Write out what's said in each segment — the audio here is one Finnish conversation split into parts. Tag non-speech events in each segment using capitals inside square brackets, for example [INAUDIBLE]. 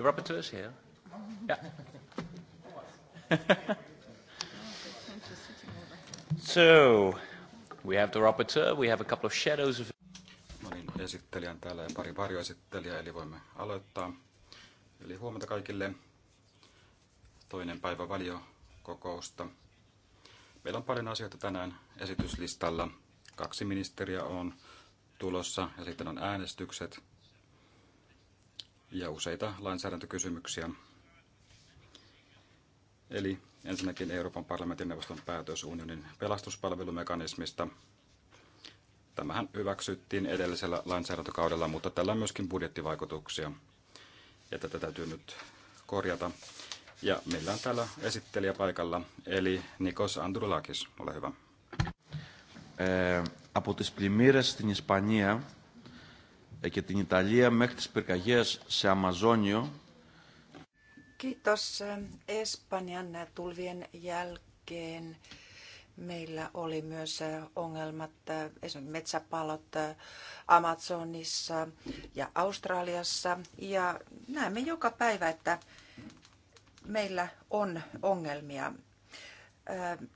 The rapporteur is here. [LAUGHS] so, we have the rapporteur, we have a couple of shadows of... No niin, esittelijän täällä ja pari varjoesittelijää, eli voimme aloittaa. Eli huomenta kaikille. Toinen päivä valiokokousta. Meillä on paljon asioita tänään esityslistalla. Kaksi ministeriä on tulossa ja sitten on äänestykset ja useita lainsäädäntökysymyksiä. Eli ensinnäkin Euroopan parlamentin neuvoston päätös unionin pelastuspalvelumekanismista. Tämähän hyväksyttiin edellisellä lainsäädäntökaudella, mutta tällä on myöskin budjettivaikutuksia. Ja tätä täytyy nyt korjata. Ja meillä on täällä esittelijä paikalla, eli Nikos Andrulakis, ole hyvä. Ε, από τις πλημμύρες στην Ισπανία και την Ιταλία μέχρι τις πυρκαγιές σε Αμαζόνιο. Kiitos. Espanjan tulvien jälkeen meillä oli myös ongelmat, esimerkiksi metsäpalot Amazonissa ja Australiassa. Ja näemme joka päivä, että meillä on ongelmia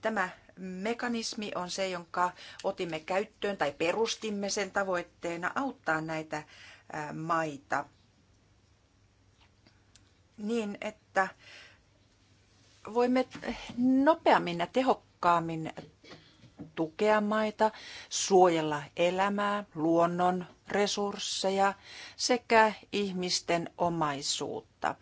Tämä mekanismi on se, jonka otimme käyttöön tai perustimme sen tavoitteena auttaa näitä maita niin, että voimme nopeammin ja tehokkaammin tukea maita, suojella elämää, luonnon resursseja sekä ihmisten omaisuutta.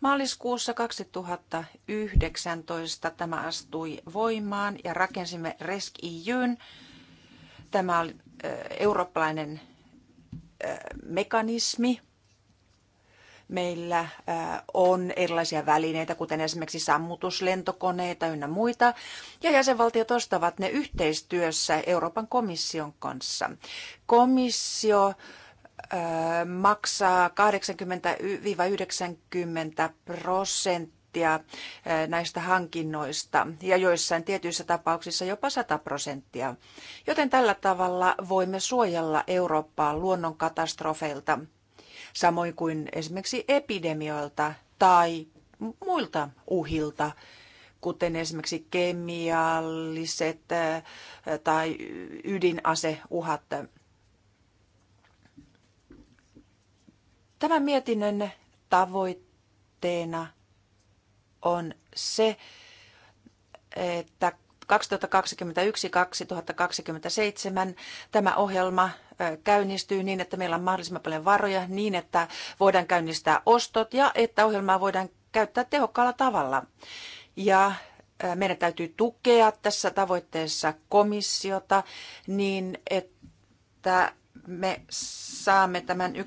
Maaliskuussa 2019 tämä astui voimaan ja rakensimme RESC-EUn. Tämä oli eurooppalainen mekanismi. Meillä on erilaisia välineitä, kuten esimerkiksi sammutuslentokoneita ynnä muita, ja jäsenvaltiot ostavat ne yhteistyössä Euroopan komission kanssa. Komissio maksaa 80-90 prosenttia näistä hankinnoista ja joissain tietyissä tapauksissa jopa 100 prosenttia. Joten tällä tavalla voimme suojella Eurooppaa luonnonkatastrofeilta, samoin kuin esimerkiksi epidemioilta tai muilta uhilta, kuten esimerkiksi kemialliset tai ydinaseuhat. Tämän mietinnön tavoitteena on se, että 2021-2027 tämä ohjelma käynnistyy niin, että meillä on mahdollisimman paljon varoja, niin että voidaan käynnistää ostot ja että ohjelmaa voidaan käyttää tehokkaalla tavalla. Ja meidän täytyy tukea tässä tavoitteessa komissiota niin, että me saamme tämän 1,4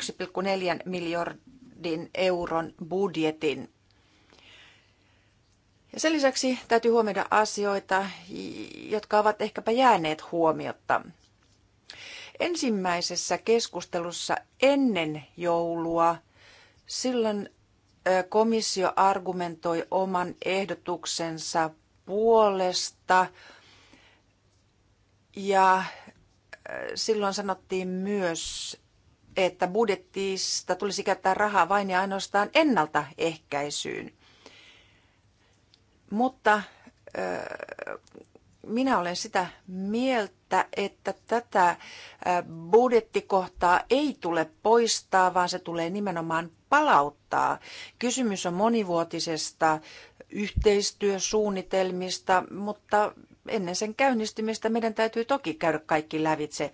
miljardin euron budjetin. Ja sen lisäksi täytyy huomioida asioita, jotka ovat ehkäpä jääneet huomiotta. Ensimmäisessä keskustelussa ennen joulua silloin komissio argumentoi oman ehdotuksensa puolesta ja silloin sanottiin myös, että budjettista tulisi käyttää rahaa vain ja ainoastaan ennaltaehkäisyyn. Mutta minä olen sitä mieltä, että tätä budjettikohtaa ei tule poistaa, vaan se tulee nimenomaan palauttaa. Kysymys on monivuotisesta yhteistyösuunnitelmista, mutta ennen sen käynnistymistä meidän täytyy toki käydä kaikki lävitse.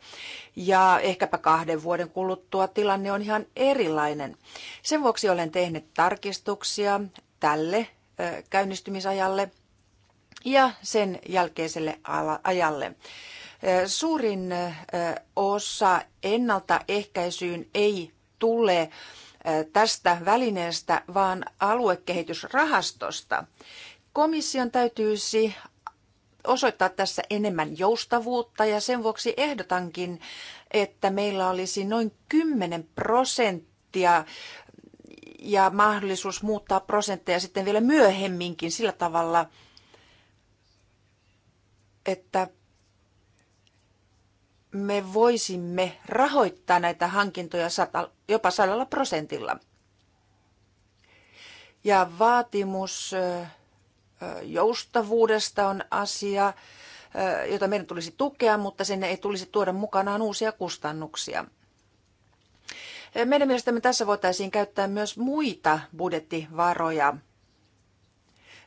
Ja ehkäpä kahden vuoden kuluttua tilanne on ihan erilainen. Sen vuoksi olen tehnyt tarkistuksia tälle käynnistymisajalle ja sen jälkeiselle ajalle. Suurin osa ennaltaehkäisyyn ei tule tästä välineestä, vaan aluekehitysrahastosta. Komission täytyisi osoittaa tässä enemmän joustavuutta ja sen vuoksi ehdotankin, että meillä olisi noin 10 prosenttia ja mahdollisuus muuttaa prosentteja sitten vielä myöhemminkin sillä tavalla, että me voisimme rahoittaa näitä hankintoja sata, jopa sadalla prosentilla. Ja vaatimus äh, joustavuudesta on asia, jota meidän tulisi tukea, mutta sinne ei tulisi tuoda mukanaan uusia kustannuksia. Meidän mielestämme tässä voitaisiin käyttää myös muita budjettivaroja,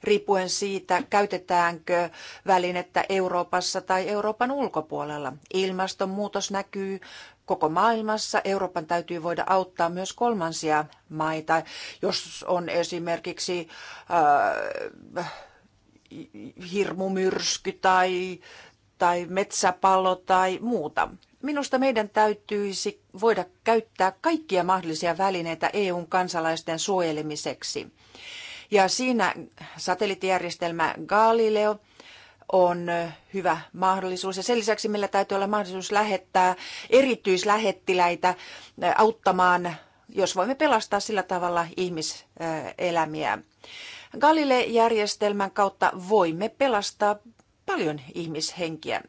riippuen siitä, käytetäänkö välinettä Euroopassa tai Euroopan ulkopuolella. Ilmastonmuutos näkyy koko maailmassa. Euroopan täytyy voida auttaa myös kolmansia maita, jos on esimerkiksi äh, hirmumyrsky tai, tai metsäpallo tai muuta. Minusta meidän täytyisi voida käyttää kaikkia mahdollisia välineitä EUn kansalaisten suojelemiseksi. Ja siinä satelliittijärjestelmä Galileo – on hyvä mahdollisuus. Ja sen lisäksi meillä täytyy olla mahdollisuus lähettää erityislähettiläitä auttamaan, jos voimme pelastaa sillä tavalla ihmiselämiä. Galile-järjestelmän kautta voimme pelastaa paljon ihmishenkiä.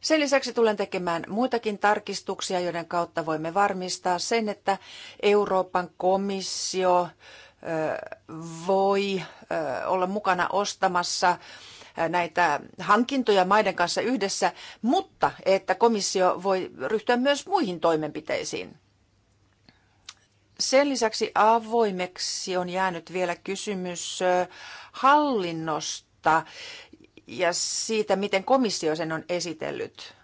Sen lisäksi tulen tekemään muitakin tarkistuksia, joiden kautta voimme varmistaa sen, että Euroopan komissio voi olla mukana ostamassa näitä hankintoja maiden kanssa yhdessä, mutta että komissio voi ryhtyä myös muihin toimenpiteisiin. Sen lisäksi avoimeksi on jäänyt vielä kysymys hallinnosta ja siitä, miten komissio sen on esitellyt.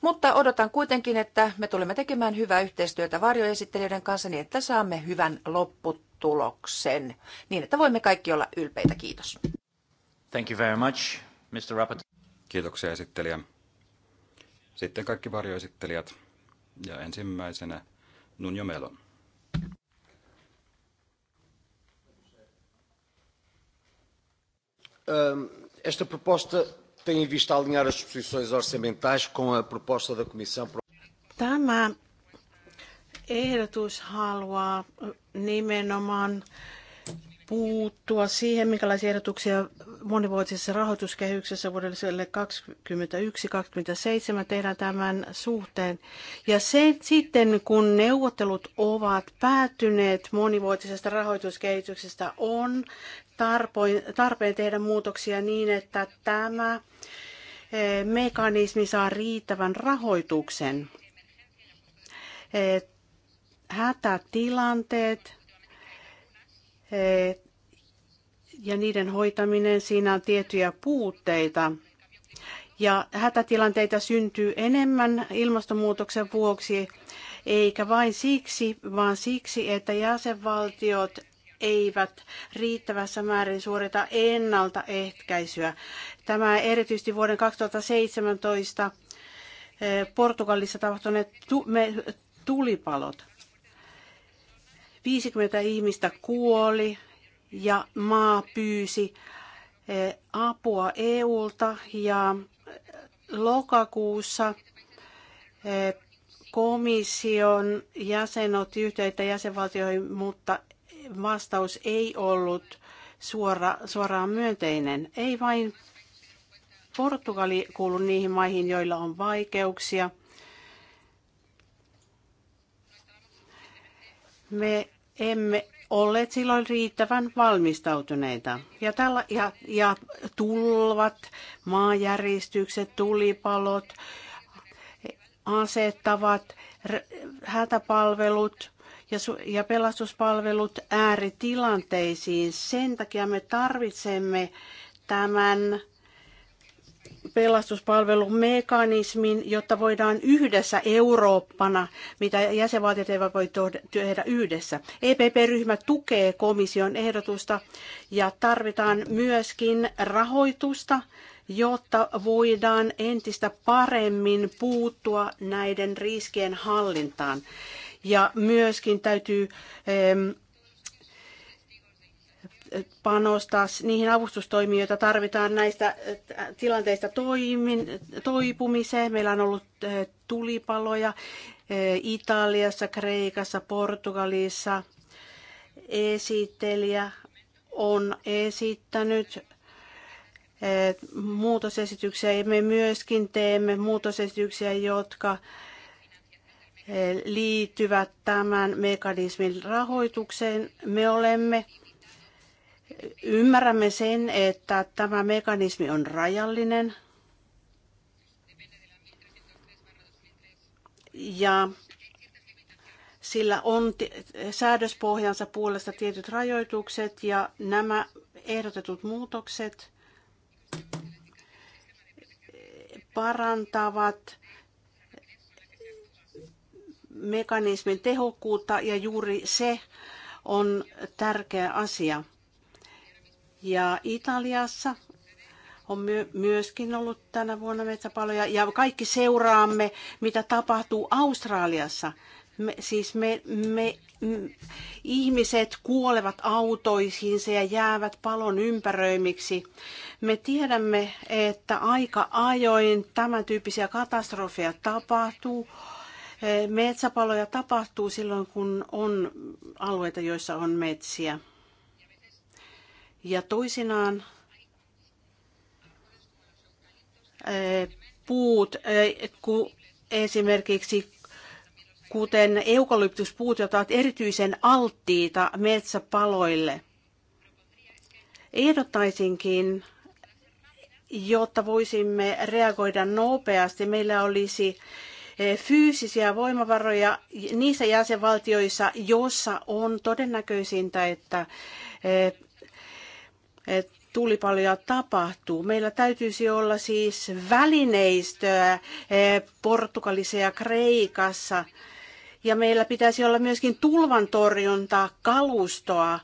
Mutta odotan kuitenkin, että me tulemme tekemään hyvää yhteistyötä varjoesittelijöiden kanssa niin, että saamme hyvän lopputuloksen. Niin, että voimme kaikki olla ylpeitä. Kiitos. Thank you very much, Mr. Rapport. Kiitoksia esittelijä. Sitten kaikki varjoesittelijät. Ja ensimmäisenä Nunjo Melon. Ehm, Esta proposta tem em vista alinhar as posições orçamentais com a proposta da Comissão. Tämä ehdotus haluaa nimenomaan puuttua siihen, minkälaisia ehdotuksia monivuotisessa rahoituskehyksessä vuodelle 2021-2027 tehdään tämän suhteen. Ja sen, sitten kun neuvottelut ovat päättyneet monivuotisesta rahoituskehityksestä, on tarpeen tehdä muutoksia niin, että tämä eh, mekanismi saa riittävän rahoituksen. Eh, hätätilanteet eh, ja niiden hoitaminen, siinä on tiettyjä puutteita. Ja hätätilanteita syntyy enemmän ilmastonmuutoksen vuoksi, eikä vain siksi, vaan siksi, että jäsenvaltiot eivät riittävässä määrin suorita ennaltaehkäisyä. Tämä erityisesti vuoden 2017 eh, Portugalissa tapahtuneet tulipalot. 50 ihmistä kuoli ja maa pyysi eh, apua EUlta ja eh, lokakuussa komission jäsen otti yhteyttä jäsenvaltioihin, mutta vastaus ei ollut suora, suoraan myönteinen. Ei vain Portugali kuulu niihin maihin, joilla on vaikeuksia. Me emme olleet silloin riittävän valmistautuneita. Ja, tällä, ja, ja tulvat, maanjäristykset, tulipalot, asettavat, hätäpalvelut, ja, ja pelastuspalvelut ääritilanteisiin. Sen takia me tarvitsemme tämän pelastuspalvelumekanismin, jotta voidaan yhdessä Eurooppana, mitä jäsenvaltiot eivät voi tehdä yhdessä. EPP-ryhmä tukee komission ehdotusta ja tarvitaan myöskin rahoitusta, jotta voidaan entistä paremmin puuttua näiden riskien hallintaan ja myöskin täytyy panostaa niihin avustustoimiin, joita tarvitaan näistä eh, tilanteista toimin, toipumiseen. Meillä on ollut eh, tulipaloja eh, Italiassa, Kreikassa, Portugalissa. Esittelijä on esittänyt muutosesityksiä ja me myöskin teemme muutosesityksiä, jotka Eh, liittyvät tämän mekanismin rahoitukseen. Me olemme ymmärrämme sen, että tämä mekanismi on rajallinen ja sillä on säädöspohjansa puolesta tietyt rajoitukset ja nämä ehdotetut muutokset parantavat mekanismin tehokkuutta ja juuri se on tärkeä asia. Ja Italiassa on myöskin ollut tänä vuonna metsäpaloja ja kaikki seuraamme, mitä tapahtuu Australiassa. Me, siis me, me, me ihmiset kuolevat autoisiinsa ja jäävät palon ympäröimiksi. Me tiedämme, että aika ajoin tämän tyyppisiä katastrofeja tapahtuu. Metsäpaloja tapahtuu silloin, kun on alueita, joissa on metsiä. Ja toisinaan eh, puut, eh, esimerkiksi kuten eukalyptuspuut, jotka ovat erityisen alttiita metsäpaloille. Ehdottaisinkin, jotta voisimme reagoida nopeasti, meillä olisi E, fyysisiä voimavaroja niissä jäsenvaltioissa, joissa on todennäköisintä, että e, e, tulipaloja tapahtuu. Meillä täytyisi olla siis välineistöä Portugalissa ja Kreikassa. Ja meillä pitäisi olla myöskin tulvantorjuntaa, kalustoa.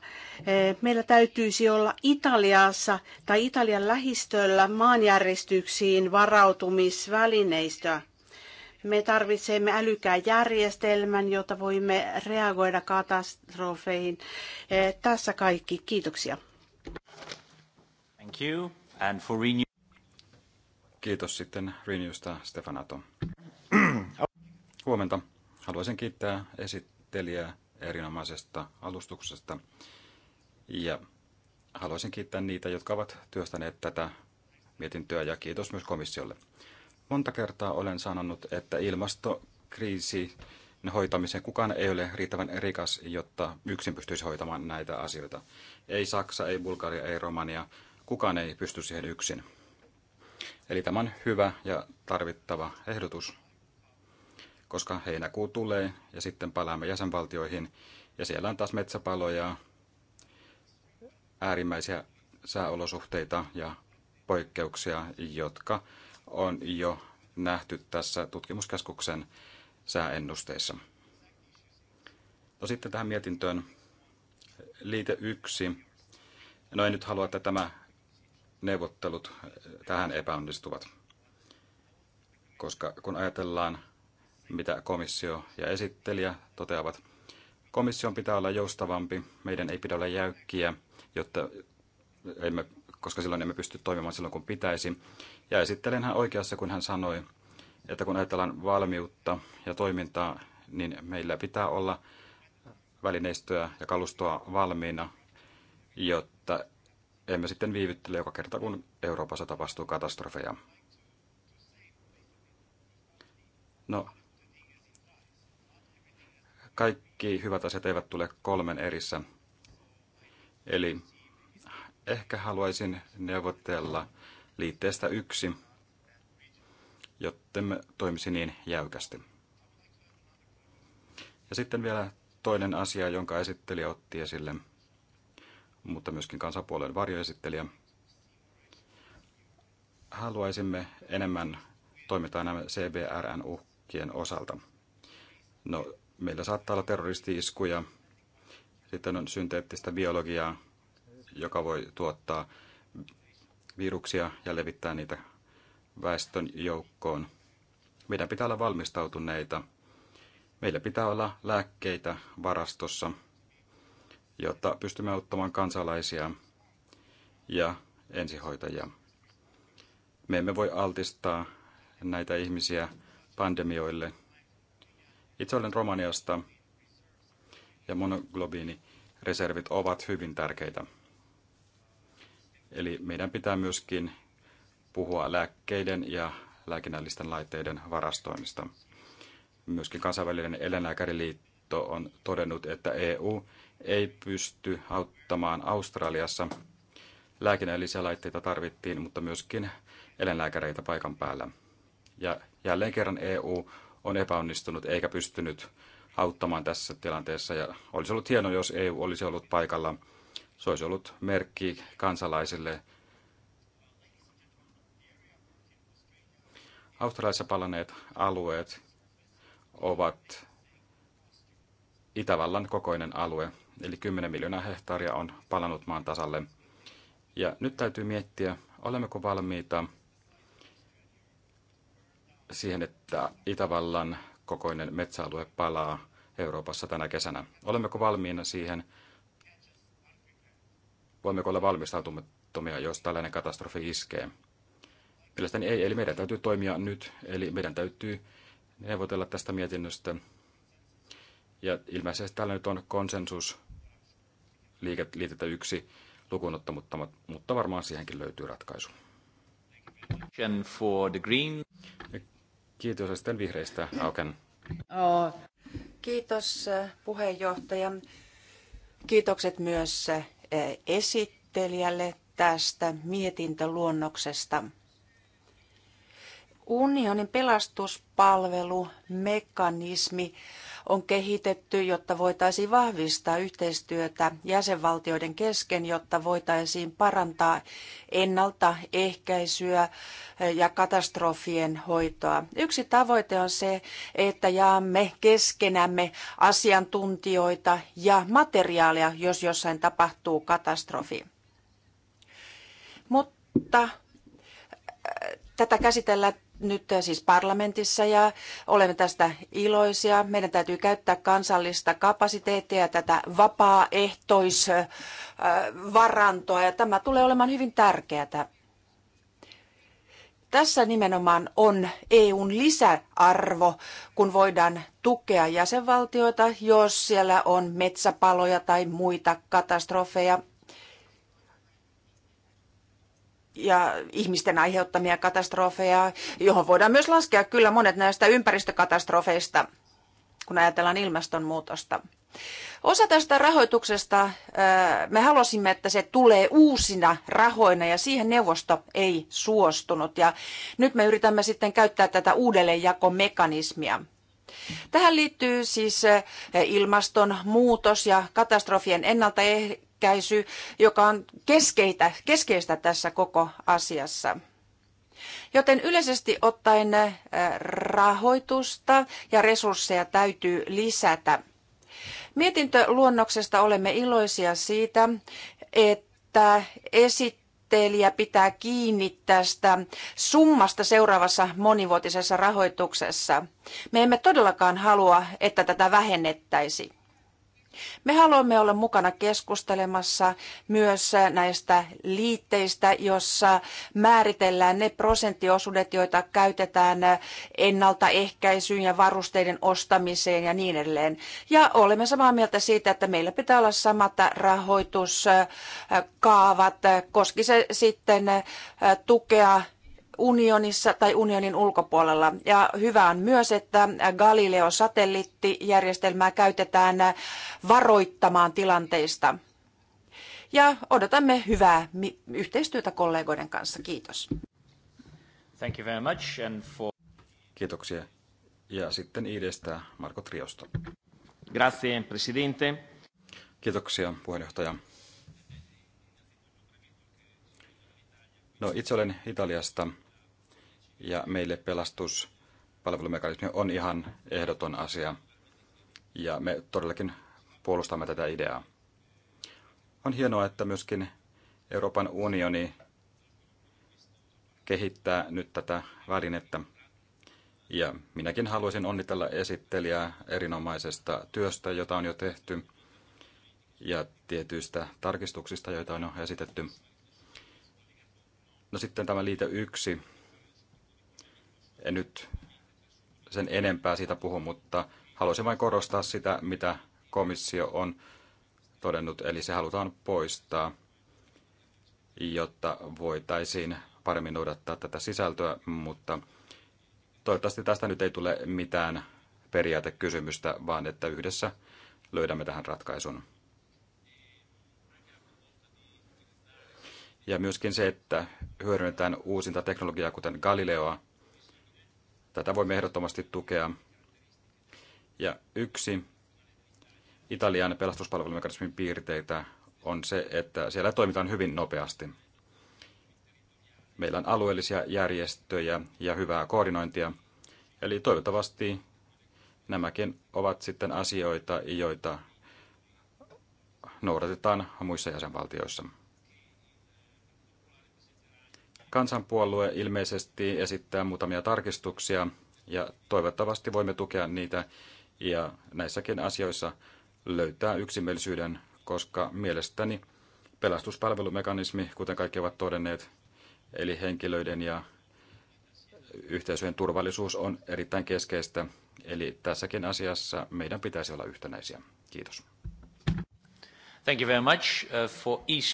Meillä täytyisi olla Italiassa tai Italian lähistöllä maanjärjestyksiin varautumisvälineistöä. Me tarvitsemme älykään järjestelmän, jota voimme reagoida katastrofeihin. Eh, tässä kaikki. Kiitoksia. Thank you. And for renew- Kiitos sitten Renewsta Stefanato. Huomenta. Haluaisin kiittää esittelijää erinomaisesta alustuksesta ja haluaisin kiittää niitä, jotka ovat työstäneet tätä mietintöä ja kiitos myös komissiolle. Monta kertaa olen sanonut, että ilmastokriisi hoitamiseen kukaan ei ole riittävän rikas, jotta yksin pystyisi hoitamaan näitä asioita. Ei Saksa, ei Bulgaria, ei Romania. Kukaan ei pysty siihen yksin. Eli tämä on hyvä ja tarvittava ehdotus, koska heinäkuu tulee ja sitten palaamme jäsenvaltioihin ja siellä on taas metsäpaloja, äärimmäisiä sääolosuhteita ja poikkeuksia, jotka on jo nähty tässä tutkimuskeskuksen sääennusteissa. No sitten tähän mietintöön liite yksi. No en nyt halua, että tämä neuvottelut tähän epäonnistuvat, koska kun ajatellaan, mitä komissio ja esittelijä toteavat, komission pitää olla joustavampi, meidän ei pidä olla jäykkiä, jotta emme koska silloin emme pysty toimimaan silloin kun pitäisi. Ja esittelen hän oikeassa, kun hän sanoi, että kun ajatellaan valmiutta ja toimintaa, niin meillä pitää olla välineistöä ja kalustoa valmiina, jotta emme sitten viivyttele joka kerta, kun Euroopassa tapahtuu katastrofeja. No, kaikki hyvät asiat eivät tule kolmen erissä. Eli ehkä haluaisin neuvotella liitteestä yksi, jotta me toimisi niin jäykästi. Ja sitten vielä toinen asia, jonka esitteli otti esille, mutta myöskin kansapuolen varjoesittelijä. Haluaisimme enemmän toimita nämä CBRN uhkien osalta. No, meillä saattaa olla terroristi-iskuja, sitten on synteettistä biologiaa, joka voi tuottaa viruksia ja levittää niitä väestön joukkoon. Meidän pitää olla valmistautuneita. Meillä pitää olla lääkkeitä varastossa, jotta pystymme auttamaan kansalaisia ja ensihoitajia. Me emme voi altistaa näitä ihmisiä pandemioille. Itse olen Romaniasta ja monoglobiinireservit ovat hyvin tärkeitä. Eli meidän pitää myöskin puhua lääkkeiden ja lääkinnällisten laitteiden varastoinnista. Myöskin kansainvälinen eläinlääkäriliitto on todennut, että EU ei pysty auttamaan Australiassa. Lääkinnällisiä laitteita tarvittiin, mutta myöskin eläinlääkäreitä paikan päällä. Ja jälleen kerran EU on epäonnistunut eikä pystynyt auttamaan tässä tilanteessa. Ja olisi ollut hienoa, jos EU olisi ollut paikalla se olisi ollut merkki kansalaisille. Australiassa palaneet alueet ovat Itävallan kokoinen alue, eli 10 miljoonaa hehtaaria on palanut maan tasalle. Ja nyt täytyy miettiä, olemmeko valmiita siihen, että Itävallan kokoinen metsäalue palaa Euroopassa tänä kesänä. Olemmeko valmiina siihen, voimmeko olla valmistautumattomia, jos tällainen katastrofi iskee. Mielestäni ei, eli meidän täytyy toimia nyt, eli meidän täytyy neuvotella tästä mietinnöstä. Ja ilmeisesti täällä nyt on konsensus liitettä yksi lukuun mutta, mutta varmaan siihenkin löytyy ratkaisu. For the green. Kiitos sitten vihreistä, Auken. Oh. Kiitos eh, puheenjohtaja. Kiitokset myös eh, esittelijälle tästä mietintöluonnoksesta. Unionin pelastuspalvelumekanismi mekanismi on kehitetty, jotta voitaisiin vahvistaa yhteistyötä jäsenvaltioiden kesken, jotta voitaisiin parantaa ennaltaehkäisyä ja katastrofien hoitoa. Yksi tavoite on se, että jaamme keskenämme asiantuntijoita ja materiaalia, jos jossain tapahtuu katastrofi. Mutta äh, tätä käsitellään nyt äh, siis parlamentissa ja olemme tästä iloisia. Meidän täytyy käyttää kansallista kapasiteettia ja tätä vapaaehtoisvarantoa ja tämä tulee olemaan hyvin tärkeää. Tässä nimenomaan on EUn lisäarvo, kun voidaan tukea jäsenvaltioita, jos siellä on metsäpaloja tai muita katastrofeja ja ihmisten aiheuttamia katastrofeja, johon voidaan myös laskea kyllä monet näistä ympäristökatastrofeista, kun ajatellaan ilmastonmuutosta. Osa tästä rahoituksesta me halusimme, että se tulee uusina rahoina ja siihen neuvosto ei suostunut. Ja nyt me yritämme sitten käyttää tätä uudelleenjakomekanismia. Tähän liittyy siis ilmastonmuutos ja katastrofien ennaltaehkäisy ehkäisy, joka on keskeitä, keskeistä tässä koko asiassa. Joten yleisesti ottaen äh, rahoitusta ja resursseja täytyy lisätä. Mietintöluonnoksesta olemme iloisia siitä, että esittelijä pitää kiinni tästä summasta seuraavassa monivuotisessa rahoituksessa. Me emme todellakaan halua, että tätä vähennettäisiin. Me haluamme olla mukana keskustelemassa myös näistä liitteistä, jossa määritellään ne prosenttiosuudet, joita käytetään ennaltaehkäisyyn ja varusteiden ostamiseen ja niin edelleen. Ja olemme samaa mieltä siitä, että meillä pitää olla samat rahoituskaavat, koski se sitten tukea unionissa tai unionin ulkopuolella. Ja hyvä on myös, että Galileo-satelliittijärjestelmää käytetään varoittamaan tilanteista. Ja odotamme hyvää yhteistyötä kollegoiden kanssa. Kiitos. Thank you very much and for... Kiitoksia. Ja sitten IDstä Marko Triosto. Grazie, presidente. Kiitoksia, puheenjohtaja. No, itse olen Italiasta ja meille pelastuspalvelumekanismi on ihan ehdoton asia. Ja me todellakin puolustamme tätä ideaa. On hienoa, että myöskin Euroopan unioni kehittää nyt tätä välinettä. Ja minäkin haluaisin onnitella esittelijää erinomaisesta työstä, jota on jo tehty, ja tietyistä tarkistuksista, joita on jo esitetty. No sitten tämä liite yksi en nyt sen enempää siitä puhu, mutta haluaisin vain korostaa sitä, mitä komissio on todennut, eli se halutaan poistaa, jotta voitaisiin paremmin noudattaa tätä sisältöä, mutta toivottavasti tästä nyt ei tule mitään periaatekysymystä, vaan että yhdessä löydämme tähän ratkaisun. Ja myöskin se, että hyödynnetään uusinta teknologiaa, kuten Galileoa, Tätä voimme ehdottomasti tukea. Ja yksi Italian pelastuspalvelumekanismin piirteitä on se, että siellä toimitaan hyvin nopeasti. Meillä on alueellisia järjestöjä ja hyvää koordinointia, eli toivottavasti nämäkin ovat sitten asioita, joita noudatetaan muissa jäsenvaltioissa. Kansanpuolue ilmeisesti esittää muutamia tarkistuksia ja toivottavasti voimme tukea niitä ja näissäkin asioissa löytää yksimielisyyden, koska mielestäni pelastuspalvelumekanismi, kuten kaikki ovat todenneet, eli henkilöiden ja yhteisöjen turvallisuus on erittäin keskeistä. Eli tässäkin asiassa meidän pitäisi olla yhtenäisiä. Kiitos. Thank you very much uh, for East.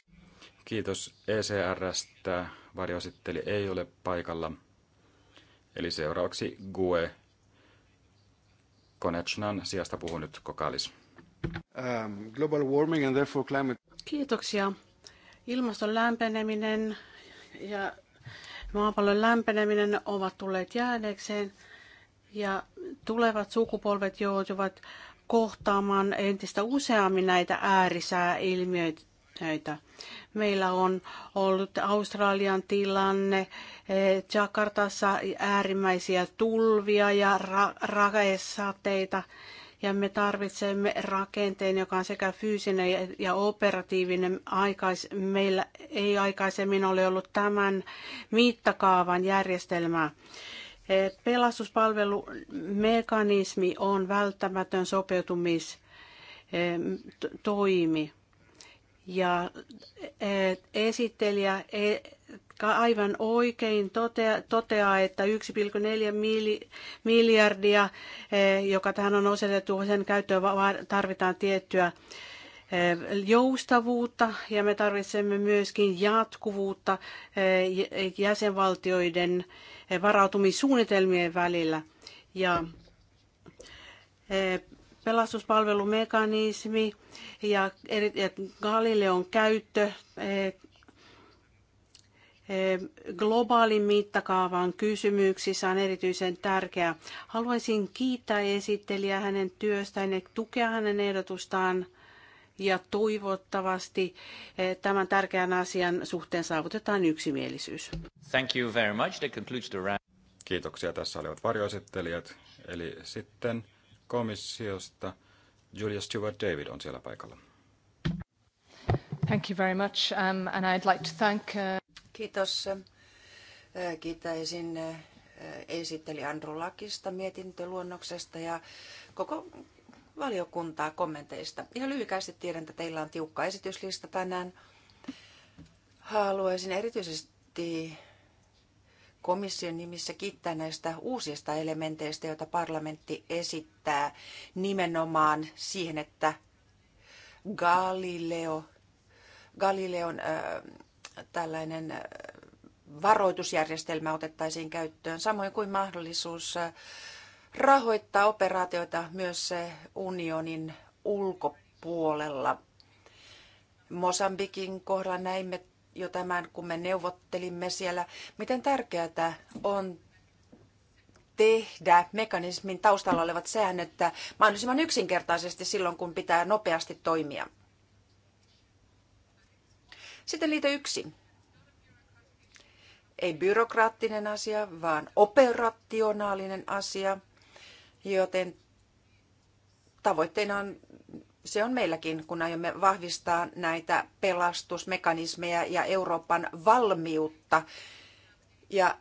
Kiitos ECRstä varjoesitteli ei ole paikalla. Eli seuraavaksi GUE Konechnan sijasta puhuu nyt Kokalis. Um, global warming and therefore climate... Kiitoksia. Ilmaston lämpeneminen ja maapallon lämpeneminen ovat tulleet jäädekseen ja tulevat sukupolvet joutuvat kohtaamaan entistä useammin näitä äärisää ilmiöitä näitä. Meillä on ollut Australian tilanne, eh, Jakartassa äärimmäisiä tulvia ja ra- rakesateita ja me tarvitsemme rakenteen, joka on sekä fyysinen ja operatiivinen. Aikais, meillä ei aikaisemmin ole ollut tämän mittakaavan järjestelmää. Eh, pelastuspalvelumekanismi on välttämätön sopeutumistoimi. Eh, ja e, esittelijä e, aivan oikein toteaa, että 1,4 miljardia, e, joka tähän on osoitettu, sen käyttöön tarvitaan tiettyä joustavuutta ja me tarvitsemme myöskin jatkuvuutta jäsenvaltioiden varautumissuunnitelmien välillä. Ja pelastuspalvelumekanismi ja, eri, ja Galileon käyttö e, e, globaalin mittakaavan kysymyksissä on erityisen tärkeää. Haluaisin kiittää esittelijää hänen työstään ja tukea hänen ehdotustaan ja toivottavasti e, tämän tärkeän asian suhteen saavutetaan yksimielisyys. Thank you very much. That concludes the round. Kiitoksia. Tässä olivat varjoesittelijät. Eli sitten komissiosta. Julia Stewart David on siellä paikalla. Thank you very much, um, and I'd like to thank... Uh... Kiitos. Äh, Kiitäisin äh, esitteli Andru Lakista mietintöluonnoksesta ja koko valiokuntaa kommenteista. Ihan lyhykäisesti tiedän, että teillä on tiukka esityslista tänään. Haluaisin erityisesti komission nimissä kiittää näistä uusista elementeistä, joita parlamentti esittää nimenomaan siihen, että Galileo, Galileon äh, tällainen varoitusjärjestelmä otettaisiin käyttöön, samoin kuin mahdollisuus rahoittaa operaatioita myös unionin ulkopuolella. Mosambikin kohdalla näimme jo tämän, kun me neuvottelimme siellä, miten tärkeää on tehdä mekanismin taustalla olevat säännöt mahdollisimman yksinkertaisesti silloin, kun pitää nopeasti toimia. Sitten liite yksi. Ei byrokraattinen asia, vaan operationaalinen asia, joten tavoitteena on se on meilläkin, kun aiomme vahvistaa näitä pelastusmekanismeja ja Euroopan valmiutta. Ja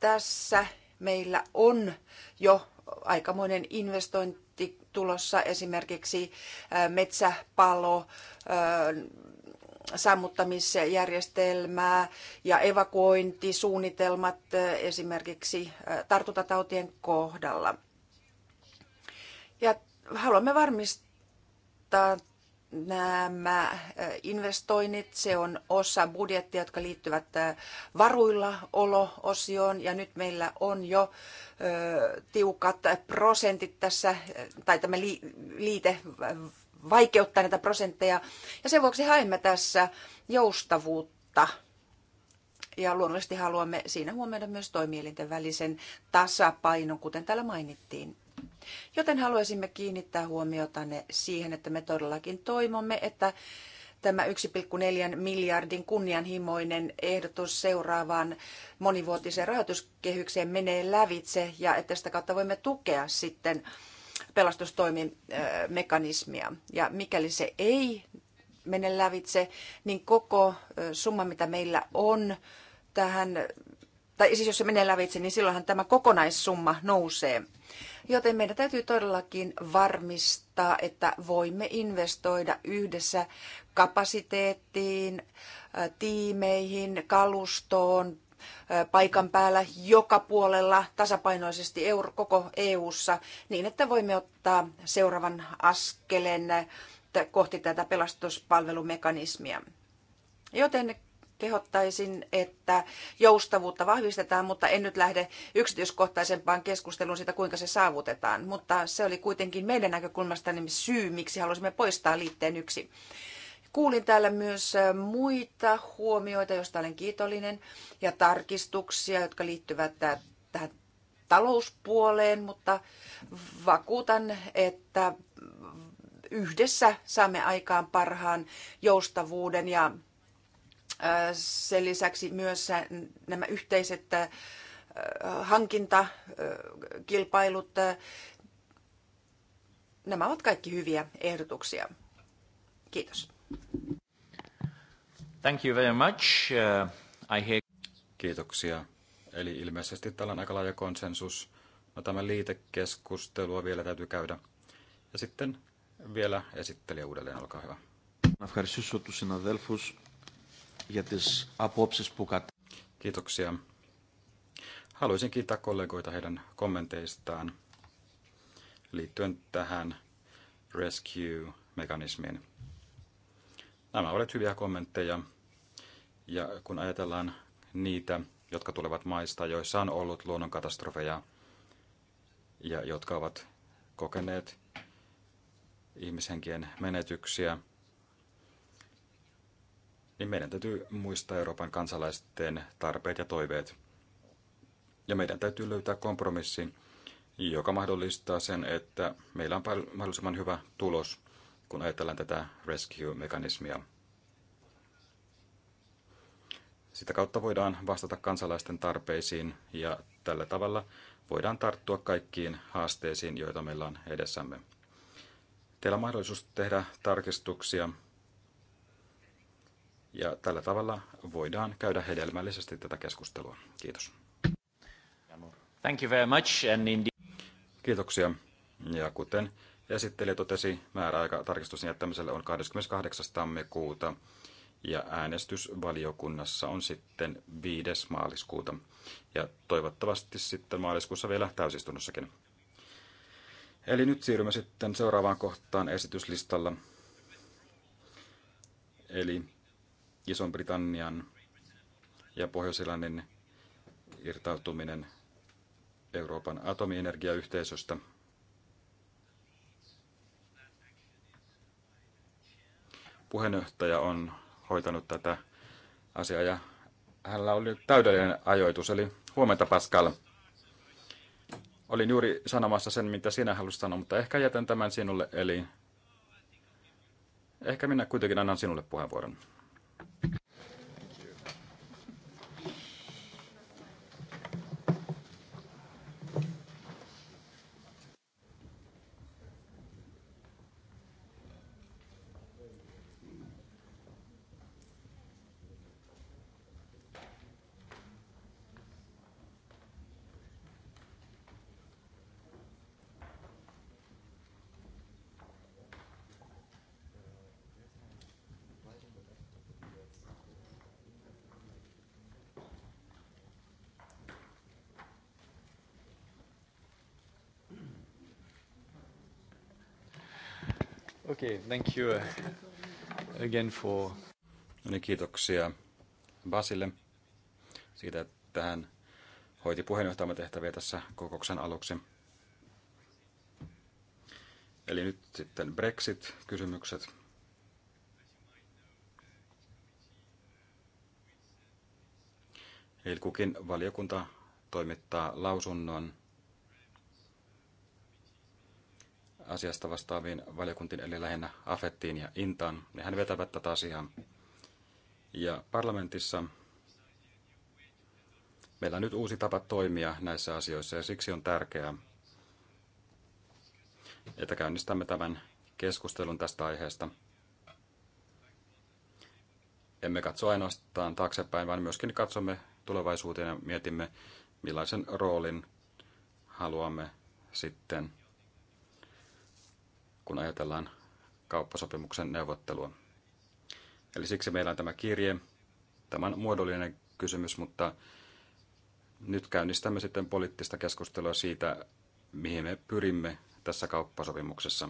tässä meillä on jo aikamoinen investointi tulossa esimerkiksi metsäpalo, sammuttamisjärjestelmää ja evakuointisuunnitelmat esimerkiksi tartuntatautien kohdalla. Ja haluamme varmistaa, mutta nämä eh, investoinnit. Se on osa budjettia, jotka liittyvät eh, varuilla olo-osioon ja nyt meillä on jo eh, tiukat prosentit tässä, tai tämä liite vaikeuttaa näitä prosentteja ja sen vuoksi haemme tässä joustavuutta. Ja luonnollisesti haluamme siinä huomioida myös toimielinten välisen tasapainon, kuten täällä mainittiin. Joten haluaisimme kiinnittää huomiota siihen, että me todellakin toivomme, että tämä 1,4 miljardin kunnianhimoinen ehdotus seuraavaan monivuotiseen rahoituskehykseen menee lävitse ja että sitä kautta voimme tukea sitten pelastustoimimekanismia. Ja mikäli se ei mene lävitse, niin koko summa, mitä meillä on tähän tai siis jos se menee lävitse, niin silloinhan tämä kokonaissumma nousee. Joten meidän täytyy todellakin varmistaa, että voimme investoida yhdessä kapasiteettiin, tiimeihin, kalustoon, paikan päällä joka puolella tasapainoisesti koko EU:ssa niin, että voimme ottaa seuraavan askeleen kohti tätä pelastuspalvelumekanismia. Joten kehottaisin, että joustavuutta vahvistetaan, mutta en nyt lähde yksityiskohtaisempaan keskusteluun siitä, kuinka se saavutetaan. Mutta se oli kuitenkin meidän näkökulmastamme niin syy, miksi halusimme poistaa liitteen yksi. Kuulin täällä myös muita huomioita, joista olen kiitollinen, ja tarkistuksia, jotka liittyvät tähän talouspuoleen, mutta vakuutan, että yhdessä saamme aikaan parhaan joustavuuden ja sen lisäksi myös nämä yhteiset hankintakilpailut, nämä ovat kaikki hyviä ehdotuksia. Kiitos. Thank you very much. Uh, I hear... Kiitoksia. Eli ilmeisesti täällä on aika laaja konsensus. No, tämä liitekeskustelua vielä täytyy käydä. Ja sitten vielä esittelijä uudelleen, olkaa hyvä. Να ευχαριστήσω τους συναδέλφους για τις απόψεις που κατά. Kiitoksia. Haluaisin kiittää kollegoita heidän kommenteistaan liittyen tähän rescue-mekanismiin. Nämä olivat hyviä kommentteja. Ja kun ajatellaan niitä, jotka tulevat maista, joissa on ollut luonnonkatastrofeja ja jotka ovat kokeneet ihmishenkien menetyksiä, niin meidän täytyy muistaa Euroopan kansalaisten tarpeet ja toiveet. Ja meidän täytyy löytää kompromissi, joka mahdollistaa sen, että meillä on mahdollisimman hyvä tulos, kun ajatellaan tätä rescue-mekanismia. Sitä kautta voidaan vastata kansalaisten tarpeisiin ja tällä tavalla voidaan tarttua kaikkiin haasteisiin, joita meillä on edessämme. Teillä on mahdollisuus tehdä tarkistuksia ja tällä tavalla voidaan käydä hedelmällisesti tätä keskustelua. Kiitos. Thank you very much and Kiitoksia. Ja kuten esittelijä totesi, määräaika tarkistuksen jättämiselle on 28. tammikuuta ja äänestys valiokunnassa on sitten 5. maaliskuuta. Ja toivottavasti sitten maaliskuussa vielä täysistunnossakin. Eli nyt siirrymme sitten seuraavaan kohtaan esityslistalla. Eli Ison-Britannian ja pohjois irtautuminen Euroopan atomienergiayhteisöstä. Puheenjohtaja on hoitanut tätä asiaa ja hänellä oli täydellinen ajoitus, eli huomenta Pascal. Olin juuri sanomassa sen, mitä sinä halusit sanoa, mutta ehkä jätän tämän sinulle, eli ehkä minä kuitenkin annan sinulle puheenvuoron. Okay, thank you uh, again for... No niin, kiitoksia Basille siitä, että hän hoiti puheenjohtajamme tehtäviä tässä kokouksen aluksi. Eli nyt sitten Brexit-kysymykset. Eli kukin valiokunta toimittaa lausunnon asiasta vastaaviin valiokuntiin, eli lähinnä Afettiin ja Intaan. Nehän vetävät tätä asiaa. Ja parlamentissa meillä on nyt uusi tapa toimia näissä asioissa, ja siksi on tärkeää, että käynnistämme tämän keskustelun tästä aiheesta. Emme katso ainoastaan taaksepäin, vaan myöskin katsomme tulevaisuuteen ja mietimme, millaisen roolin haluamme sitten – kun ajatellaan kauppasopimuksen neuvottelua. Eli siksi meillä on tämä kirje. Tämä on muodollinen kysymys, mutta nyt käynnistämme sitten poliittista keskustelua siitä, mihin me pyrimme tässä kauppasopimuksessa.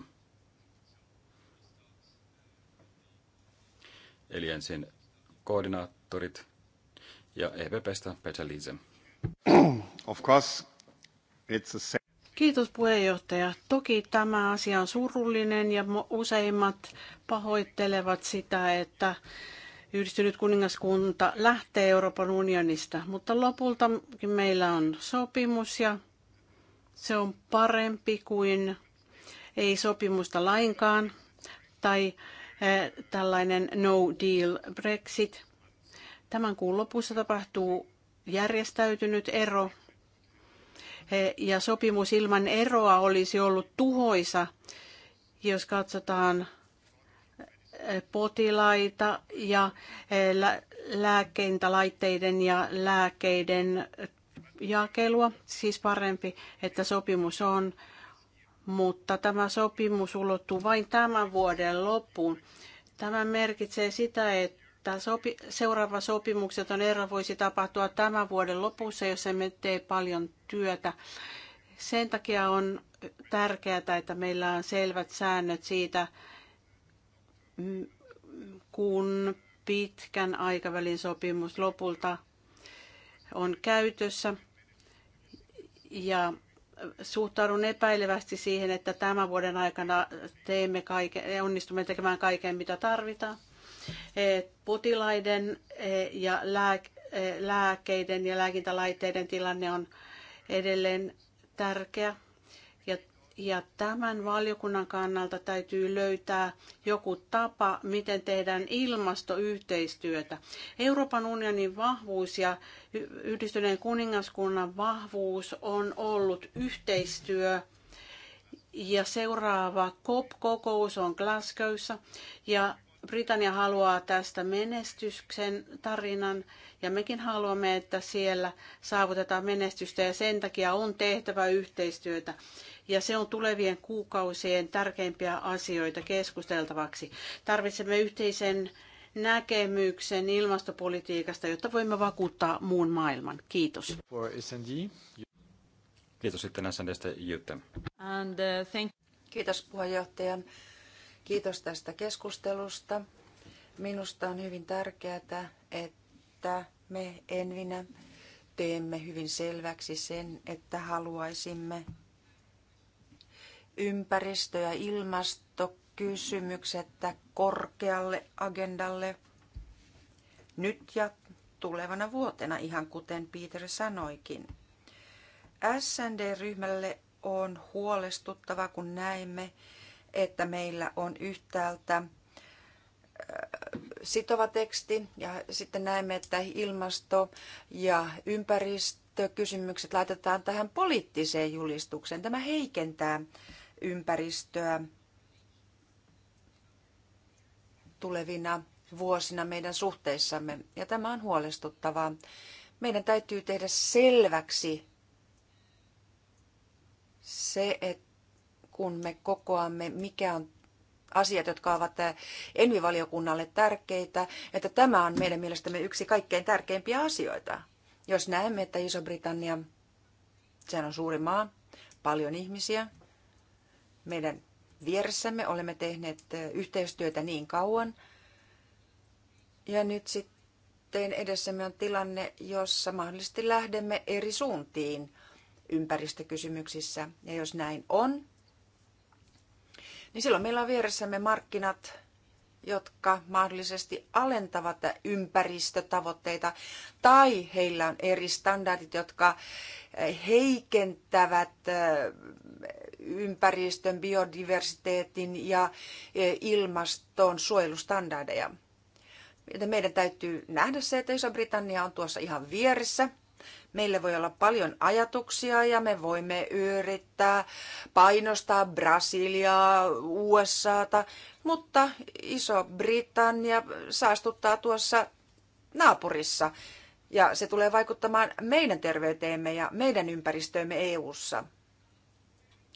Eli ensin koordinaattorit ja EPPstä Petra Liise. Of course, it's a Kiitos puheenjohtaja. Toki tämä asia on surullinen ja useimmat pahoittelevat sitä, että yhdistynyt kuningaskunta lähtee Euroopan unionista, mutta lopulta meillä on sopimus ja se on parempi kuin ei sopimusta lainkaan tai eh, tällainen no deal Brexit. Tämän kuun lopussa tapahtuu järjestäytynyt ero ja sopimus ilman eroa olisi ollut tuhoisa, jos katsotaan eh, potilaita ja eh, lääkeintälaitteiden ja lääkeiden jakelua. Siis parempi, että sopimus on, mutta tämä sopimus ulottuu vain tämän vuoden loppuun. Tämä merkitsee sitä, että että sopi, seuraava sopimukseton ero voisi tapahtua tämän vuoden lopussa, jos emme tee paljon työtä. Sen takia on tärkeää, että meillä on selvät säännöt siitä, kun pitkän aikavälin sopimus lopulta on käytössä. Ja suhtaudun epäilevästi siihen, että tämän vuoden aikana teemme kaiken, onnistumme tekemään kaiken, mitä tarvitaan. Potilaiden e, ja e, lääkeiden ja lääkintälaitteiden tilanne on edelleen tärkeä. Ja, ja tämän valiokunnan kannalta täytyy löytää joku tapa, miten tehdään ilmastoyhteistyötä. Euroopan unionin vahvuus ja yhdistyneen kuningaskunnan vahvuus on ollut yhteistyö ja seuraava COP-kokous on Glasgowssa ja Britannia haluaa tästä menestyksen tarinan ja mekin haluamme, että siellä saavutetaan menestystä ja sen takia on tehtävä yhteistyötä. Ja se on tulevien kuukausien tärkeimpiä asioita keskusteltavaksi. Tarvitsemme yhteisen näkemyksen ilmastopolitiikasta, jotta voimme vakuuttaa muun maailman. Kiitos. Kiitos sitten SNDstä Jytte. And, uh, thank- Kiitos puheenjohtajan. Kiitos tästä keskustelusta. Minusta on hyvin tärkeää, että me Envinä teemme hyvin selväksi sen, että haluaisimme ympäristö- ja ilmastokysymykset korkealle agendalle nyt ja tulevana vuotena, ihan kuten Peter sanoikin. SND-ryhmälle on huolestuttava, kun näemme, että meillä on yhtäältä sitova teksti ja sitten näemme, että ilmasto ja ympäristökysymykset laitetaan tähän poliittiseen julistukseen. Tämä heikentää ympäristöä tulevina vuosina meidän suhteissamme ja tämä on huolestuttavaa. Meidän täytyy tehdä selväksi se, että kun me kokoamme, mikä on asiat, jotka ovat eh, envivaliokunnalle tärkeitä, että tämä on meidän mielestämme yksi kaikkein tärkeimpiä asioita. Jos näemme, että Iso-Britannia, sehän on suuri maa, paljon ihmisiä, meidän vieressämme olemme tehneet eh, yhteistyötä niin kauan, ja nyt sitten edessämme on tilanne, jossa mahdollisesti lähdemme eri suuntiin ympäristökysymyksissä. Ja jos näin on, niin silloin meillä on vieressämme markkinat, jotka mahdollisesti alentavat ympäristötavoitteita, tai heillä on eri standardit, jotka heikentävät ympäristön, biodiversiteetin ja ilmaston suojelustandardeja. Meidän täytyy nähdä se, että Iso-Britannia on tuossa ihan vieressä, Meillä voi olla paljon ajatuksia ja me voimme yrittää painostaa Brasiliaa, USAta, mutta Iso-Britannia saastuttaa tuossa naapurissa ja se tulee vaikuttamaan meidän terveyteemme ja meidän ympäristöömme EU:ssa.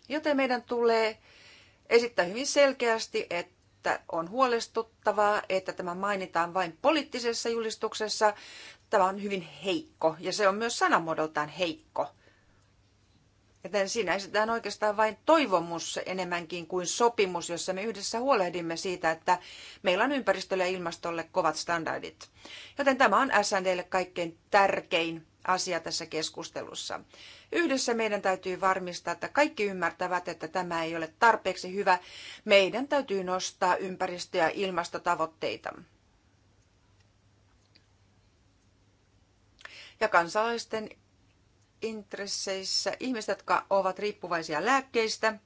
Joten meidän tulee esittää hyvin selkeästi, että on huolestuttavaa, että tämä mainitaan vain poliittisessa julistuksessa Tämä on hyvin heikko ja se on myös sanamuodoltaan heikko. Joten siinä esitetään oikeastaan vain toivomus enemmänkin kuin sopimus, jossa me yhdessä huolehdimme siitä, että meillä on ympäristölle ja ilmastolle kovat standardit. Joten tämä on SNDlle kaikkein tärkein asia tässä keskustelussa. Yhdessä meidän täytyy varmistaa, että kaikki ymmärtävät, että tämä ei ole tarpeeksi hyvä. Meidän täytyy nostaa ympäristö- ja ilmastotavoitteita. ja kansalaisten intresseissä ihmiset, jotka ovat riippuvaisia lääkkeistä.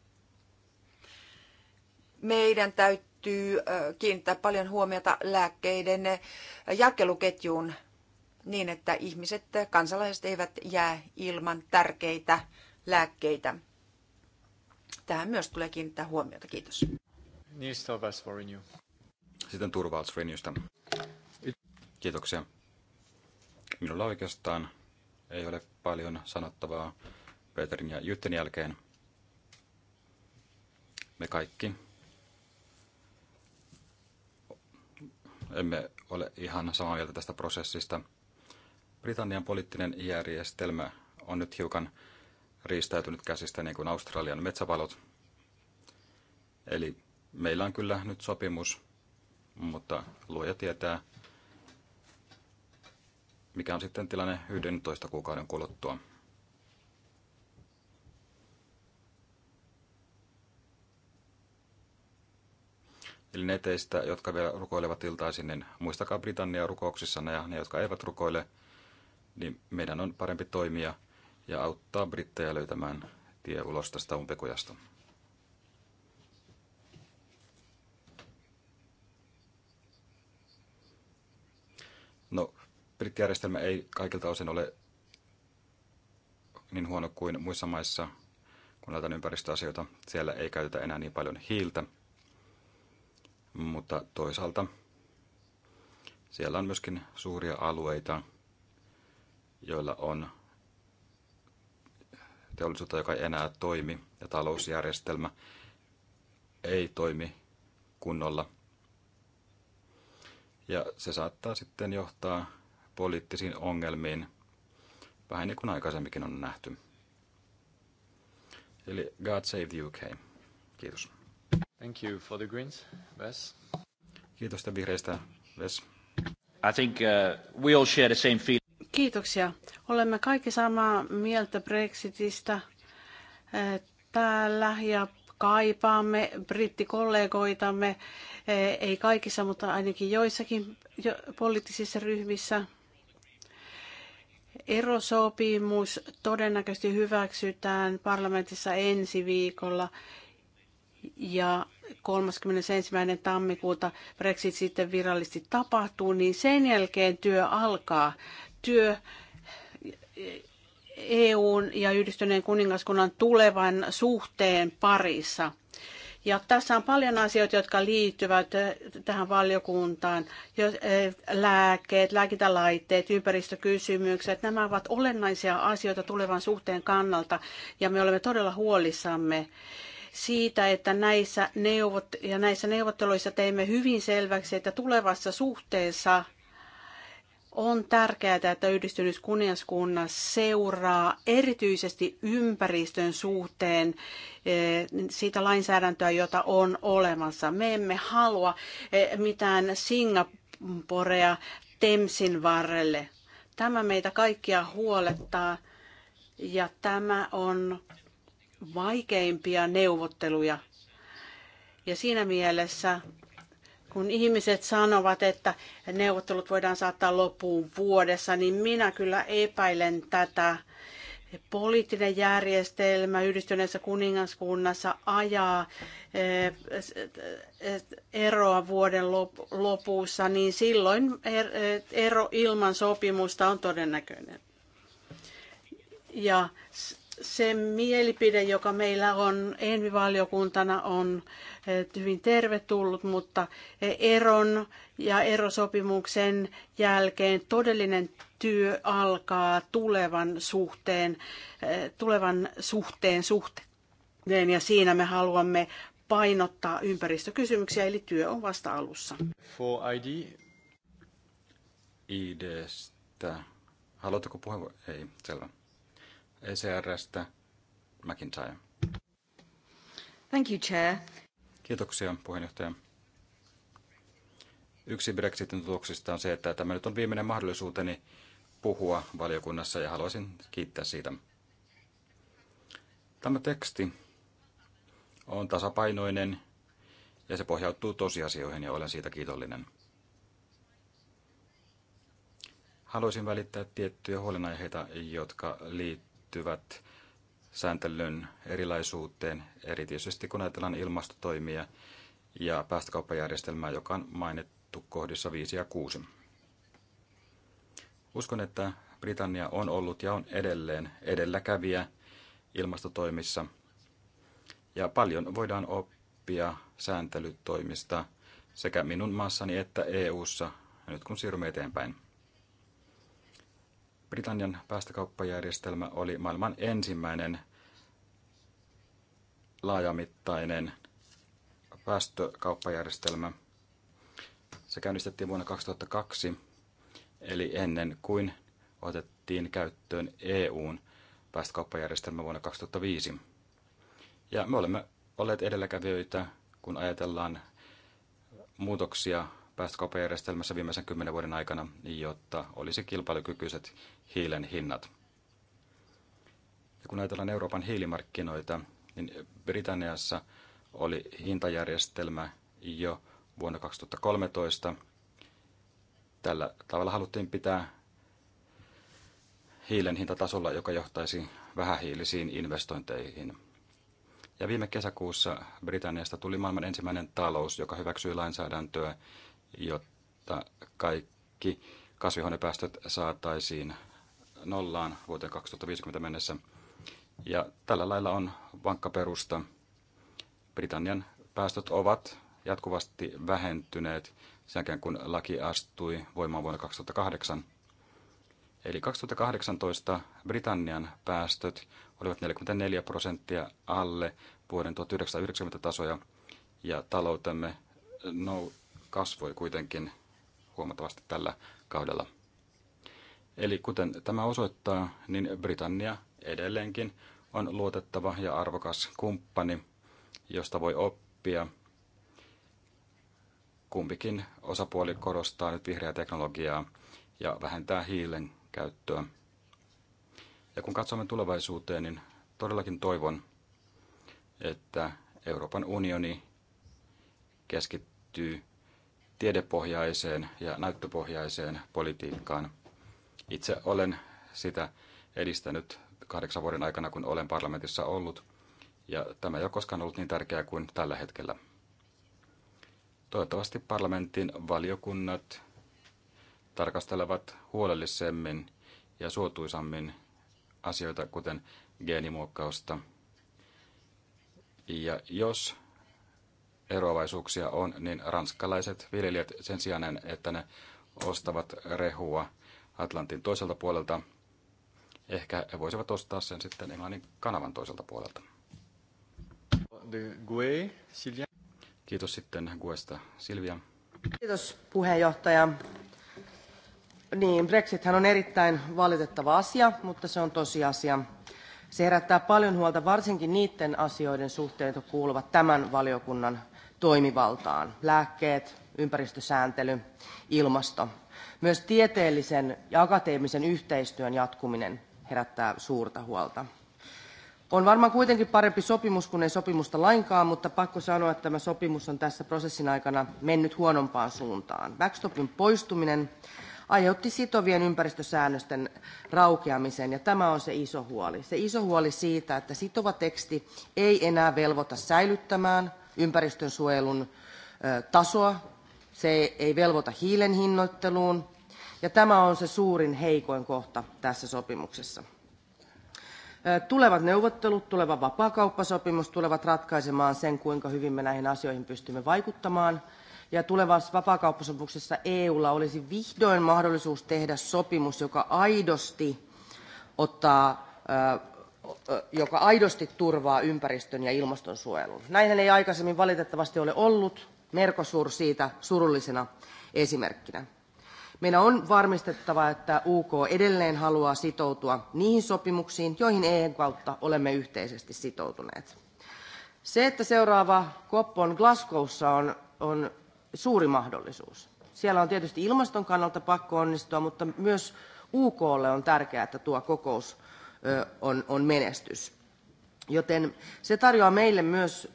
Meidän täytyy kiinnittää paljon huomiota lääkkeiden jakeluketjuun niin, että ihmiset, kansalaiset eivät jää ilman tärkeitä lääkkeitä. Tähän myös tulee kiinnittää huomiota. Kiitos. Niistä on Sitten turvaus Renewsta. Kiitoksia. Minulla oikeastaan ei ole paljon sanottavaa Peterin ja Jytten jälkeen. Me kaikki emme ole ihan samaa mieltä tästä prosessista. Britannian poliittinen järjestelmä on nyt hiukan riistäytynyt käsistä niin kuin Australian metsävalot. Eli meillä on kyllä nyt sopimus, mutta luoja tietää, mikä on sitten tilanne 11 kuukauden kuluttua. Eli ne teistä, jotka vielä rukoilevat iltaisin, niin muistakaa Britannia rukouksissanne ja ne, jotka eivät rukoile, niin meidän on parempi toimia ja auttaa brittejä löytämään tie ulos tästä umpikujasta. No, brittijärjestelmä ei kaikilta osin ole niin huono kuin muissa maissa, kun näitä ympäristöasioita. Siellä ei käytetä enää niin paljon hiiltä, mutta toisaalta siellä on myöskin suuria alueita, joilla on teollisuutta, joka ei enää toimi, ja talousjärjestelmä ei toimi kunnolla. Ja se saattaa sitten johtaa poliittisiin ongelmiin, vähän niin kuin aikaisemminkin on nähty. Eli God save the UK. Kiitos. Thank you for the Greens, Wes. Kiitos te vihreistä, Wes. I think uh, we all share the same feeling. Kiitoksia. Olemme kaikki samaa mieltä Brexitistä eh, täällä ja kaipaamme brittikollegoitamme, eh, ei kaikissa, mutta ainakin joissakin poliittisissa ryhmissä. Erosopimus todennäköisesti hyväksytään parlamentissa ensi viikolla ja 31. tammikuuta Brexit sitten virallisesti tapahtuu, niin sen jälkeen työ alkaa. Työ EUn ja yhdistyneen kuningaskunnan tulevan suhteen parissa – ja tässä on paljon asioita, jotka liittyvät eh, tähän valiokuntaan. Eh, lääkkeet, lääkintälaitteet, ympäristökysymykset, nämä ovat olennaisia asioita tulevan suhteen kannalta ja me olemme todella huolissamme siitä, että näissä, neuvot- ja näissä neuvotteluissa teimme hyvin selväksi, että tulevassa suhteessa on tärkeää, että yhdistynyt kuningaskunnan seuraa erityisesti ympäristön suhteen eh, sitä lainsäädäntöä, jota on olemassa. Me emme halua eh, mitään Singaporea Temsin varrelle. Tämä meitä kaikkia huolettaa ja tämä on vaikeimpia neuvotteluja. Ja siinä mielessä kun ihmiset sanovat, että neuvottelut voidaan saattaa loppuun vuodessa, niin minä kyllä epäilen tätä. Poliittinen järjestelmä yhdistyneessä kuningaskunnassa ajaa eh, eh, eroa vuoden lopussa, niin silloin er-, eh, ero ilman sopimusta on todennäköinen. Ja se mielipide, joka meillä on envivaliokuntana, on eh, hyvin tervetullut, mutta eh, eron ja erosopimuksen jälkeen todellinen työ alkaa tulevan suhteen, eh, tulevan suhteen suhteen ja siinä me haluamme painottaa ympäristökysymyksiä, eli työ on vasta alussa. For ID. Haluatteko puheenvuoron? Ei, selvä. ECRstä McIntyre. Thank you, Chair. Kiitoksia, puheenjohtaja. Yksi Brexitin tuloksista on se, että tämä nyt on viimeinen mahdollisuuteni puhua valiokunnassa ja haluaisin kiittää siitä. Tämä teksti on tasapainoinen ja se pohjautuu tosiasioihin ja olen siitä kiitollinen. Haluaisin välittää tiettyjä huolenaiheita, jotka liittyvät liittyvät sääntelyn erilaisuuteen, erityisesti kun ajatellaan ilmastotoimia ja päästökauppajärjestelmää, joka on mainittu kohdissa 5 ja 6. Uskon, että Britannia on ollut ja on edelleen edelläkävijä ilmastotoimissa, ja paljon voidaan oppia sääntelytoimista sekä minun maassani että EU:ssa nyt kun siirrymme eteenpäin. Britannian päästökauppajärjestelmä oli maailman ensimmäinen laajamittainen päästökauppajärjestelmä. Se käynnistettiin vuonna 2002, eli ennen kuin otettiin käyttöön EUn päästökauppajärjestelmä vuonna 2005. Ja me olemme olleet edelläkävijöitä, kun ajatellaan muutoksia päästökauppajärjestelmässä viimeisen kymmenen vuoden aikana, jotta olisi kilpailukykyiset hiilen hinnat. Ja kun ajatellaan Euroopan hiilimarkkinoita, niin Britanniassa oli hintajärjestelmä jo vuonna 2013. Tällä tavalla haluttiin pitää hiilen hintatasolla, joka johtaisi vähähiilisiin investointeihin. Ja viime kesäkuussa Britanniasta tuli maailman ensimmäinen talous, joka hyväksyi lainsäädäntöä, jotta kaikki kasvihuonepäästöt saataisiin nollaan vuoteen 2050 mennessä. Ja tällä lailla on vankka perusta. Britannian päästöt ovat jatkuvasti vähentyneet sen jälkeen, kun laki astui voimaan vuonna 2008. Eli 2018 Britannian päästöt olivat 44 prosenttia alle vuoden 1990 tasoja ja taloutemme nousi kasvoi kuitenkin huomattavasti tällä kaudella. Eli kuten tämä osoittaa, niin Britannia edelleenkin on luotettava ja arvokas kumppani, josta voi oppia. Kumpikin osapuoli korostaa nyt vihreää teknologiaa ja vähentää hiilen käyttöä. Ja kun katsomme tulevaisuuteen, niin todellakin toivon, että Euroopan unioni keskittyy tiedepohjaiseen ja näyttöpohjaiseen politiikkaan. Itse olen sitä edistänyt kahdeksan vuoden aikana, kun olen parlamentissa ollut, ja tämä ei ole koskaan ollut niin tärkeää kuin tällä hetkellä. Toivottavasti parlamentin valiokunnat tarkastelevat huolellisemmin ja suotuisammin asioita, kuten geenimuokkausta. Ja jos eroavaisuuksia on, niin ranskalaiset viljelijät sen sijaan, että ne ostavat rehua Atlantin toiselta puolelta, ehkä he voisivat ostaa sen sitten Englannin kanavan toiselta puolelta. Kiitos sitten Guesta. Silvia. Kiitos puheenjohtaja. Niin, Brexit on erittäin valitettava asia, mutta se on tosiasia. Se herättää paljon huolta varsinkin niiden asioiden suhteen, jotka kuuluvat tämän valiokunnan toimivaltaan lääkkeet ympäristösääntely ilmasto myös tieteellisen ja akateemisen yhteistyön jatkuminen herättää suurta huolta. On varmaan kuitenkin parempi sopimus kuin ei sopimusta lainkaan, mutta pakko sanoa, että tämä sopimus on tässä prosessin aikana mennyt huonompaan suuntaan. Backstopin poistuminen aiheutti sitovien ympäristösäännösten raukeamisen, ja tämä on se iso huoli. Se iso huoli siitä, että sitova teksti ei enää velvoita säilyttämään ympäristönsuojelun tasoa, se ei velvoita hiilen hinnoitteluun, ja tämä on se suurin heikoin kohta tässä sopimuksessa. Tulevat neuvottelut, tuleva vapaakauppasopimus tulevat ratkaisemaan sen, kuinka hyvin me näihin asioihin pystymme vaikuttamaan. Ja tulevassa vapaakauppasopimuksessa EUlla olisi vihdoin mahdollisuus tehdä sopimus, joka aidosti ottaa joka aidosti turvaa ympäristön ja ilmastonsuojelun. Näinhän ei aikaisemmin valitettavasti ole ollut. merkosur siitä surullisena esimerkkinä. Meidän on varmistettava, että UK edelleen haluaa sitoutua niihin sopimuksiin, joihin eu kautta olemme yhteisesti sitoutuneet. Se, että seuraava COP on Glasgowssa, on, on suuri mahdollisuus. Siellä on tietysti ilmaston kannalta pakko onnistua, mutta myös UKlle on tärkeää, että tuo kokous on, on menestys. Joten se tarjoaa meille myös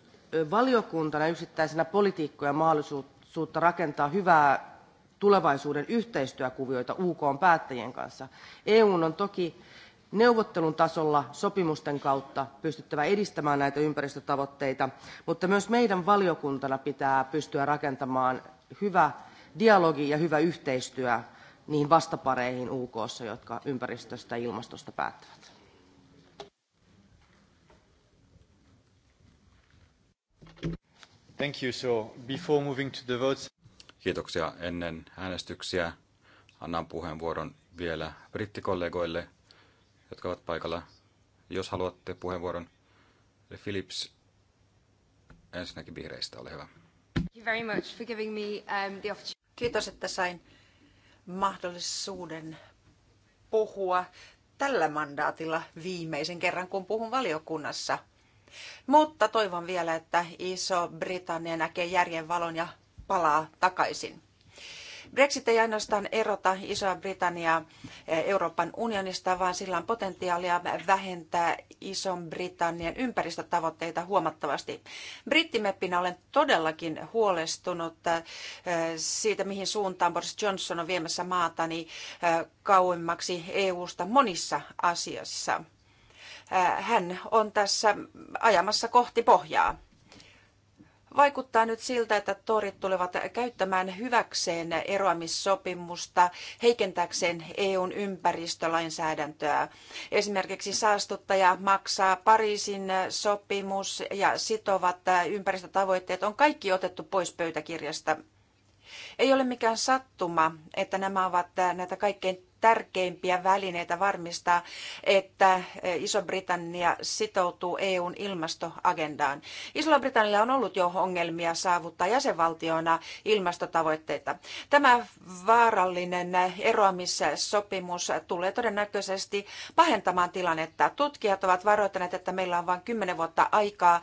valiokuntana yksittäisenä politiikkoja mahdollisuutta rakentaa hyvää tulevaisuuden yhteistyökuvioita UK on päättäjien kanssa. EU on toki neuvottelun tasolla sopimusten kautta pystyttävä edistämään näitä ympäristötavoitteita, mutta myös meidän valiokuntana pitää pystyä rakentamaan hyvä dialogi ja hyvä yhteistyö niihin vastapareihin UK, jotka ympäristöstä ja ilmastosta päättävät. Thank you. So before moving to the votes... Kiitoksia ennen äänestyksiä. Annan puheenvuoron vielä brittikollegoille, jotka ovat paikalla. Jos haluatte puheenvuoron, Philips ensinnäkin vihreistä, ole hyvä. Thank you very much for giving me, um, the opportunity. Kiitos, että sain mahdollisuuden puhua tällä mandaatilla viimeisen kerran, kun puhun valiokunnassa – mutta toivon vielä, että Iso-Britannia näkee valon ja palaa takaisin. Brexit ei ainoastaan erota Isoa Britanniaa eh, Euroopan unionista, vaan sillä on potentiaalia vähentää Ison Britannian ympäristötavoitteita huomattavasti. Brittimeppinä olen todellakin huolestunut eh, siitä, mihin suuntaan Boris Johnson on viemässä maatani niin, eh, kauemmaksi EU-sta monissa asioissa Äh, hän on tässä ajamassa kohti pohjaa. Vaikuttaa nyt siltä, että torit tulevat käyttämään hyväkseen eroamissopimusta heikentääkseen EUn ympäristölainsäädäntöä. Esimerkiksi saastuttaja maksaa Pariisin sopimus ja sitovat ympäristötavoitteet on kaikki otettu pois pöytäkirjasta. Ei ole mikään sattuma, että nämä ovat näitä kaikkein tärkeimpiä välineitä varmistaa, että Iso-Britannia sitoutuu EUn ilmastoagendaan. Iso-Britannialla on ollut jo ongelmia saavuttaa jäsenvaltiona ilmastotavoitteita. Tämä vaarallinen eroamissopimus tulee todennäköisesti pahentamaan tilannetta. Tutkijat ovat varoittaneet, että meillä on vain kymmenen vuotta aikaa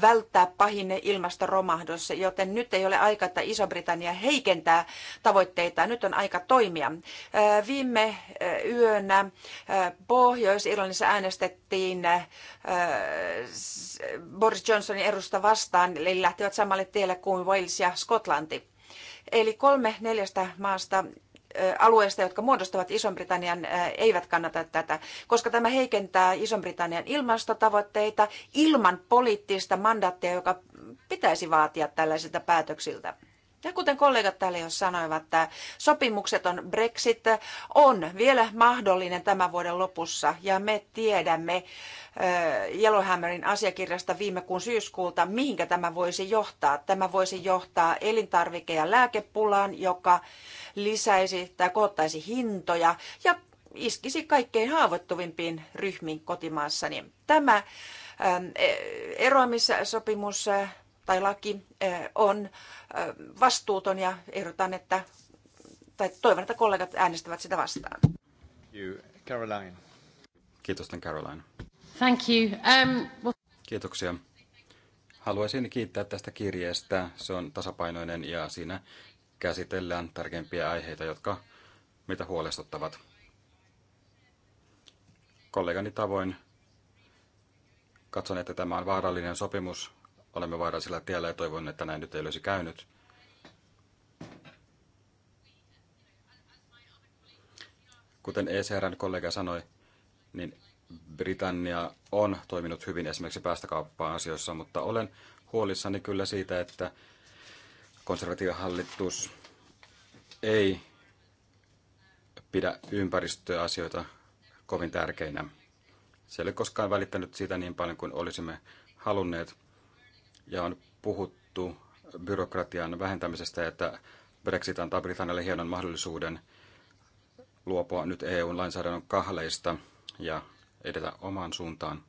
välttää pahin ilmastoromahdus, joten nyt ei ole aika, että Iso-Britannia heikentää tavoitteitaan. Nyt on aika toimia. Viime viime yönä Pohjois-Irlannissa äänestettiin Boris Johnsonin edusta vastaan, eli lähtivät samalle tielle kuin Wales ja Skotlanti. Eli kolme neljästä maasta alueesta, jotka muodostavat Ison-Britannian, eivät kannata tätä, koska tämä heikentää Ison-Britannian ilmastotavoitteita ilman poliittista mandaattia, joka pitäisi vaatia tällaisilta päätöksiltä. Ja kuten kollegat täällä jo sanoivat, että äh, sopimukset on Brexit äh, on vielä mahdollinen tämän vuoden lopussa ja me tiedämme äh, Yellowhammerin asiakirjasta viime kuun syyskuulta, mihinkä tämä voisi johtaa. Tämä voisi johtaa elintarvike- ja lääkepulaan, joka lisäisi tai kohottaisi hintoja ja iskisi kaikkein haavoittuvimpiin ryhmiin kotimaassani. Tämä e-, eroamissopimus tai laki eh, on eh, vastuuton ja ehdotan, että, tai toivon, että kollegat äänestävät sitä vastaan. Caroline. Kiitos, Caroline. Thank you. Um, well... Kiitoksia. Haluaisin kiittää tästä kirjeestä. Se on tasapainoinen ja siinä käsitellään tärkeimpiä aiheita, jotka meitä huolestuttavat. Kollegani tavoin katson, että tämä on vaarallinen sopimus olemme vaarallisella tiellä ja toivon, että näin nyt ei olisi käynyt. Kuten ECRn kollega sanoi, niin Britannia on toiminut hyvin esimerkiksi päästökauppaan asioissa mutta olen huolissani kyllä siitä, että konservatiivihallitus ei pidä ympäristöasioita kovin tärkeinä. Se ei ole koskaan välittänyt siitä niin paljon kuin olisimme halunneet ja on puhuttu byrokratian vähentämisestä, että Brexit antaa Britannialle hienon mahdollisuuden luopua nyt EUn lainsäädännön kahleista ja edetä omaan suuntaan.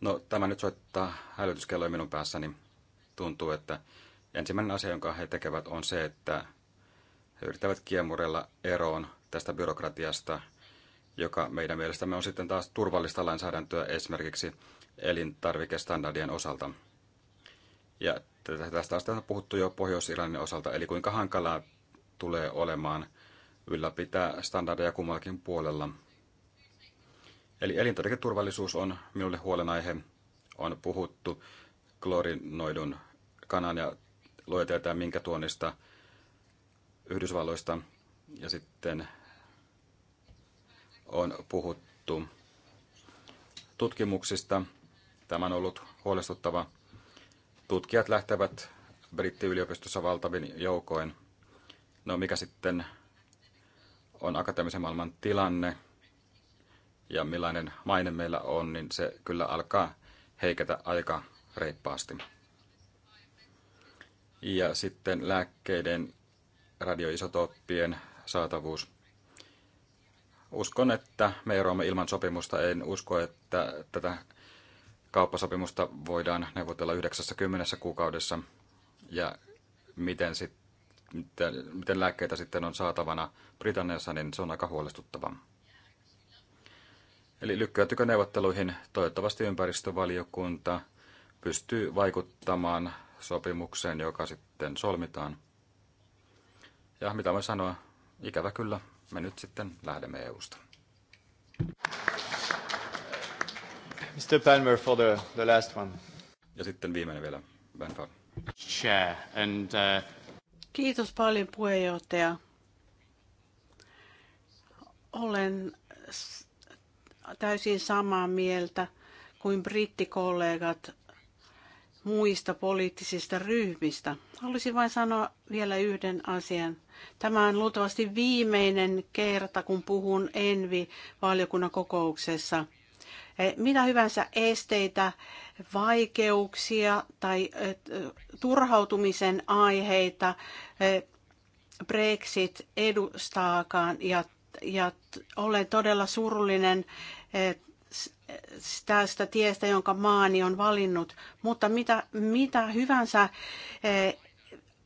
No, tämä nyt soittaa hälytyskelloja minun päässäni. Tuntuu, että ensimmäinen asia, jonka he tekevät, on se, että he yrittävät kiemurella eroon tästä byrokratiasta, joka meidän mielestämme on sitten taas turvallista lainsäädäntöä esimerkiksi elintarvikestandardien osalta. Ja tästä asti on puhuttu jo pohjois irlannin osalta, eli kuinka hankalaa tulee olemaan ylläpitää standardeja kummallakin puolella. Eli elintarviketurvallisuus on minulle huolenaihe. On puhuttu klorinoidun kanan ja luetetaan minkä tuonnista Yhdysvalloista. Ja sitten on puhuttu tutkimuksista, Tämä on ollut huolestuttava. Tutkijat lähtevät brittiyliopistossa valtavin joukoin. No mikä sitten on akateemisen maailman tilanne ja millainen maine meillä on, niin se kyllä alkaa heiketä aika reippaasti. Ja sitten lääkkeiden radioisotooppien saatavuus. Uskon, että me eroamme ilman sopimusta. En usko, että tätä kauppasopimusta voidaan neuvotella 90 kuukaudessa ja miten, sit, miten, miten lääkkeitä sitten on saatavana Britanniassa, niin se on aika huolestuttava. Eli lykkäytykö neuvotteluihin? Toivottavasti ympäristövaliokunta pystyy vaikuttamaan sopimukseen, joka sitten solmitaan. Ja mitä voin sanoa, ikävä kyllä, me nyt sitten lähdemme EUsta. Mr. Palmer for the, the last one. Ja sitten viimeinen vielä, Ben Farr. Chair and, uh... Kiitos paljon puheenjohtaja. Olen täysin samaa mieltä kuin brittikollegat muista poliittisista ryhmistä. Haluaisin vain sanoa vielä yhden asian. Tämä on luultavasti viimeinen kerta, kun puhun Envi-valiokunnan kokouksessa – Eh, mitä hyvänsä esteitä, vaikeuksia tai eh, turhautumisen aiheita eh, Brexit edustaakaan. Ja, ja olen todella surullinen tästä tiestä, jonka maani on valinnut. Mutta mitä, mitä hyvänsä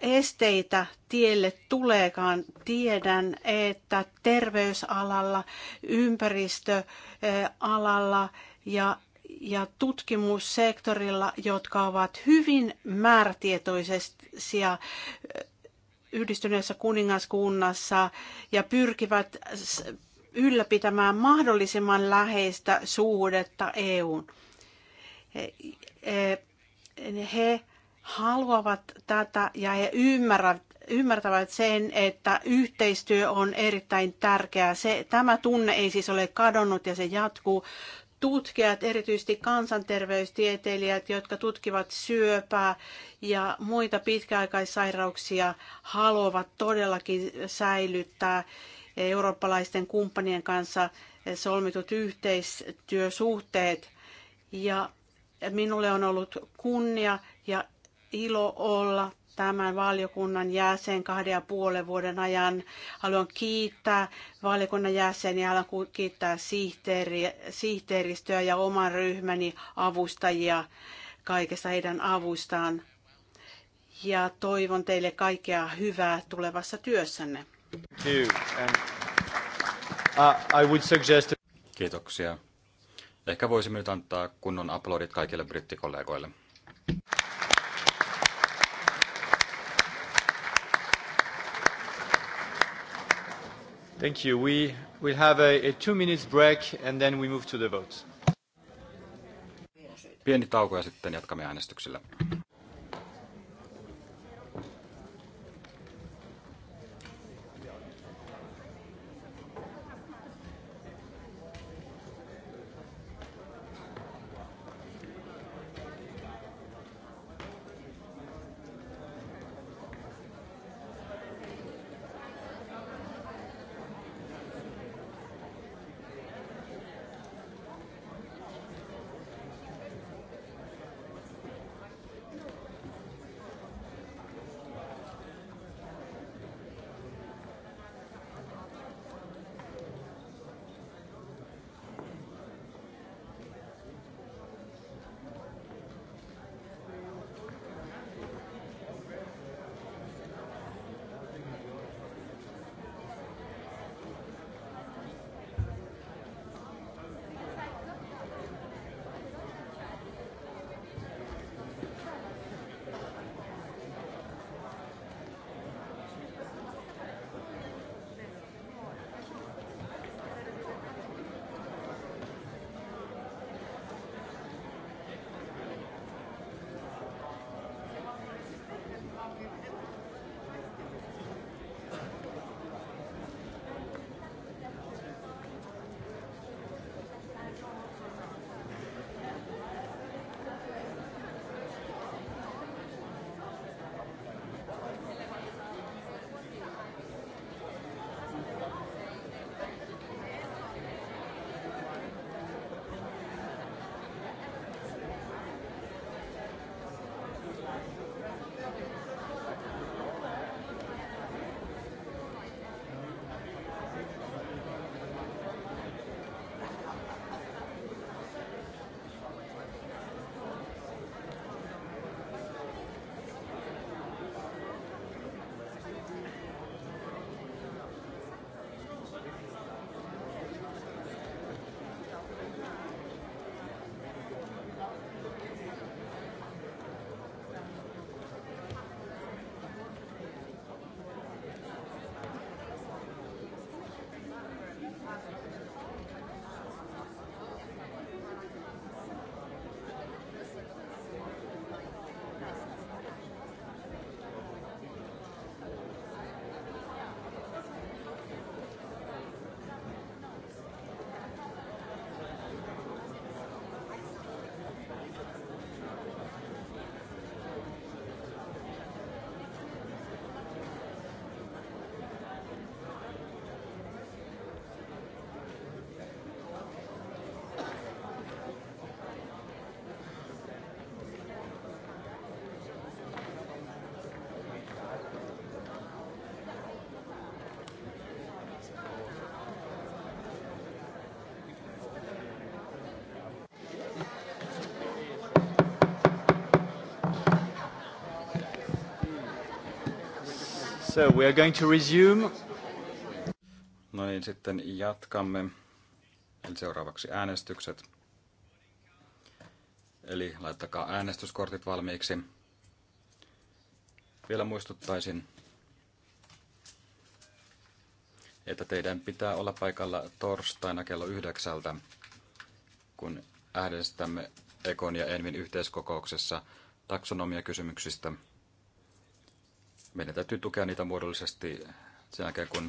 esteitä tielle tuleekaan. Tiedän, että terveysalalla, ympäristöalalla ja, ja tutkimussektorilla, jotka ovat hyvin määrätietoisia yhdistyneessä kuningaskunnassa ja pyrkivät ylläpitämään mahdollisimman läheistä suhdetta EUn. He haluavat tätä ja he ymmärrät, ymmärtävät sen, että yhteistyö on erittäin tärkeää. Se, tämä tunne ei siis ole kadonnut ja se jatkuu. Tutkijat, erityisesti kansanterveystieteilijät, jotka tutkivat syöpää ja muita pitkäaikaissairauksia, haluavat todellakin säilyttää eurooppalaisten kumppanien kanssa solmitut yhteistyösuhteet. Ja minulle on ollut kunnia ja ilo olla tämän valiokunnan jäsen kahden ja puolen vuoden ajan. Haluan kiittää valiokunnan jäseniä, haluan kiittää sihteeri, sihteeristöä ja oman ryhmäni avustajia kaikesta heidän avustaan. Ja toivon teille kaikkea hyvää tulevassa työssänne. Uh, Kiitoksia. Ehkä voisimme nyt antaa kunnon aplodit kaikille brittikollegoille. Thank you. We will have a, a two minutes break and then we move to the votes. Pieni tauko ja sitten jatkamme äänestyksillä. So we are going to resume. No niin, sitten jatkamme. Eli seuraavaksi äänestykset. Eli laittakaa äänestyskortit valmiiksi. Vielä muistuttaisin, että teidän pitää olla paikalla torstaina kello yhdeksältä, kun äänestämme Ekon ja Envin yhteiskokouksessa taksonomiakysymyksistä – meidän täytyy tukea niitä muodollisesti sen jälkeen, kun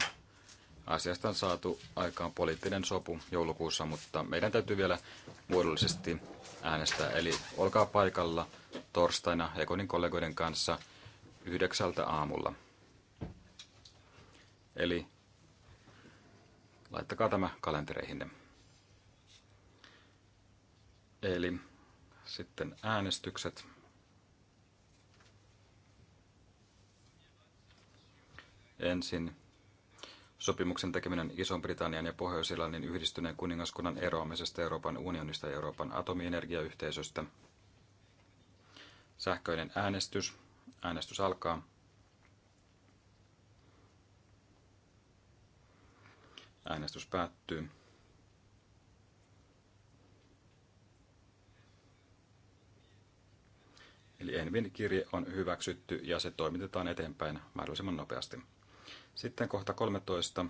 asiasta on saatu aikaan poliittinen sopu joulukuussa, mutta meidän täytyy vielä muodollisesti äänestää. Eli olkaa paikalla torstaina Ekonin kollegoiden kanssa yhdeksältä aamulla. Eli laittakaa tämä kalentereihinne. Eli sitten äänestykset. Ensin sopimuksen tekeminen iso britannian ja Pohjois-Irlannin yhdistyneen kuningaskunnan eroamisesta Euroopan unionista ja Euroopan atomienergiayhteisöstä. Sähköinen äänestys. Äänestys alkaa. Äänestys päättyy. Eli Envin kirje on hyväksytty ja se toimitetaan eteenpäin mahdollisimman nopeasti. Sitten kohta 13.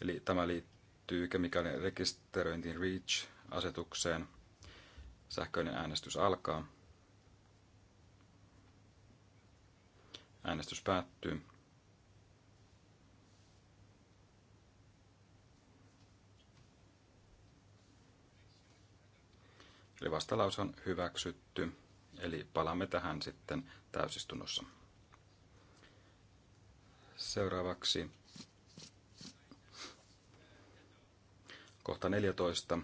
Eli tämä liittyy kemikaalien rekisteröintiin REACH-asetukseen. Sähköinen äänestys alkaa. Äänestys päättyy. Eli vastalaus on hyväksytty. Eli palaamme tähän sitten täysistunnossa. Seuraavaksi kohta 14.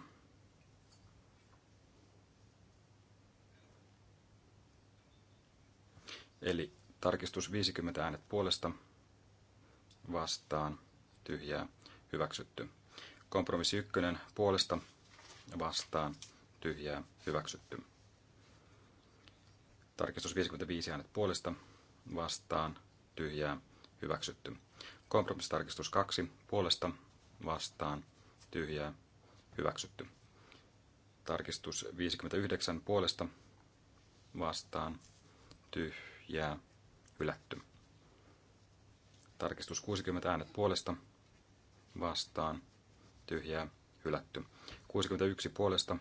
Eli tarkistus 50 äänet puolesta vastaan tyhjää hyväksytty. Kompromissi 1 puolesta vastaan tyhjää hyväksytty. Tarkistus 55 äänet puolesta vastaan tyhjää hyväksytty. Kompromissitarkistus 2 puolesta vastaan tyhjää hyväksytty. Tarkistus 59 puolesta vastaan tyhjää hylätty. Tarkistus 60 äänet puolesta vastaan tyhjää hylätty. 61 puolesta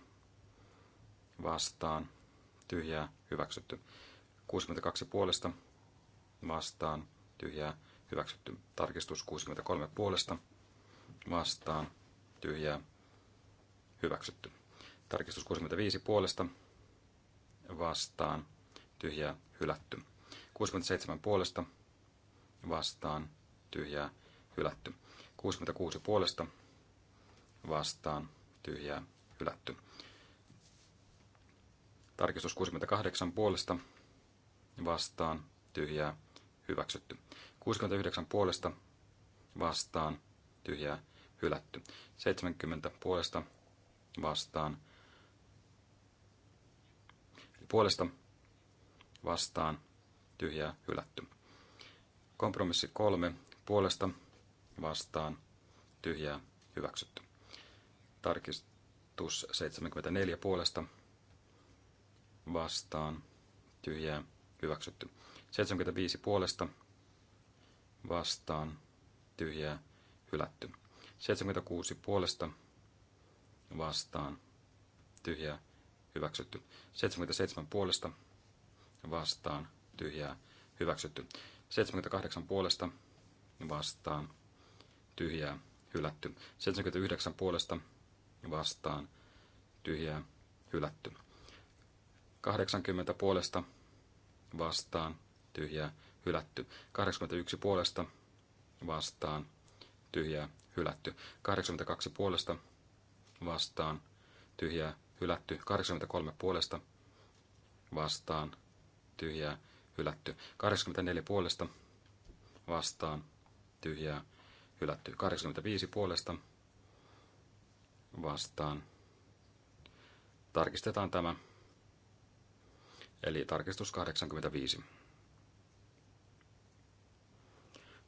vastaan tyhjää hyväksytty. 62 puolesta vastaan tyhjää hylätty hyväksytty. Tarkistus 63 puolesta vastaan tyhjää hyväksytty. Tarkistus 65 puolesta vastaan tyhjää hylätty. 67 puolesta vastaan tyhjää hylätty. 66 puolesta vastaan tyhjää hylätty. Tarkistus 68 puolesta vastaan tyhjää hyväksytty. 69 puolesta vastaan tyhjää hylätty. 70 puolesta vastaan Eli puolesta vastaan tyhjää hylätty. Kompromissi 3 puolesta vastaan tyhjää hyväksytty. Tarkistus 74 puolesta vastaan tyhjää hyväksytty. 75 puolesta vastaan vastaan tyhjää hylätty. 76 puolesta vastaan tyhjää hyväksytty. 77 puolesta vastaan tyhjää hyväksytty. 78 puolesta vastaan tyhjää hylätty. 79 puolesta vastaan tyhjää hylätty. 80 puolesta vastaan tyhjää hylätty hylätty. 81 puolesta vastaan tyhjää hylätty. 82 puolesta vastaan tyhjää hylätty. 83 puolesta vastaan tyhjää hylätty. 84 puolesta vastaan tyhjää hylätty. 85 puolesta vastaan. Tarkistetaan tämä. Eli tarkistus 85.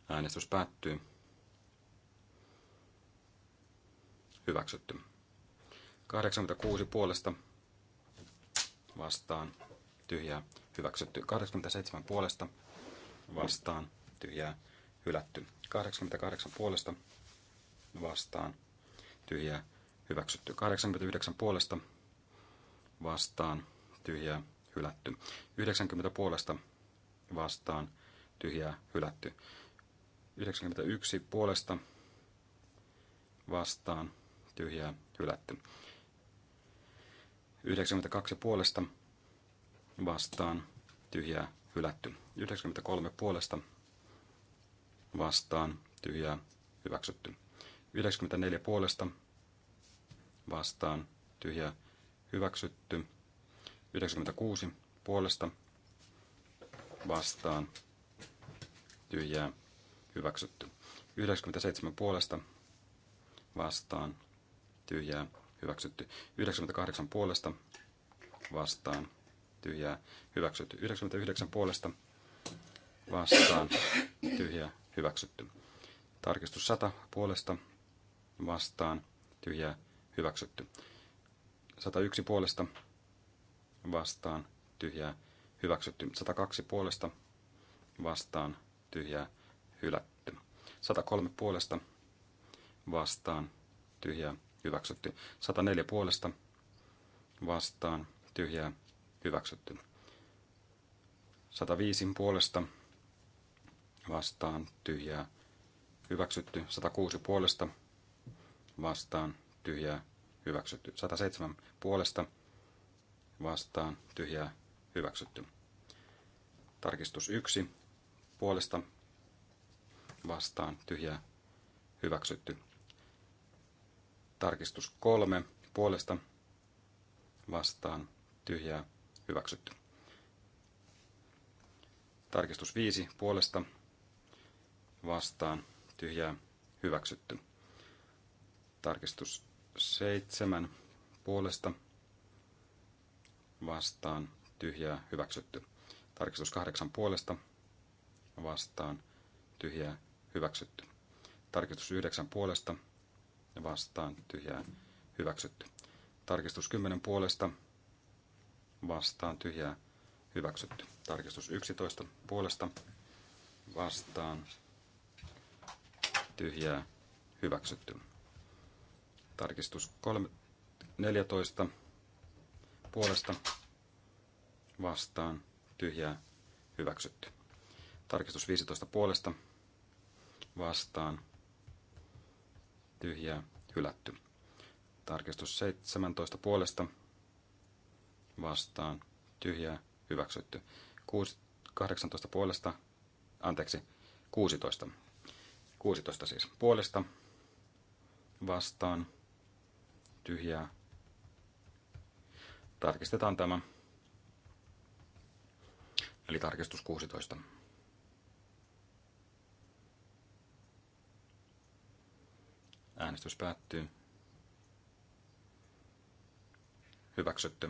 Äänestys päättyy. Hyväksytty. 86 puolesta vastaan tyhjää hyväksytty. 87 puolesta vastaan tyhjää hylätty. 88 puolesta vastaan tyhjää hyväksytty. 89 puolesta vastaan tyhjää hylätty. 90 puolesta vastaan tyhjää hylätty. 91 puolesta vastaan tyhjää hylätty. 92 puolesta vastaan tyhjää hylätty. 93 puolesta vastaan tyhjää hyväksytty. 94 puolesta vastaan tyhjää hyväksytty. 96 puolesta vastaan tyhjää hyväksytty. 97 puolesta vastaan tyhjää hyväksytty. 98 puolesta vastaan tyhjää hyväksytty. 99 puolesta vastaan tyhjää hyväksytty. Tarkistus 100 puolesta vastaan tyhjää hyväksytty. 101 puolesta vastaan tyhjää hyväksytty. 102 puolesta vastaan tyhjää hyväksytty hylätty. 103 puolesta vastaan tyhjää hyväksytty. 104 puolesta vastaan tyhjää hyväksytty. 105 puolesta vastaan tyhjää hyväksytty. 106 puolesta vastaan tyhjää hyväksytty. 107 puolesta vastaan tyhjää hyväksytty. Tarkistus 1 puolesta vastaan tyhjää hyväksytty. Tarkistus kolme puolesta vastaan tyhjää hyväksytty. Tarkistus viisi puolesta vastaan tyhjää hyväksytty. Tarkistus seitsemän puolesta vastaan tyhjää hyväksytty. Tarkistus kahdeksan puolesta vastaan tyhjää hyväksytty. Tarkistus 9 puolesta ja vastaan tyhjään hyväksytty. Tarkistus 10 puolesta vastaan tyhjää hyväksytty. Tarkistus 11 puolesta vastaan tyhjää hyväksytty. Tarkistus 3, 14 puolesta vastaan tyhjää hyväksytty. Tarkistus 15 puolesta vastaan tyhjää hylätty. Tarkistus 17 puolesta vastaan tyhjää hyväksytty. 18 puolesta, anteeksi, 16. 16 siis puolesta vastaan tyhjää. Tarkistetaan tämä. Eli tarkistus 16. Äänestys päättyy. Hyväksytty.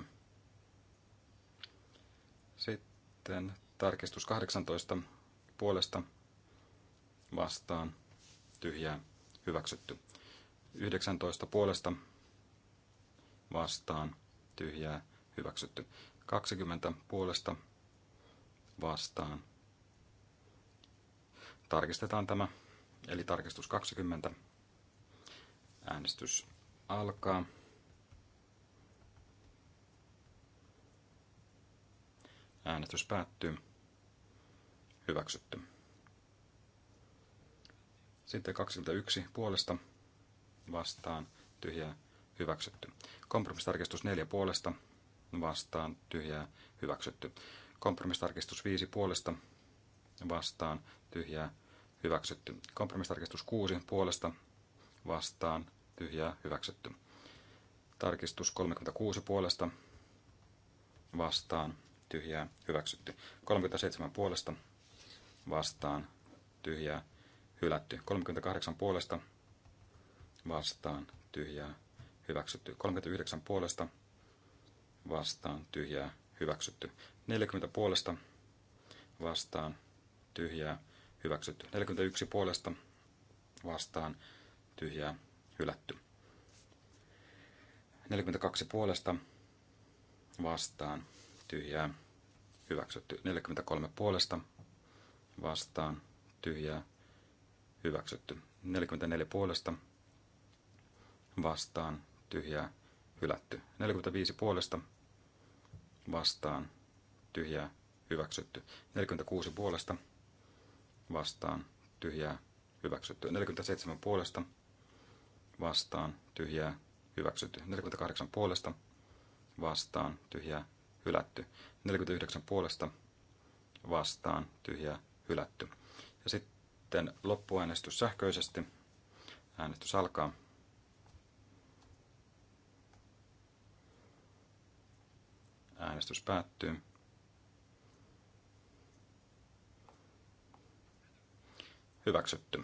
Sitten tarkistus 18 puolesta vastaan tyhjää hyväksytty. 19 puolesta vastaan tyhjää hyväksytty. 20 puolesta vastaan. Tarkistetaan tämä, eli tarkistus 20. Äänestys alkaa. Äänestys päättyy. Hyväksytty. Sitten 21 puolesta vastaan tyhjää hyväksytty. Kompromistarkistus 4 puolesta vastaan tyhjää hyväksytty. Kompromistarkistus 5 puolesta vastaan tyhjää hyväksytty. Kompromistarkistus 6 puolesta vastaan tyhjää hyväksytty. Tarkistus 36 puolesta vastaan tyhjää hyväksytty. 37 puolesta vastaan tyhjää hylätty. 38 puolesta vastaan tyhjää hyväksytty. 39 puolesta vastaan tyhjää hyväksytty. 40 puolesta vastaan tyhjää hyväksytty. 41 puolesta vastaan tyhjää hylätty. 42 puolesta vastaan tyhjää hyväksytty. 43 puolesta vastaan tyhjää hyväksytty. 44 puolesta vastaan tyhjää hylätty. 45 puolesta vastaan tyhjää hyväksytty. 46 puolesta vastaan tyhjää hyväksytty. 47 puolesta vastaan, vastaan tyhjää hyväksytty. 48 puolesta vastaan tyhjää hylätty. 49 puolesta vastaan tyhjää hylätty. Ja sitten loppuäänestys sähköisesti. Äänestys alkaa. Äänestys päättyy. Hyväksytty.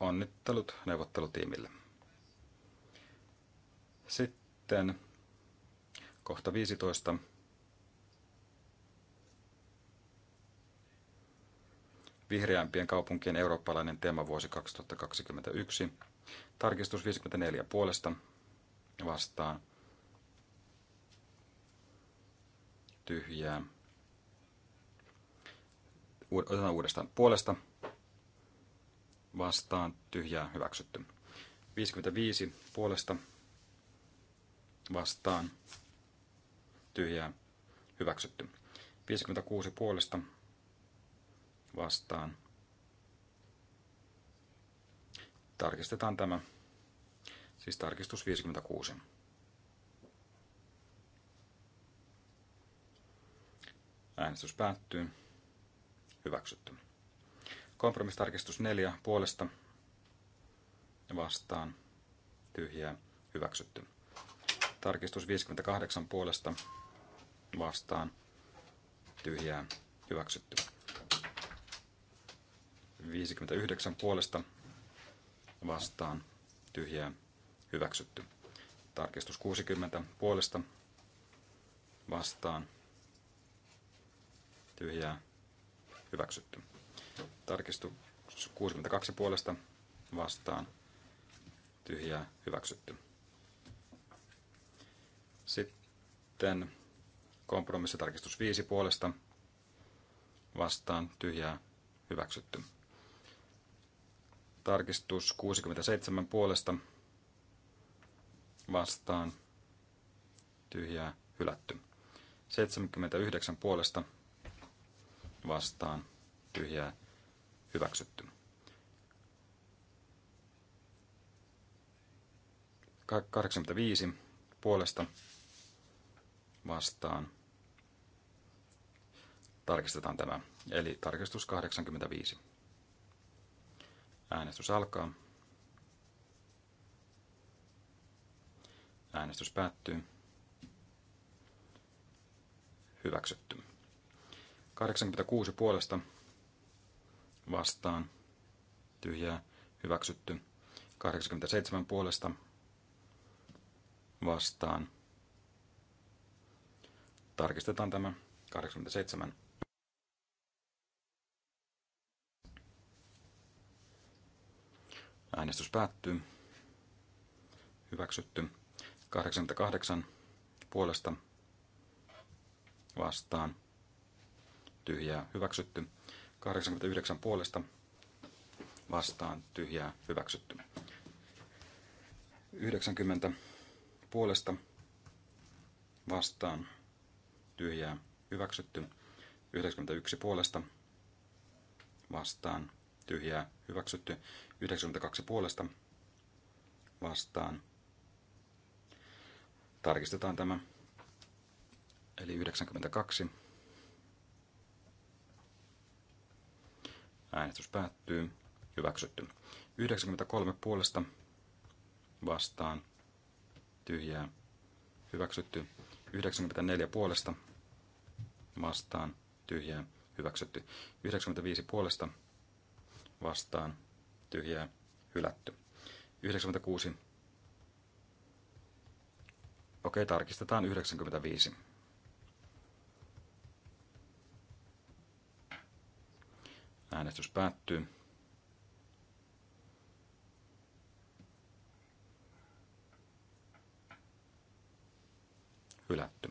Onnittelut neuvottelutiimille. Sitten kohta 15. Vihreämpien kaupunkien eurooppalainen vuosi 2021. Tarkistus 54 puolesta vastaan. Tyhjää. Otetaan uudestaan puolesta vastaan tyhjää hyväksytty. 55 puolesta vastaan tyhjää hyväksytty. 56 puolesta vastaan. Tarkistetaan tämä, siis tarkistus 56. Äänestys päättyy. Hyväksytty. Kompromistarkistus 4 puolesta vastaan tyhjää hyväksytty. Tarkistus 58 puolesta vastaan tyhjää hyväksytty. 59 puolesta vastaan tyhjää hyväksytty. Tarkistus 60 puolesta vastaan tyhjää hyväksytty. Tarkistus 62 puolesta vastaan. Tyhjää hyväksytty. Sitten kompromissitarkistus 5 puolesta vastaan tyhjää hyväksytty. Tarkistus 67 puolesta vastaan tyhjää hylätty. 79 puolesta vastaan tyhjää hyväksytty. 85 puolesta vastaan. Tarkistetaan tämä, eli tarkistus 85. Äänestys alkaa. Äänestys päättyy. Hyväksytty. 86 puolesta vastaan tyhjää hyväksytty. 87 puolesta vastaan. Tarkistetaan tämä 87. Äänestys päättyy. Hyväksytty. 88 puolesta vastaan. Tyhjää hyväksytty. 89 puolesta vastaan tyhjää hyväksytty. 90 puolesta vastaan tyhjää hyväksytty. 91 puolesta vastaan tyhjää hyväksytty. 92 puolesta vastaan. Tarkistetaan tämä. Eli 92 Äänestys päättyy. Hyväksytty. 93 puolesta vastaan. Tyhjää. Hyväksytty. 94 puolesta vastaan. Tyhjää. Hyväksytty. 95 puolesta vastaan. Tyhjää. Hylätty. 96. Okei, tarkistetaan 95. Äänestys päättyy. Hylätty.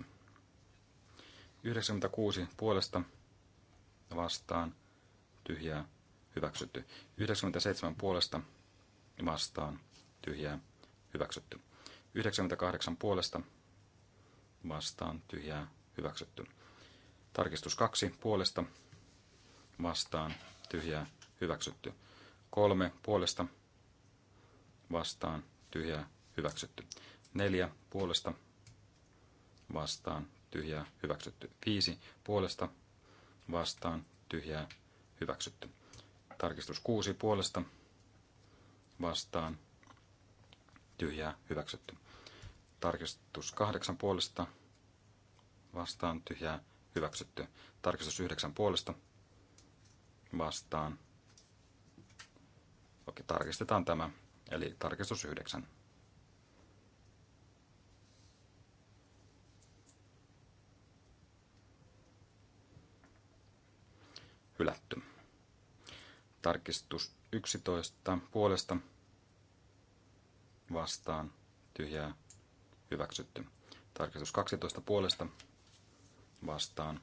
96 puolesta vastaan tyhjää hyväksytty. 97 puolesta vastaan tyhjää hyväksytty. 98 puolesta vastaan tyhjää hyväksytty. Tarkistus 2 puolesta vastaan tyhjää hyväksytty. Kolme puolesta vastaan tyhjää hyväksytty. Neljä puolesta vastaan tyhjää hyväksytty. Viisi puolesta vastaan tyhjää hyväksytty. Tarkistus kuusi puolesta vastaan tyhjää hyväksytty. Tarkistus kahdeksan puolesta vastaan tyhjää hyväksytty. Tarkistus yhdeksän puolesta vastaan. Okei, tarkistetaan tämä. Eli tarkistus 9. Hylätty. Tarkistus 11 puolesta vastaan tyhjää hyväksytty. Tarkistus 12 puolesta vastaan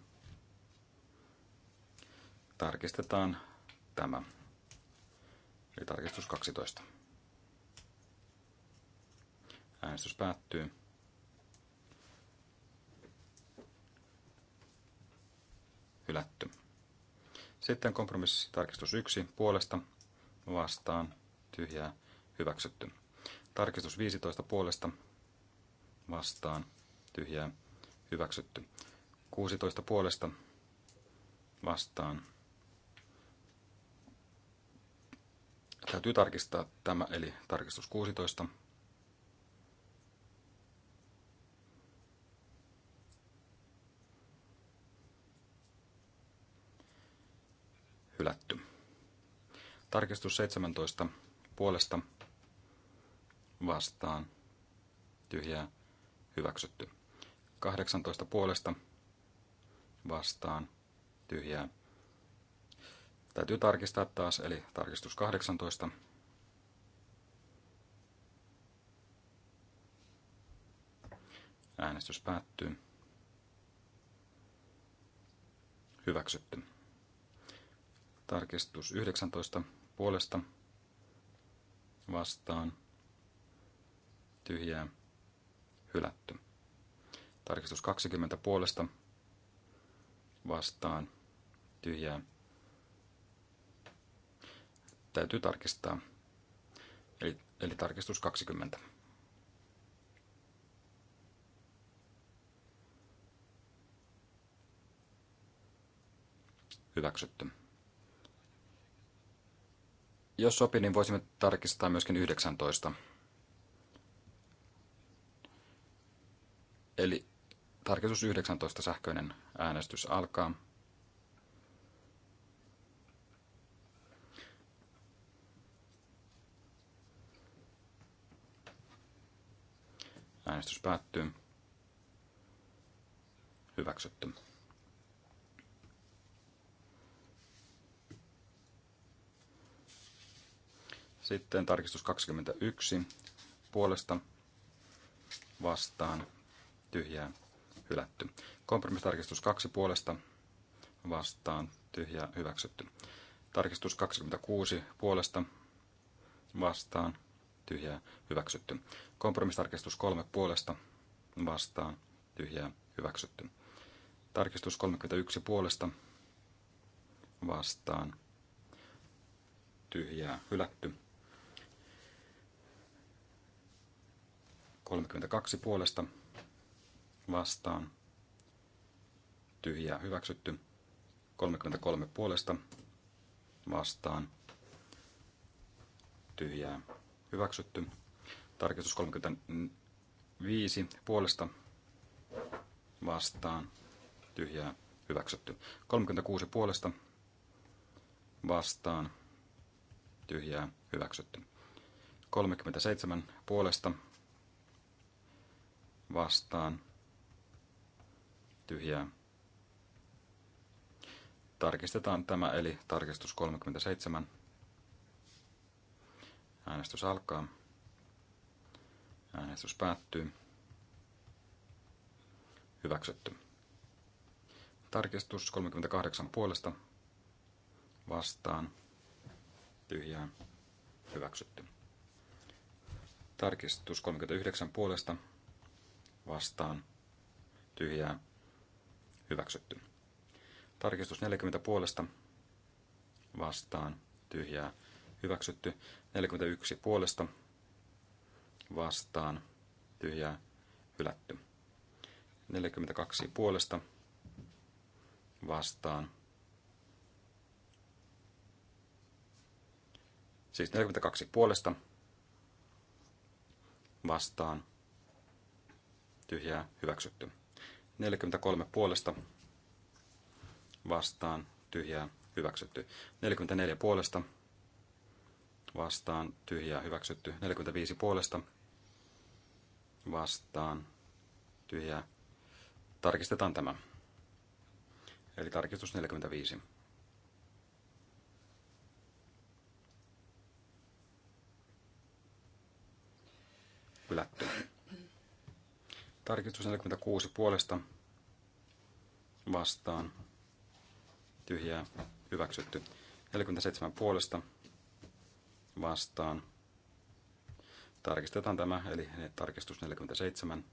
tarkistetaan tämä. Eli tarkistus 12. Äänestys päättyy. Hylätty. Sitten kompromissitarkistus 1 puolesta vastaan tyhjää hyväksytty. Tarkistus 15 puolesta vastaan tyhjää hyväksytty. 16 puolesta vastaan Täytyy tarkistaa tämä, eli tarkistus 16. Hylätty. Tarkistus 17 puolesta vastaan tyhjää hyväksytty. 18 puolesta vastaan tyhjää Täytyy tarkistaa taas, eli tarkistus 18. Äänestys päättyy. Hyväksytty. Tarkistus 19 puolesta vastaan tyhjää hylätty. Tarkistus 20 puolesta vastaan tyhjää Täytyy tarkistaa. Eli, eli tarkistus 20. Hyväksytty. Jos sopii, niin voisimme tarkistaa myöskin 19. Eli tarkistus 19 sähköinen äänestys alkaa. Äänestys päättyy. Hyväksytty. Sitten tarkistus 21 puolesta vastaan tyhjää hylätty. Kompromissitarkistus 2 puolesta vastaan tyhjää hyväksytty. Tarkistus 26 puolesta vastaan tyhjää hyväksytty. Kompromistarkistus 3 puolesta vastaan tyhjää hyväksytty. Tarkistus 31 puolesta vastaan tyhjää hylätty. 32 puolesta vastaan tyhjää hyväksytty. 33 puolesta vastaan tyhjää hyväksytty. Tarkistus 35 puolesta vastaan tyhjää hyväksytty. 36 puolesta vastaan tyhjää hyväksytty. 37 puolesta vastaan tyhjää. Tarkistetaan tämä eli tarkistus 37 Äänestys alkaa. Äänestys päättyy. Hyväksytty. Tarkistus 38 puolesta. Vastaan. Tyhjää. Hyväksytty. Tarkistus 39 puolesta. Vastaan. Tyhjää. Hyväksytty. Tarkistus 40 puolesta. Vastaan. Tyhjää hyväksytty 41 puolesta vastaan tyhjää hylätty. 42 puolesta vastaan. Siis 42 puolesta vastaan tyhjää hyväksytty. 43 puolesta vastaan tyhjää hyväksytty. 44 puolesta vastaan vastaan tyhjää hyväksytty. 45 puolesta vastaan tyhjää. Tarkistetaan tämä. Eli tarkistus 45. Hylätty. Tarkistus 46 puolesta vastaan tyhjää hyväksytty. 47 puolesta vastaan. Tarkistetaan tämä, eli tarkistus 47.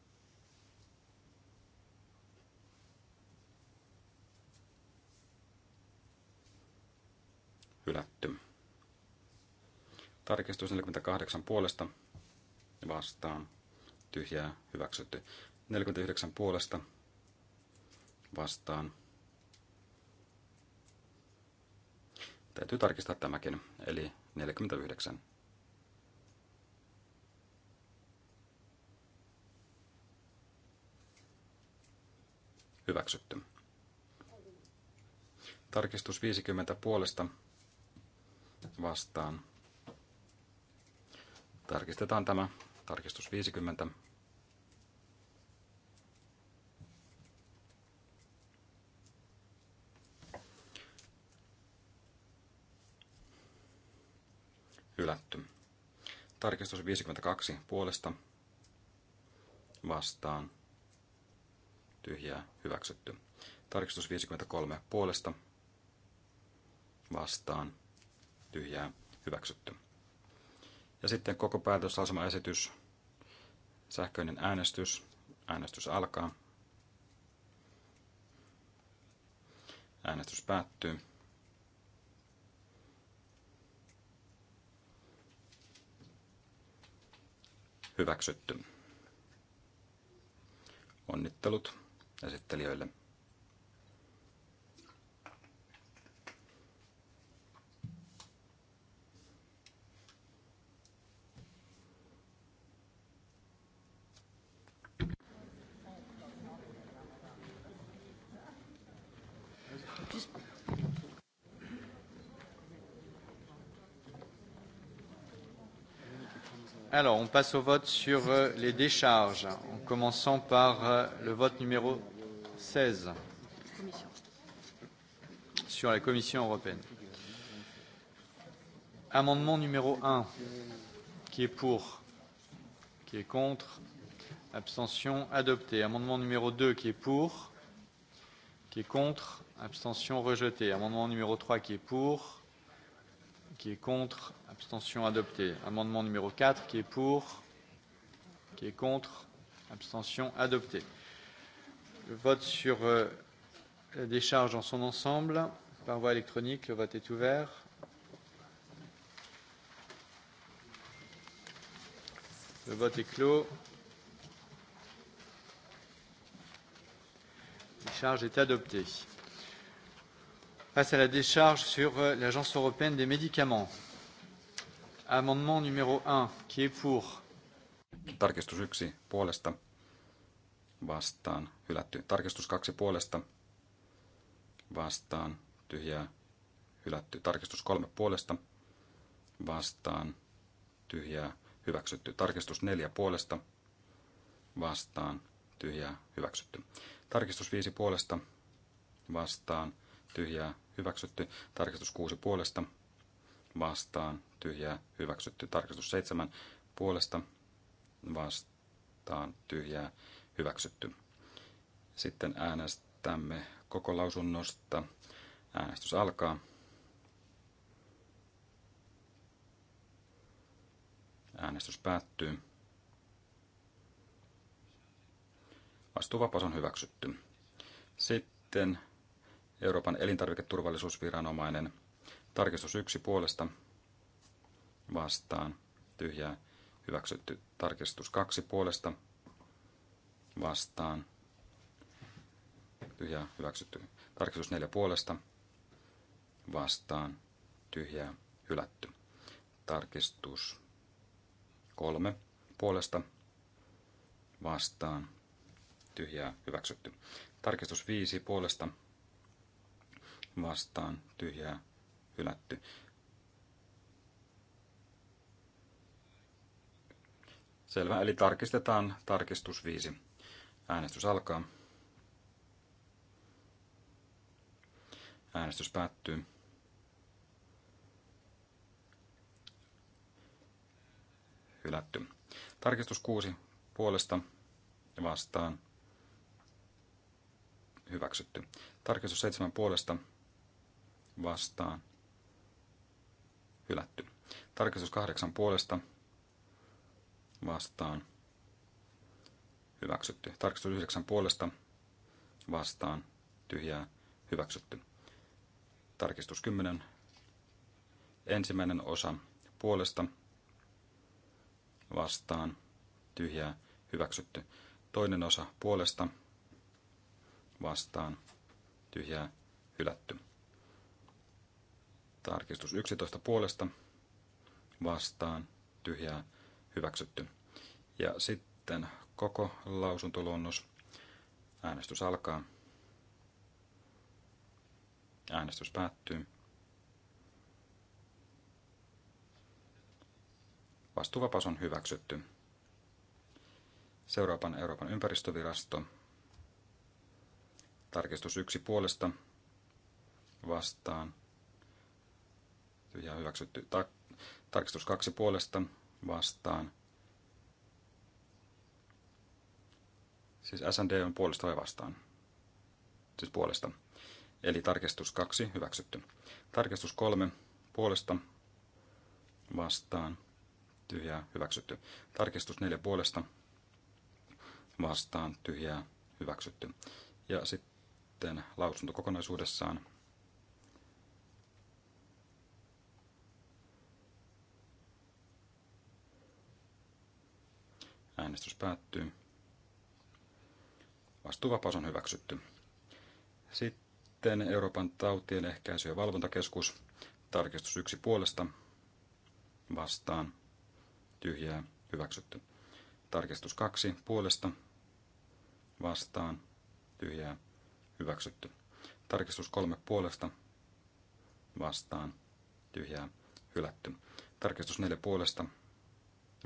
Hylätty. Tarkistus 48 puolesta vastaan. Tyhjää hyväksytty. 49 puolesta vastaan. Täytyy tarkistaa tämäkin. Eli 49. Hyväksytty. Tarkistus 50 puolesta vastaan. Tarkistetaan tämä. Tarkistus 50. hylätty. Tarkistus 52 puolesta vastaan tyhjää hyväksytty. Tarkistus 53 puolesta vastaan tyhjää hyväksytty. Ja sitten koko esitys sähköinen äänestys, äänestys alkaa. Äänestys päättyy. Hyväksytty. Onnittelut esittelijöille. Alors, on passe au vote sur euh, les décharges, en commençant par euh, le vote numéro 16 sur la Commission européenne. Amendement numéro 1, qui est pour, qui est contre, abstention adopté. Amendement numéro 2, qui est pour, qui est contre, abstention rejetée. Amendement numéro 3, qui est pour, qui est contre, Abstention adopté. Amendement numéro 4, qui est pour Qui est contre Abstention adopté. Le vote sur euh, la décharge en son ensemble, par voie électronique, le vote est ouvert. Le vote est clos. La décharge est adoptée. Face à la décharge sur euh, l'Agence européenne des médicaments. Amendement 1, qui est pour? Tarkistus 1 puolesta vastaan hylätty. Tarkistus 2 puolesta vastaan tyhjää hylätty. Tarkistus 3 puolesta vastaan tyhjää hyväksytty. Tarkistus 4 puolesta vastaan tyhjää hyväksytty. Tarkistus 5 puolesta vastaan tyhjää hyväksytty. Tarkistus 6 puolesta vastaan, vastaan tyhjää hyväksytty. Tarkistus 7 puolesta vastaan tyhjää hyväksytty. Sitten äänestämme koko lausunnosta. Äänestys alkaa. Äänestys päättyy. Vastuuvapaus on hyväksytty. Sitten Euroopan elintarviketurvallisuusviranomainen Tarkistus yksi puolesta vastaan tyhjää hyväksytty. Tarkistus kaksi puolesta vastaan tyhjää hyväksytty. Tarkistus neljä puolesta vastaan tyhjää hylätty. Tarkistus kolme puolesta vastaan tyhjää hyväksytty. Tarkistus viisi puolesta vastaan tyhjää hylätty. Selvä, eli tarkistetaan tarkistus 5. Äänestys alkaa. Äänestys päättyy. Hylätty. Tarkistus 6 puolesta ja vastaan. Hyväksytty. Tarkistus 7 puolesta vastaan hylätty. Tarkistus kahdeksan puolesta vastaan hyväksytty. Tarkistus yhdeksän puolesta vastaan tyhjää hyväksytty. Tarkistus kymmenen ensimmäinen osa puolesta vastaan tyhjää hyväksytty. Toinen osa puolesta vastaan tyhjää hylätty. Tarkistus 11 puolesta vastaan tyhjää hyväksytty. Ja sitten koko lausuntoluonnos. Äänestys alkaa. Äänestys päättyy. Vastuvapaus on hyväksytty. Seuraavan Euroopan ympäristövirasto. Tarkistus yksi puolesta vastaan ja hyväksytty. Ta- tarkistus kaksi puolesta vastaan. Siis SND on puolesta vai vastaan? Siis puolesta. Eli tarkistus kaksi hyväksytty. Tarkistus kolme puolesta vastaan. Tyhjää hyväksytty. Tarkistus neljä puolesta vastaan. Tyhjää hyväksytty. Ja sitten lausunto kokonaisuudessaan Äänestys päättyy. Vastuuvapaus on hyväksytty. Sitten Euroopan tautien ehkäisy- ja valvontakeskus. Tarkistus yksi puolesta. Vastaan. Tyhjää. Hyväksytty. Tarkistus kaksi puolesta. Vastaan. Tyhjää. Hyväksytty. Tarkistus kolme puolesta. Vastaan. Tyhjää. Hylätty. Tarkistus neljä puolesta.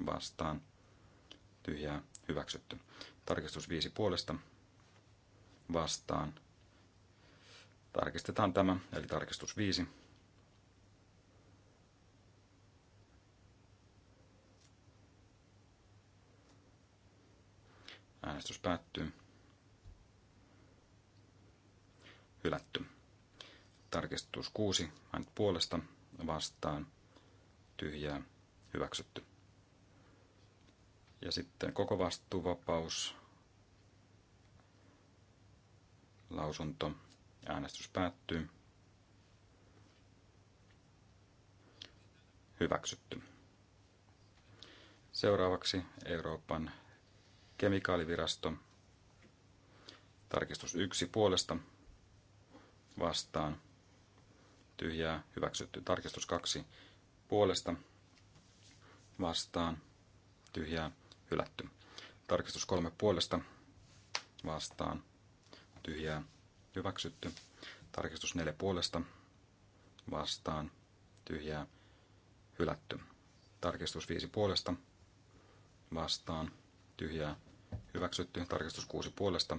Vastaan tyhjää hyväksytty. Tarkistus 5 puolesta vastaan. Tarkistetaan tämä, eli tarkistus 5. Äänestys päättyy. Hylätty. Tarkistus 6. Äänet puolesta vastaan. Tyhjää. Hyväksytty. Ja sitten koko vastuuvapaus lausunto. Äänestys päättyy. Hyväksytty. Seuraavaksi Euroopan kemikaalivirasto. Tarkistus yksi puolesta vastaan. Tyhjää hyväksytty. Tarkistus kaksi puolesta vastaan. Tyhjää hylätty. Tarkistus kolme puolesta vastaan tyhjää hyväksytty. Tarkistus neljä puolesta vastaan tyhjää hylätty. Tarkistus viisi puolesta vastaan tyhjää hyväksytty. Tarkistus kuusi puolesta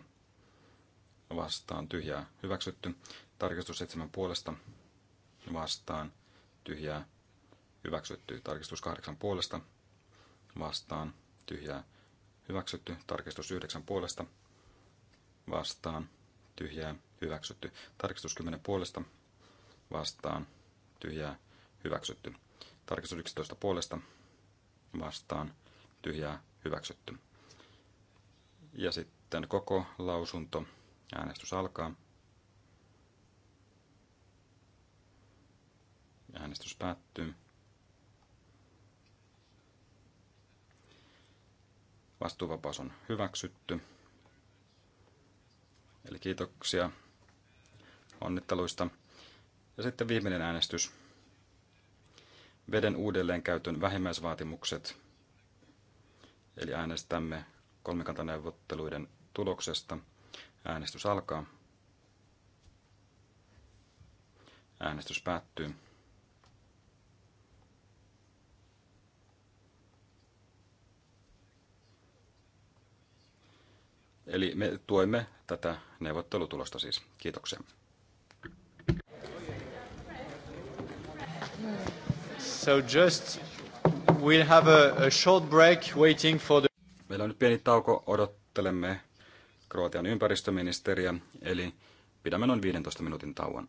vastaan tyhjää hyväksytty. Tarkistus seitsemän puolesta vastaan tyhjää hyväksytty. Tarkistus kahdeksan puolesta vastaan tyhjää hyväksytty. Tarkistus 9 puolesta vastaan tyhjää hyväksytty. Tarkistus 10 puolesta vastaan tyhjää hyväksytty. Tarkistus 11 puolesta vastaan tyhjää hyväksytty. Ja sitten koko lausunto. Äänestys alkaa. Äänestys päättyy. Vastuuvapaus on hyväksytty. Eli kiitoksia onnitteluista. Ja sitten viimeinen äänestys. Veden uudelleenkäytön vähimmäisvaatimukset. Eli äänestämme kolmikantaneuvotteluiden tuloksesta. Äänestys alkaa. Äänestys päättyy. Eli me tuemme tätä neuvottelutulosta siis. Kiitoksia. So just we'll have a, a short break waiting for the... Meillä on nyt pieni tauko, odottelemme Kroatian ympäristöministeriä, eli pidämme noin 15 minuutin tauon.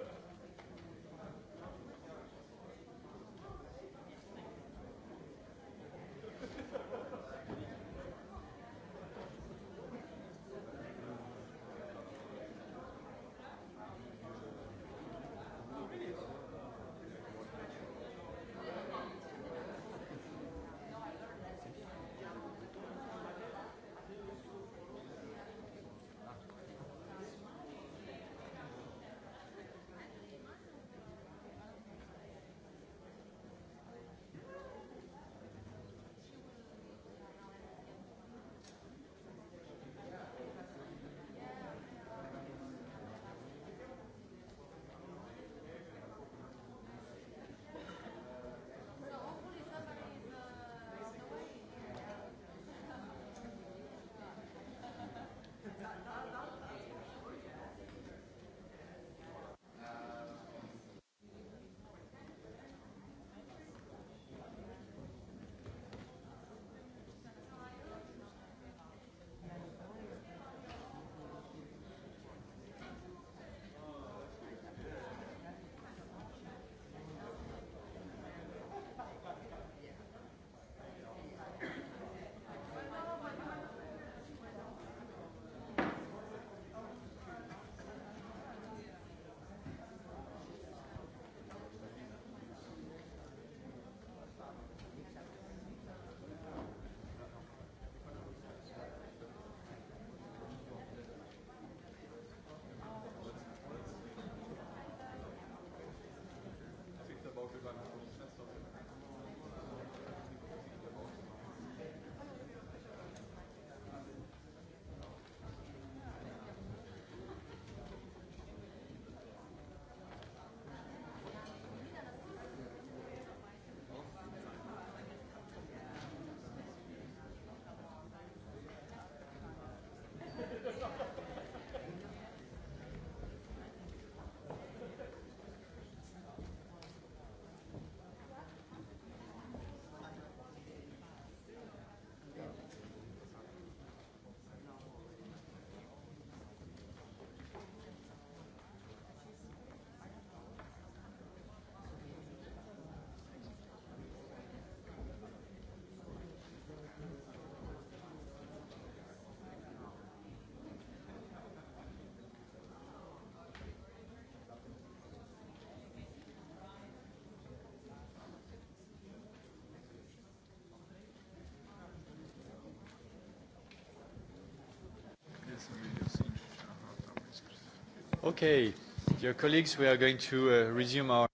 Okay, dear colleagues, we are going to uh, resume our...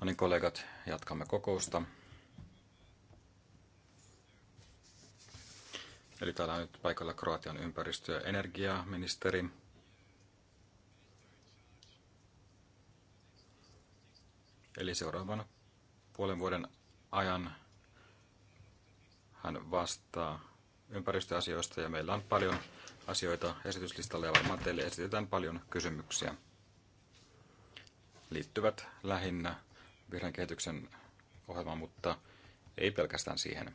No niin, kollegat, jatkamme kokousta. Eli täällä on nyt paikalla Kroatian ympäristö- ja energiaministeri. Eli seuraavan puolen vuoden ajan hän vastaa ympäristöasioista ja meillä on paljon asioita esityslistalla ja varmaan teille esitetään paljon kysymyksiä. Liittyvät lähinnä vihreän kehityksen ohjelmaan, mutta ei pelkästään siihen.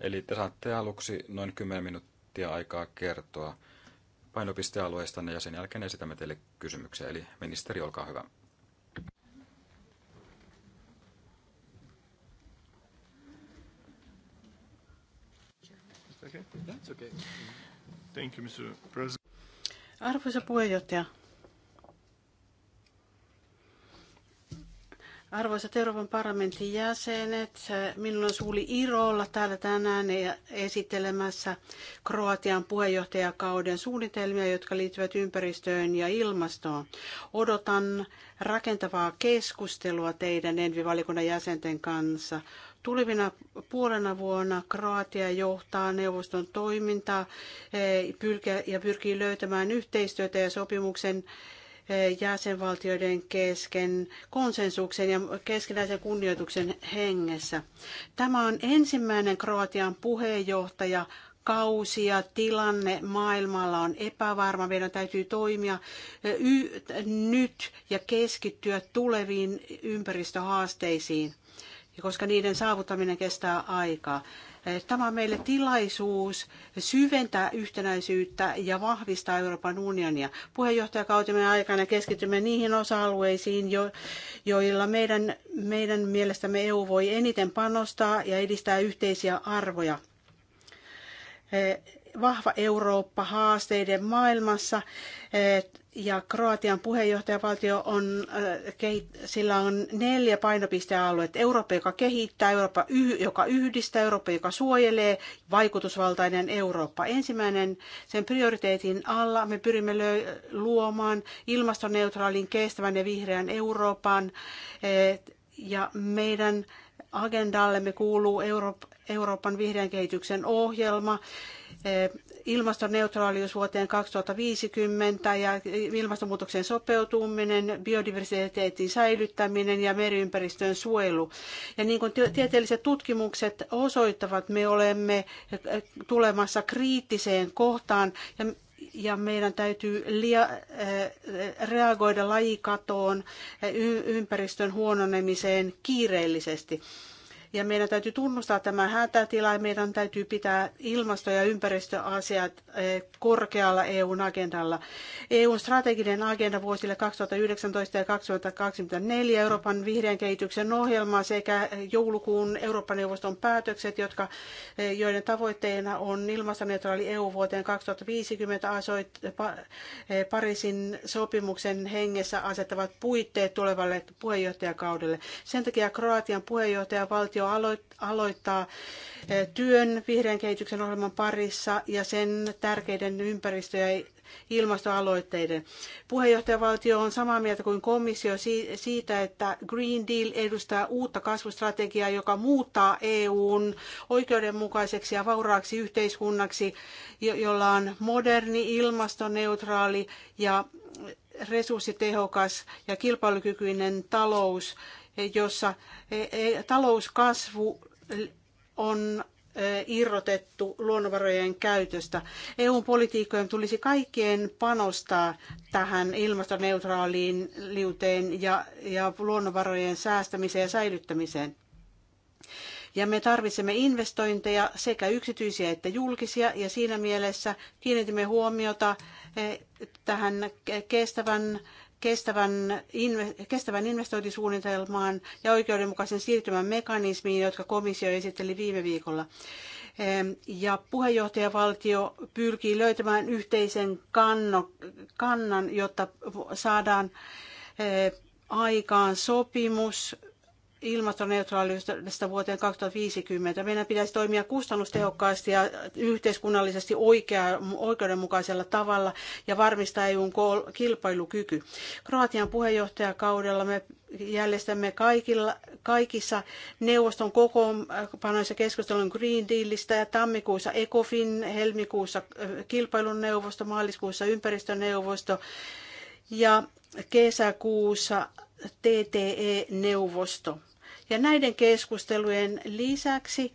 Eli te saatte aluksi noin 10 minuuttia aikaa kertoa painopistealueistanne ja sen jälkeen esitämme teille kysymyksiä. Eli ministeri, olkaa hyvä. Okay. That's okay. Thank you, Mr. President. Arvoisa puheenjohtaja. Arvoisat Euroopan parlamentin jäsenet, minulla on suuri ilo olla täällä tänään esittelemässä Kroatian puheenjohtajakauden suunnitelmia, jotka liittyvät ympäristöön ja ilmastoon. Odotan rakentavaa keskustelua teidän Envi-valikunnan jäsenten kanssa. Tulevina puolena vuonna Kroatia johtaa neuvoston toimintaa e, ja pyrkii löytämään yhteistyötä ja sopimuksen e, jäsenvaltioiden kesken konsensuksen ja keskinäisen kunnioituksen hengessä. Tämä on ensimmäinen Kroatian puheenjohtaja kausi ja tilanne maailmalla on epävarma. Meidän täytyy toimia e, nyt ja keskittyä tuleviin ympäristöhaasteisiin koska niiden saavuttaminen kestää aikaa. Eh, Tämä on meille tilaisuus syventää yhtenäisyyttä ja vahvistaa Euroopan unionia. Puheenjohtajakautemme aikana keskitymme niihin osa-alueisiin, joilla meidän, meidän mielestämme EU voi eniten panostaa ja edistää yhteisiä arvoja. Eh, vahva Eurooppa haasteiden maailmassa ja Kroatian puheenjohtajavaltio on, äh, sillä on neljä painopistealuetta. Eurooppa, joka kehittää, Eurooppa, joka yhdistää, Eurooppa, joka suojelee, vaikutusvaltainen Eurooppa. Ensimmäinen sen prioriteetin alla me pyrimme luomaan ilmastoneutraalin, kestävän ja vihreän Euroopan ja meidän agendallemme kuuluu Euroopan vihreän kehityksen ohjelma, Eh, ilmastoneutraalius vuoteen 2050 ja ilmastonmuutokseen sopeutuminen, biodiversiteetin säilyttäminen ja meriympäristön suojelu. Ja niin kuin tieteelliset tutkimukset osoittavat, me olemme eh, tulemassa kriittiseen kohtaan ja ja meidän täytyy lia, eh, reagoida lajikatoon, ympäristön huononemiseen kiireellisesti. Ja meidän täytyy tunnustaa tämä hätätila ja meidän täytyy pitää ilmasto- ja ympäristöasiat eh, korkealla EUn agendalla. EUn strateginen agenda vuosille 2019 ja 2024, Euroopan vihreän kehityksen ohjelma sekä joulukuun Euroopan neuvoston päätökset, jotka, eh, joiden tavoitteena on ilmastoneutraali EU vuoteen 2050 asoit, eh, Pariisin sopimuksen hengessä asettavat puitteet tulevalle puheenjohtajakaudelle. Sen takia Kroatian puheenjohtajavaltio valtio aloittaa eh, työn vihreän kehityksen ohjelman parissa ja sen tärkeiden ympäristö- ja ilmastoaloitteiden. Puheenjohtajavaltio on samaa mieltä kuin komissio siitä, että Green Deal edustaa uutta kasvustrategiaa, joka muuttaa EUn oikeudenmukaiseksi ja vauraaksi yhteiskunnaksi, jolla on moderni, ilmastoneutraali ja resurssitehokas ja kilpailukykyinen talous jossa e, e, talouskasvu on e, irrotettu luonnonvarojen käytöstä. EU-politiikkojen tulisi kaikkien panostaa tähän ilmastoneutraaliin liuteen ja, ja luonnonvarojen säästämiseen ja säilyttämiseen. Ja me tarvitsemme investointeja sekä yksityisiä että julkisia ja siinä mielessä kiinnitimme huomiota tähän kestävän kestävän, kestävän investointisuunnitelmaan ja oikeudenmukaisen siirtymän mekanismiin, jotka komissio esitteli viime viikolla. Ehm, ja puheenjohtajavaltio pyrkii löytämään yhteisen kannan, jotta saadaan ehm, aikaan sopimus ilmastoneutraalista vuoteen 2050. Meidän pitäisi toimia kustannustehokkaasti ja yhteiskunnallisesti oikea, oikeudenmukaisella tavalla ja varmistaa EUn kilpailukyky. Kroatian puheenjohtajakaudella me järjestämme kaikilla, kaikissa neuvoston kokoonpanoissa keskustelun Green Dealista ja tammikuussa ECOFIN, helmikuussa kilpailuneuvosto, maaliskuussa ympäristöneuvosto ja kesäkuussa TTE-neuvosto. Ja näiden keskustelujen lisäksi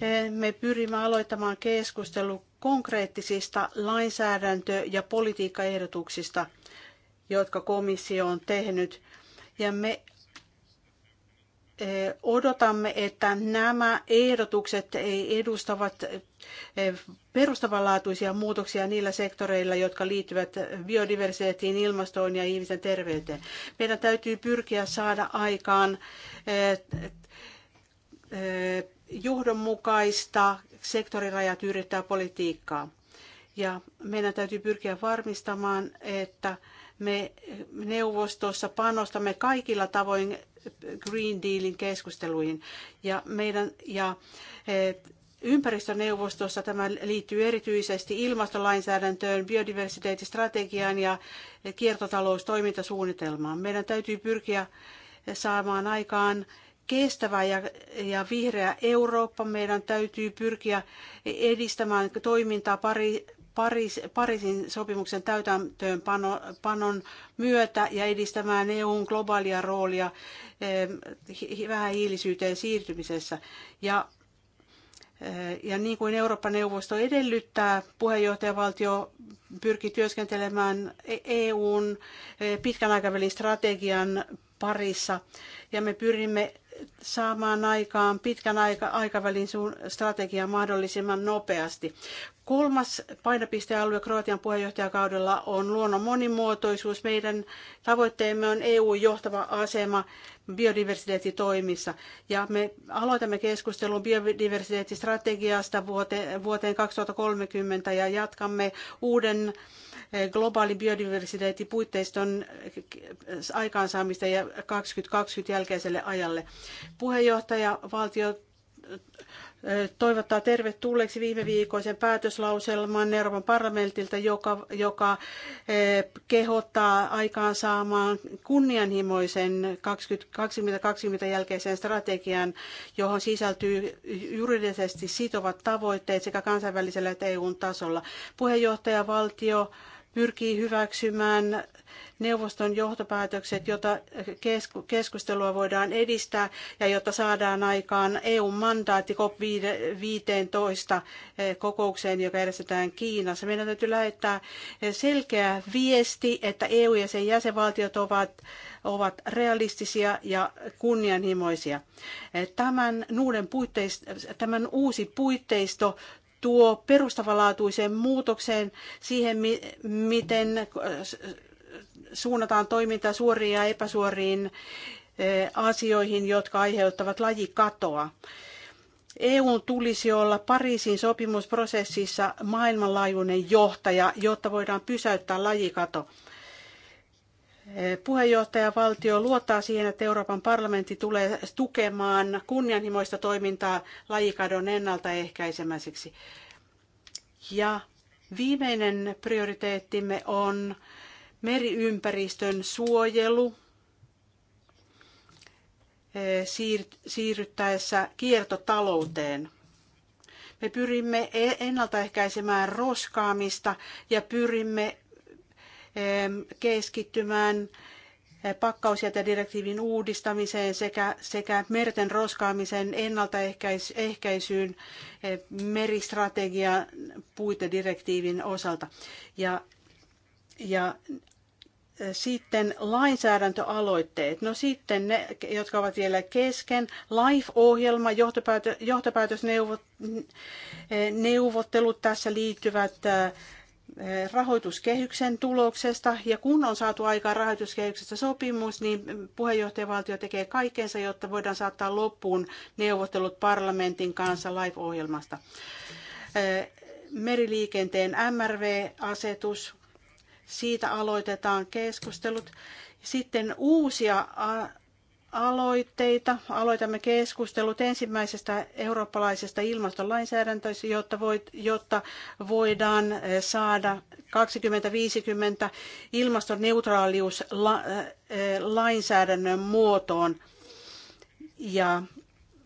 eh, me pyrimme aloittamaan keskustelu konkreettisista lainsäädäntö- ja politiikkaehdotuksista, jotka komissio on tehnyt. Ja me eh, odotamme, että nämä ehdotukset edustavat Eh, perustavanlaatuisia muutoksia niillä sektoreilla, jotka liittyvät biodiversiteettiin, ilmastoon ja ihmisen terveyteen. Meidän täytyy pyrkiä saada aikaan eh, eh, johdonmukaista sektorirajat yrittää politiikkaa. Ja meidän täytyy pyrkiä varmistamaan, että me neuvostossa panostamme kaikilla tavoin Green Dealin keskusteluihin. Ja meidän ja, et, Ympäristöneuvostossa tämä liittyy erityisesti ilmastolainsäädäntöön, biodiversiteettistrategiaan ja kiertotaloustoimintasuunnitelmaan. Meidän täytyy pyrkiä saamaan aikaan kestävä ja, ja vihreä Eurooppa. Meidän täytyy pyrkiä edistämään toimintaa pari, Pariisin sopimuksen täytäntöönpanon myötä ja edistämään EUn globaalia roolia eh, vähähiilisyyteen siirtymisessä. Ja Eh, ja niin kuin Euroopan neuvosto edellyttää, puheenjohtajavaltio pyrki työskentelemään e- EUn eh, pitkän aikavälin strategian parissa. Ja me pyrimme saamaan aikaan pitkän aika, aikavälin suun strategia mahdollisimman nopeasti. Kolmas painopistealue Kroatian puheenjohtajakaudella on luonnon monimuotoisuus. Meidän tavoitteemme on EU-johtava asema biodiversiteettitoimissa. Ja me aloitamme keskustelun biodiversiteettistrategiasta vuoteen 2030 ja jatkamme uuden biodiversiteetin puitteiston aikaansaamista ja 2020 jälkeiselle ajalle. Puheenjohtaja valtio toivottaa tervetulleeksi viime viikoisen päätöslauselman Euroopan parlamentilta, joka, joka kehottaa aikaansaamaan kunnianhimoisen 2020 jälkeisen strategian, johon sisältyy juridisesti sitovat tavoitteet sekä kansainvälisellä että EUn tasolla. Puheenjohtajavaltio valtio pyrkii hyväksymään neuvoston johtopäätökset, jota keskustelua voidaan edistää ja jotta saadaan aikaan EU-mandaatti COP15 eh, kokoukseen, joka järjestetään Kiinassa. Meidän täytyy lähettää eh, selkeä viesti, että EU ja sen jäsenvaltiot ovat, ovat realistisia ja kunnianhimoisia. Eh, tämän, uuden tämän uusi puitteisto tuo perustavanlaatuiseen muutokseen siihen, miten äh, suunnataan toimintaa suoriin ja epäsuoriin äh, asioihin, jotka aiheuttavat lajikatoa. EUn tulisi olla Pariisin sopimusprosessissa maailmanlaajuinen johtaja, jotta voidaan pysäyttää lajikato. Puheenjohtajavaltio luottaa siihen, että Euroopan parlamentti tulee tukemaan kunnianhimoista toimintaa lajikadon ennaltaehkäisemiseksi. Ja viimeinen prioriteettimme on meriympäristön suojelu eh, siirryttäessä kiertotalouteen. Me pyrimme e-, ennaltaehkäisemään roskaamista ja pyrimme keskittymään eh, pakkausjätedirektiivin uudistamiseen sekä, sekä merten roskaamisen ennaltaehkäisyyn eh, meristrategian puitedirektiivin osalta. Ja, ja eh, sitten lainsäädäntöaloitteet. No sitten ne, jotka ovat vielä kesken. LIFE-ohjelma, johtopäätö, johtopäätösneuvottelut tässä liittyvät Eh, rahoituskehyksen tuloksesta ja kun on saatu aikaan rahoituskehyksestä sopimus, niin puheenjohtajavaltio tekee kaikkensa, jotta voidaan saattaa loppuun neuvottelut parlamentin kanssa live-ohjelmasta. Eh, Meriliikenteen MRV-asetus, siitä aloitetaan keskustelut. Sitten uusia aloitteita. Aloitamme keskustelut ensimmäisestä eurooppalaisesta ilmastolainsäädäntöstä, jotta, voit, jotta voidaan eh, saada 2050 ilmastoneutraalius la, eh, lainsäädännön muotoon. Ja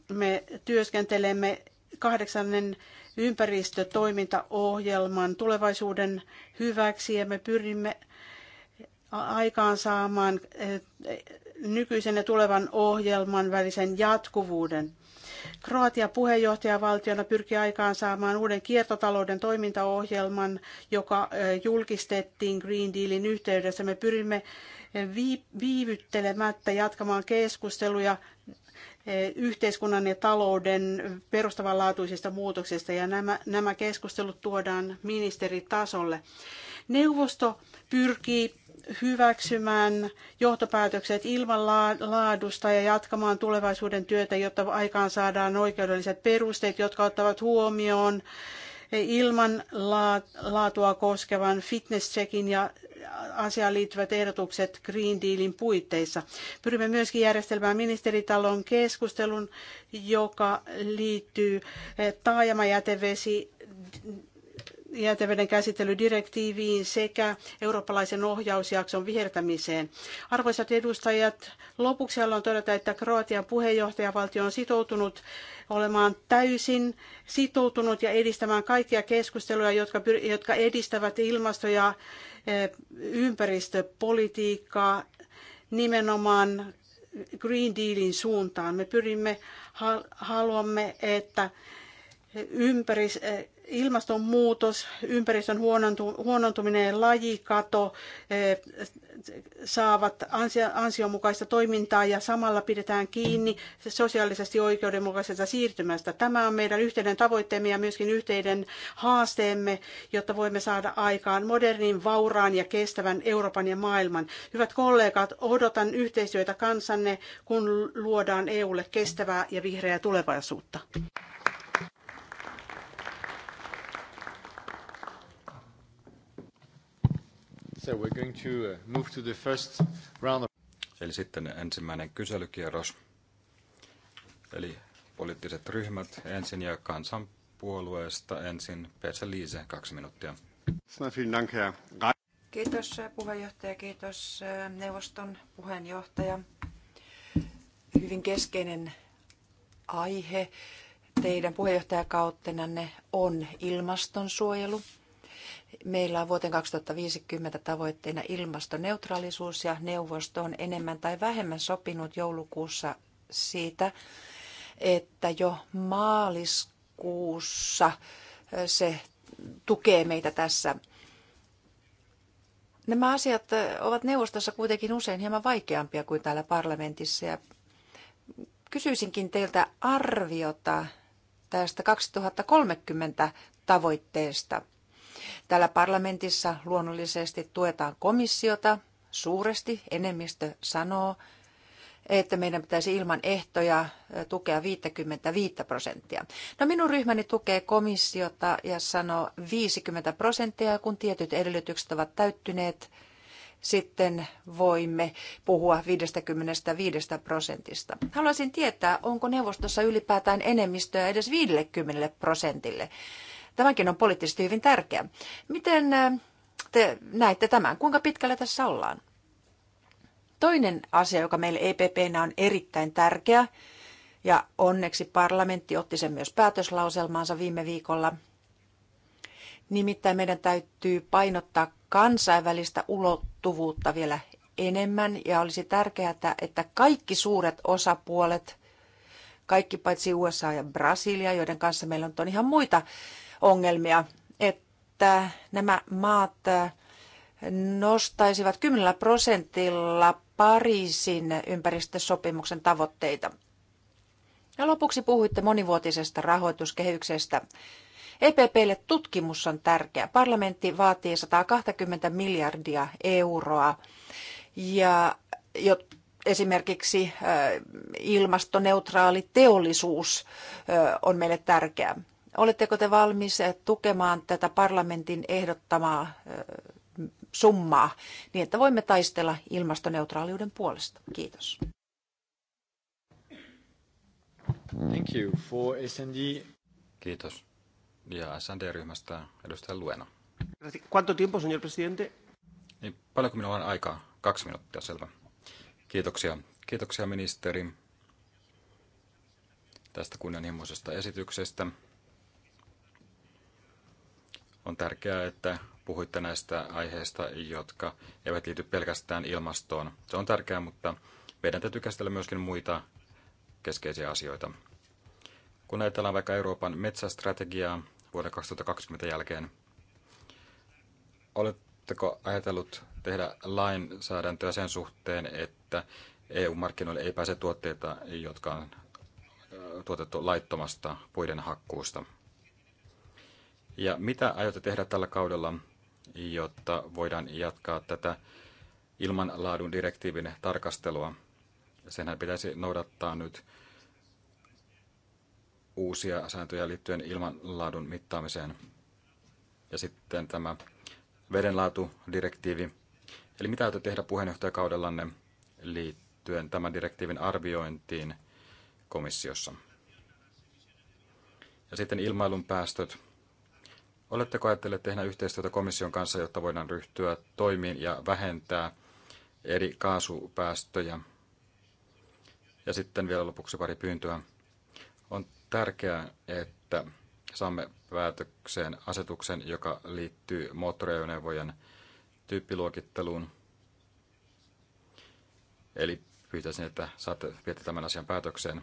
me työskentelemme kahdeksannen ympäristötoimintaohjelman tulevaisuuden hyväksi ja me pyrimme aikaansaamaan eh, nykyisen ja tulevan ohjelman välisen jatkuvuuden. Kroatia puheenjohtajavaltiona pyrkii aikaan saamaan uuden kiertotalouden toimintaohjelman, joka julkistettiin Green Dealin yhteydessä. Me pyrimme viivyttelemättä jatkamaan keskusteluja yhteiskunnan ja talouden perustavanlaatuisista muutoksista ja nämä, nämä keskustelut tuodaan ministeritasolle. Neuvosto pyrkii hyväksymään johtopäätökset ilman laadusta ja jatkamaan tulevaisuuden työtä, jotta aikaan saadaan oikeudelliset perusteet, jotka ottavat huomioon ilman laatua koskevan fitness checkin ja asiaan liittyvät ehdotukset Green Dealin puitteissa. Pyrimme myöskin järjestelmään ministeritalon keskustelun, joka liittyy taajamajätevesi jäteveden käsittelydirektiiviin sekä eurooppalaisen ohjausjakson vihertämiseen. Arvoisat edustajat, lopuksi haluan todeta, että Kroatian puheenjohtajavaltio on sitoutunut olemaan täysin sitoutunut ja edistämään kaikkia keskusteluja, jotka, jotka edistävät ilmasto- ja eh, ympäristöpolitiikkaa nimenomaan Green Dealin suuntaan. Me pyrimme, haluamme, että ympäristö ilmastonmuutos, ympäristön huonontuminen ja lajikato eh, saavat ansiomukaista toimintaa ja samalla pidetään kiinni sosiaalisesti oikeudenmukaisesta siirtymästä. Tämä on meidän yhteinen tavoitteemme ja myöskin yhteinen haasteemme, jotta voimme saada aikaan modernin, vauraan ja kestävän Euroopan ja maailman. Hyvät kollegat, odotan yhteistyötä kansanne, kun luodaan EUlle kestävää ja vihreää tulevaisuutta. So we're going to uh, move to the first round of... Eli sitten ensimmäinen kyselykierros. Eli poliittiset ryhmät ensin ja kansanpuolueesta ensin. Petsä Liise, kaksi minuuttia. Kiitos äh, puheenjohtaja, kiitos äh, neuvoston puheenjohtaja. Hyvin keskeinen aihe teidän puheenjohtajakauttenanne on ilmastonsuojelu – Meillä on vuoteen 2050 tavoitteena ilmastoneutraalisuus ja neuvosto on enemmän tai vähemmän sopinut joulukuussa siitä, että jo maaliskuussa se tukee meitä tässä. Nämä asiat ovat neuvostossa kuitenkin usein hieman vaikeampia kuin täällä parlamentissa ja kysyisinkin teiltä arviota tästä 2030 tavoitteesta – Täällä parlamentissa luonnollisesti tuetaan komissiota suuresti. Enemmistö sanoo, että meidän pitäisi ilman ehtoja tukea 55 prosenttia. No minun ryhmäni tukee komissiota ja sanoo 50 prosenttia, kun tietyt edellytykset ovat täyttyneet, sitten voimme puhua 55 prosentista. Haluaisin tietää, onko neuvostossa ylipäätään enemmistöä edes 50 prosentille. Tämäkin on poliittisesti hyvin tärkeä. Miten äh, te näette tämän? Kuinka pitkällä tässä ollaan? Toinen asia, joka meille EPPnä on erittäin tärkeä, ja onneksi parlamentti otti sen myös päätöslauselmaansa viime viikolla, Nimittäin meidän täytyy painottaa kansainvälistä ulottuvuutta vielä enemmän ja olisi tärkeää, että kaikki suuret osapuolet, kaikki paitsi USA ja Brasilia, joiden kanssa meillä on ihan muita ongelmia, että nämä maat äh, nostaisivat 10 prosentilla Pariisin ympäristösopimuksen tavoitteita. Ja lopuksi puhuitte monivuotisesta rahoituskehyksestä. EPPlle tutkimus on tärkeä. Parlamentti vaatii 120 miljardia euroa ja jo esimerkiksi äh, ilmastoneutraali teollisuus äh, on meille tärkeä. Oletteko te valmis tukemaan tätä parlamentin ehdottamaa summaa niin, että voimme taistella ilmastoneutraaliuden puolesta? Kiitos. Thank you for SND. Kiitos. Ja SND-ryhmästä edustaja Luena. Quanto tiempo, señor presidente? Niin, paljonko minulla on aikaa? Kaksi minuuttia, selvä. Kiitoksia. Kiitoksia ministeri tästä kunnianhimoisesta esityksestä. On tärkeää, että puhuitte näistä aiheista, jotka eivät liity pelkästään ilmastoon. Se on tärkeää, mutta meidän täytyy käsitellä myöskin muita keskeisiä asioita. Kun ajatellaan vaikka Euroopan metsästrategiaa vuoden 2020 jälkeen, oletteko ajatellut tehdä lainsäädäntöä sen suhteen, että EU-markkinoille ei pääse tuotteita, jotka on äh, tuotettu laittomasta puiden hakkuusta? Ja mitä aiotte tehdä tällä kaudella, jotta voidaan jatkaa tätä ilmanlaadun direktiivin tarkastelua? Senhän pitäisi noudattaa nyt uusia sääntöjä liittyen ilmanlaadun mittaamiseen. Ja sitten tämä vedenlaatudirektiivi. Eli mitä aiotte tehdä puheenjohtajakaudellanne liittyen tämän direktiivin arviointiin komissiossa? Ja sitten ilmailun päästöt Oletteko ajatelleet tehdä yhteistyötä komission kanssa, jotta voidaan ryhtyä toimiin ja vähentää eri kaasupäästöjä? Ja sitten vielä lopuksi pari pyyntöä. On tärkeää, että saamme päätökseen asetuksen, joka liittyy moottoriajoneuvojen tyyppiluokitteluun. Eli pyytäisin, että saatte viettä tämän asian päätökseen.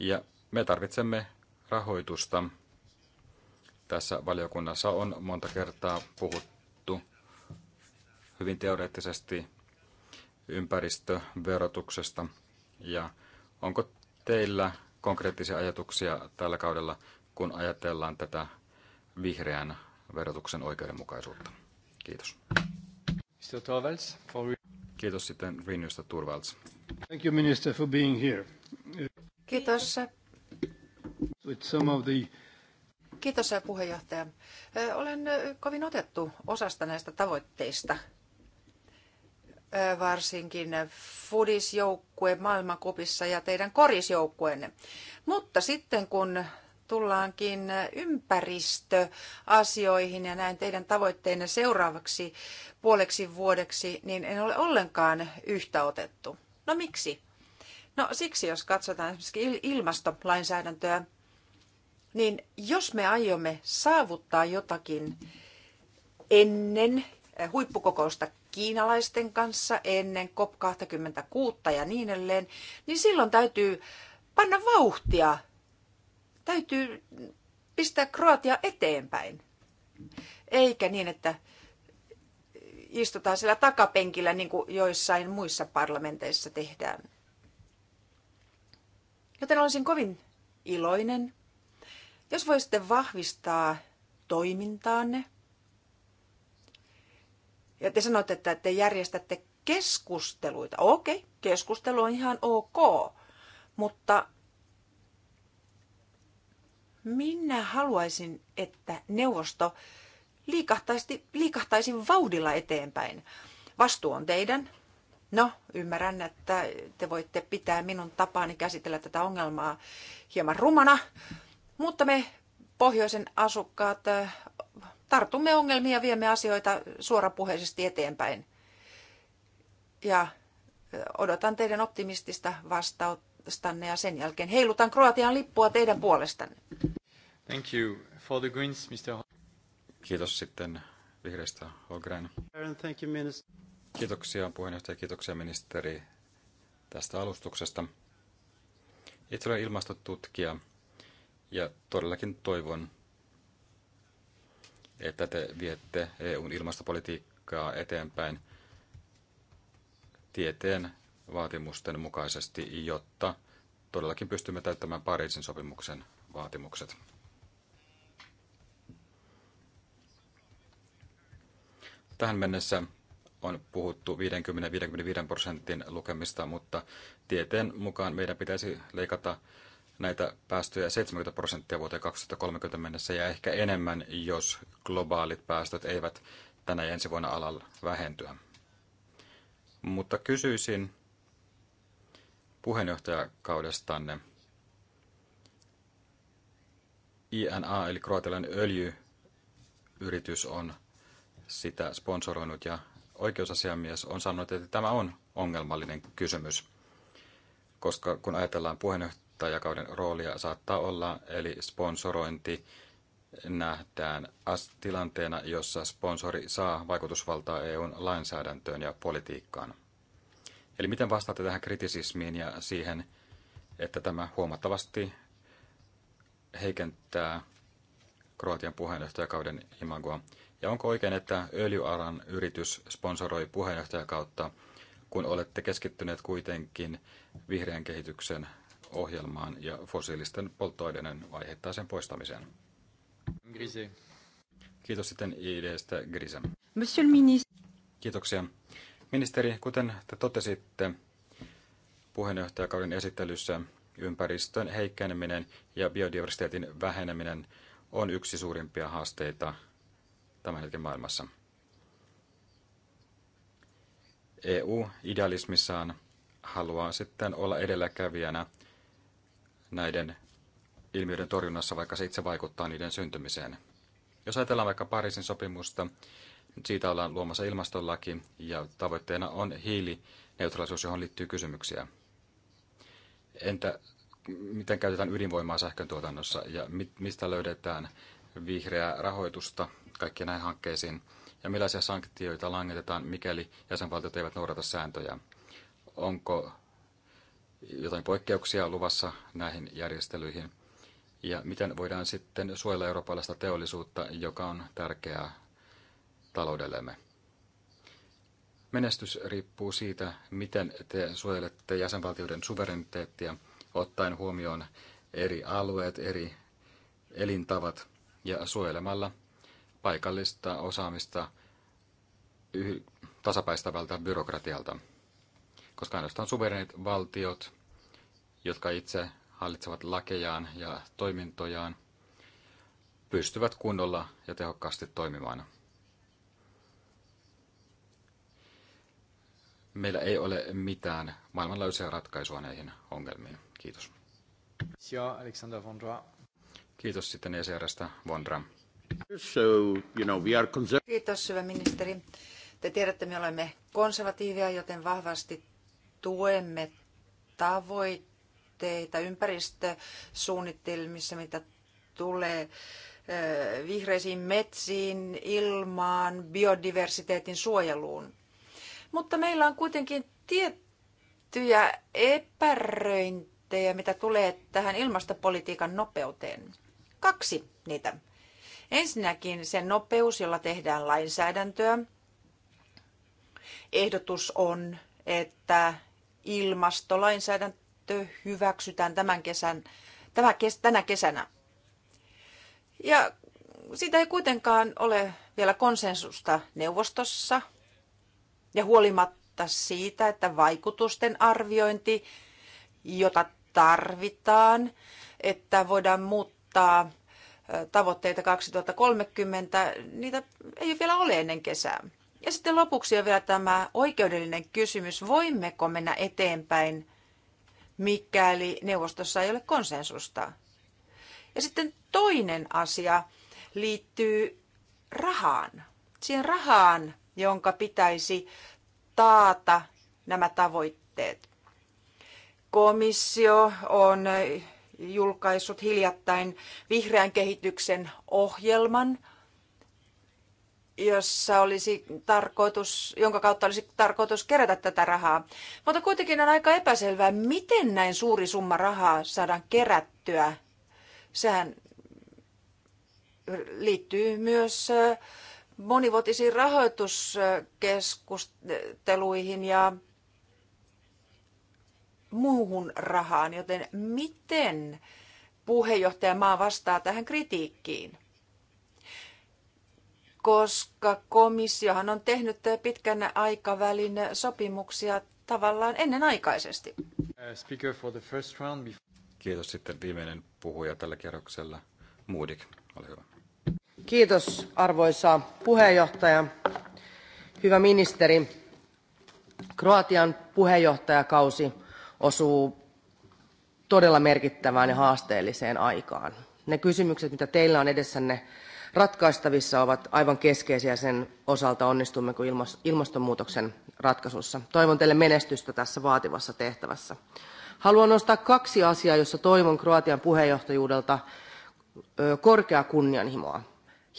Ja me tarvitsemme rahoitusta tässä valiokunnassa on monta kertaa puhuttu hyvin teoreettisesti ympäristöverotuksesta. Ja onko teillä konkreettisia ajatuksia tällä kaudella, kun ajatellaan tätä vihreän verotuksen oikeudenmukaisuutta? Kiitos. Kiitos sitten Renewsta Turvalds. Thank you, Minister, for being here. Kiitos. With some of the Kiitos puheenjohtaja. Olen kovin otettu osasta näistä tavoitteista. Varsinkin Fudisjoukkue maailmankupissa ja teidän korisjoukkueenne. Mutta sitten kun tullaankin ympäristöasioihin ja näin teidän tavoitteenne seuraavaksi puoleksi vuodeksi, niin en ole ollenkaan yhtä otettu. No miksi? No siksi, jos katsotaan esimerkiksi ilmastolainsäädäntöä, niin jos me aiomme saavuttaa jotakin ennen eh, huippukokousta kiinalaisten kanssa, ennen COP26 ja niin edelleen, niin silloin täytyy panna vauhtia, täytyy pistää Kroatia eteenpäin. Eikä niin, että istutaan siellä takapenkillä niin kuin joissain muissa parlamenteissa tehdään. Joten olisin kovin iloinen, jos voisitte vahvistaa toimintaanne, ja te sanotte että te järjestätte keskusteluita. Okei, keskustelu on ihan ok, mutta minä haluaisin, että neuvosto liikahtaisi, liikahtaisi vauhdilla eteenpäin. Vastuu on teidän. No, ymmärrän, että te voitte pitää minun tapaani käsitellä tätä ongelmaa hieman rumana, mutta me pohjoisen asukkaat tartumme ongelmia ja viemme asioita suorapuheisesti eteenpäin. Ja odotan teidän optimistista vastaustanne ja sen jälkeen heilutan Kroatian lippua teidän puolestanne. Thank you. For the Greens, Mr. Kiitos sitten vihreistä Holgren. Thank you, minister. Kiitoksia puheenjohtaja, kiitoksia ministeri tästä alustuksesta. Itse olen ilmastotutkija ja todellakin toivon, että te viette EUn ilmastopolitiikkaa eteenpäin tieteen vaatimusten mukaisesti, jotta todellakin pystymme täyttämään Pariisin sopimuksen vaatimukset. Tähän mennessä on puhuttu 50-55 prosentin lukemista, mutta tieteen mukaan meidän pitäisi leikata näitä päästöjä 70 prosenttia vuoteen 2030 mennessä ja ehkä enemmän, jos globaalit päästöt eivät tänä ja ensi vuonna alalla vähentyä. Mutta kysyisin puheenjohtajakaudestanne INA eli kroatialainen öljyyritys on sitä sponsoroinut ja oikeusasiamies on sanonut, että tämä on ongelmallinen kysymys, koska kun ajatellaan puheenjohtaja jakauden roolia saattaa olla, eli sponsorointi nähdään tilanteena, jossa sponsori saa vaikutusvaltaa EUn lainsäädäntöön ja politiikkaan. Eli miten vastaatte tähän kritisismiin ja siihen, että tämä huomattavasti heikentää Kroatian puheenjohtajakauden imagoa? Ja onko oikein, että öljyalan yritys sponsoroi puheenjohtajakautta, kun olette keskittyneet kuitenkin vihreän kehityksen ohjelmaan ja fossiilisten polttoaineiden vaiheittaisen poistamiseen. Grise. Kiitos sitten IDstä Grise. Monsieur le ministre. Kiitoksia. Ministeri, kuten te totesitte puheenjohtajakauden esittelyssä, ympäristön heikkeneminen ja biodiversiteetin väheneminen on yksi suurimpia haasteita tämän hetken maailmassa. EU idealismissaan haluaa sitten olla edelläkävijänä näiden ilmiöiden torjunnassa, vaikka se itse vaikuttaa niiden syntymiseen. Jos ajatellaan vaikka Pariisin sopimusta, siitä ollaan luomassa ilmastonlaki ja tavoitteena on hiilineutraalisuus, johon liittyy kysymyksiä. Entä miten käytetään ydinvoimaa sähköntuotannossa ja mistä löydetään vihreää rahoitusta kaikkiin näihin hankkeisiin ja millaisia sanktioita langetetaan, mikäli jäsenvaltiot eivät noudata sääntöjä? Onko jotain poikkeuksia luvassa näihin järjestelyihin? Ja miten voidaan sitten suojella eurooppalaista teollisuutta, joka on tärkeää taloudellemme? Menestys riippuu siitä, miten te suojelette jäsenvaltioiden suvereniteettia, ottaen huomioon eri alueet, eri elintavat ja suojelemalla paikallista osaamista tasapäistävältä byrokratialta koska ainoastaan suvereenit valtiot, jotka itse hallitsevat lakejaan ja toimintojaan, pystyvät kunnolla ja tehokkaasti toimimaan. Meillä ei ole mitään maailmanlaajuisia ratkaisua näihin ongelmiin. Kiitos. Alexander Vondra. Kiitos sitten ECRstä Vondra. So, you know, we are Kiitos, hyvä ministeri. Te tiedätte, me olemme konservatiivia, joten vahvasti tuemme tavoitteita ympäristösuunnitelmissa, mitä tulee vihreisiin metsiin, ilmaan, biodiversiteetin suojeluun. Mutta meillä on kuitenkin tiettyjä epäröintejä, mitä tulee tähän ilmastopolitiikan nopeuteen. Kaksi niitä. Ensinnäkin se nopeus, jolla tehdään lainsäädäntöä. Ehdotus on, että ilmastolainsäädäntö hyväksytään tämän kesän, tämän kes, tänä kesänä. Ja siitä ei kuitenkaan ole vielä konsensusta neuvostossa. Ja huolimatta siitä, että vaikutusten arviointi, jota tarvitaan, että voidaan muuttaa tavoitteita 2030, niitä ei vielä ole ennen kesää. Ja sitten lopuksi on vielä tämä oikeudellinen kysymys. Voimmeko mennä eteenpäin, mikäli neuvostossa ei ole konsensusta? Ja sitten toinen asia liittyy rahaan. Siihen rahaan, jonka pitäisi taata nämä tavoitteet. Komissio on julkaissut hiljattain vihreän kehityksen ohjelman, jossa olisi tarkoitus, jonka kautta olisi tarkoitus kerätä tätä rahaa. Mutta kuitenkin on aika epäselvää, miten näin suuri summa rahaa saadaan kerättyä. Sehän liittyy myös monivuotisiin rahoituskeskusteluihin ja muuhun rahaan, joten miten maa vastaa tähän kritiikkiin? koska komissiohan on tehnyt pitkän aikavälin sopimuksia tavallaan ennenaikaisesti. Kiitos sitten viimeinen puhuja tällä kierroksella. Moodik, ole hyvä. Kiitos arvoisa puheenjohtaja. Hyvä ministeri, Kroatian puheenjohtajakausi osuu todella merkittävään ja haasteelliseen aikaan. Ne kysymykset, mitä teillä on edessänne, ratkaistavissa ovat aivan keskeisiä sen osalta onnistummeko ilmastonmuutoksen ratkaisussa. toivon teille menestystä tässä vaativassa tehtävässä. haluan nostaa kaksi asiaa joissa toivon kroatian puheenjohtajuudelta korkeaa kunnianhimoa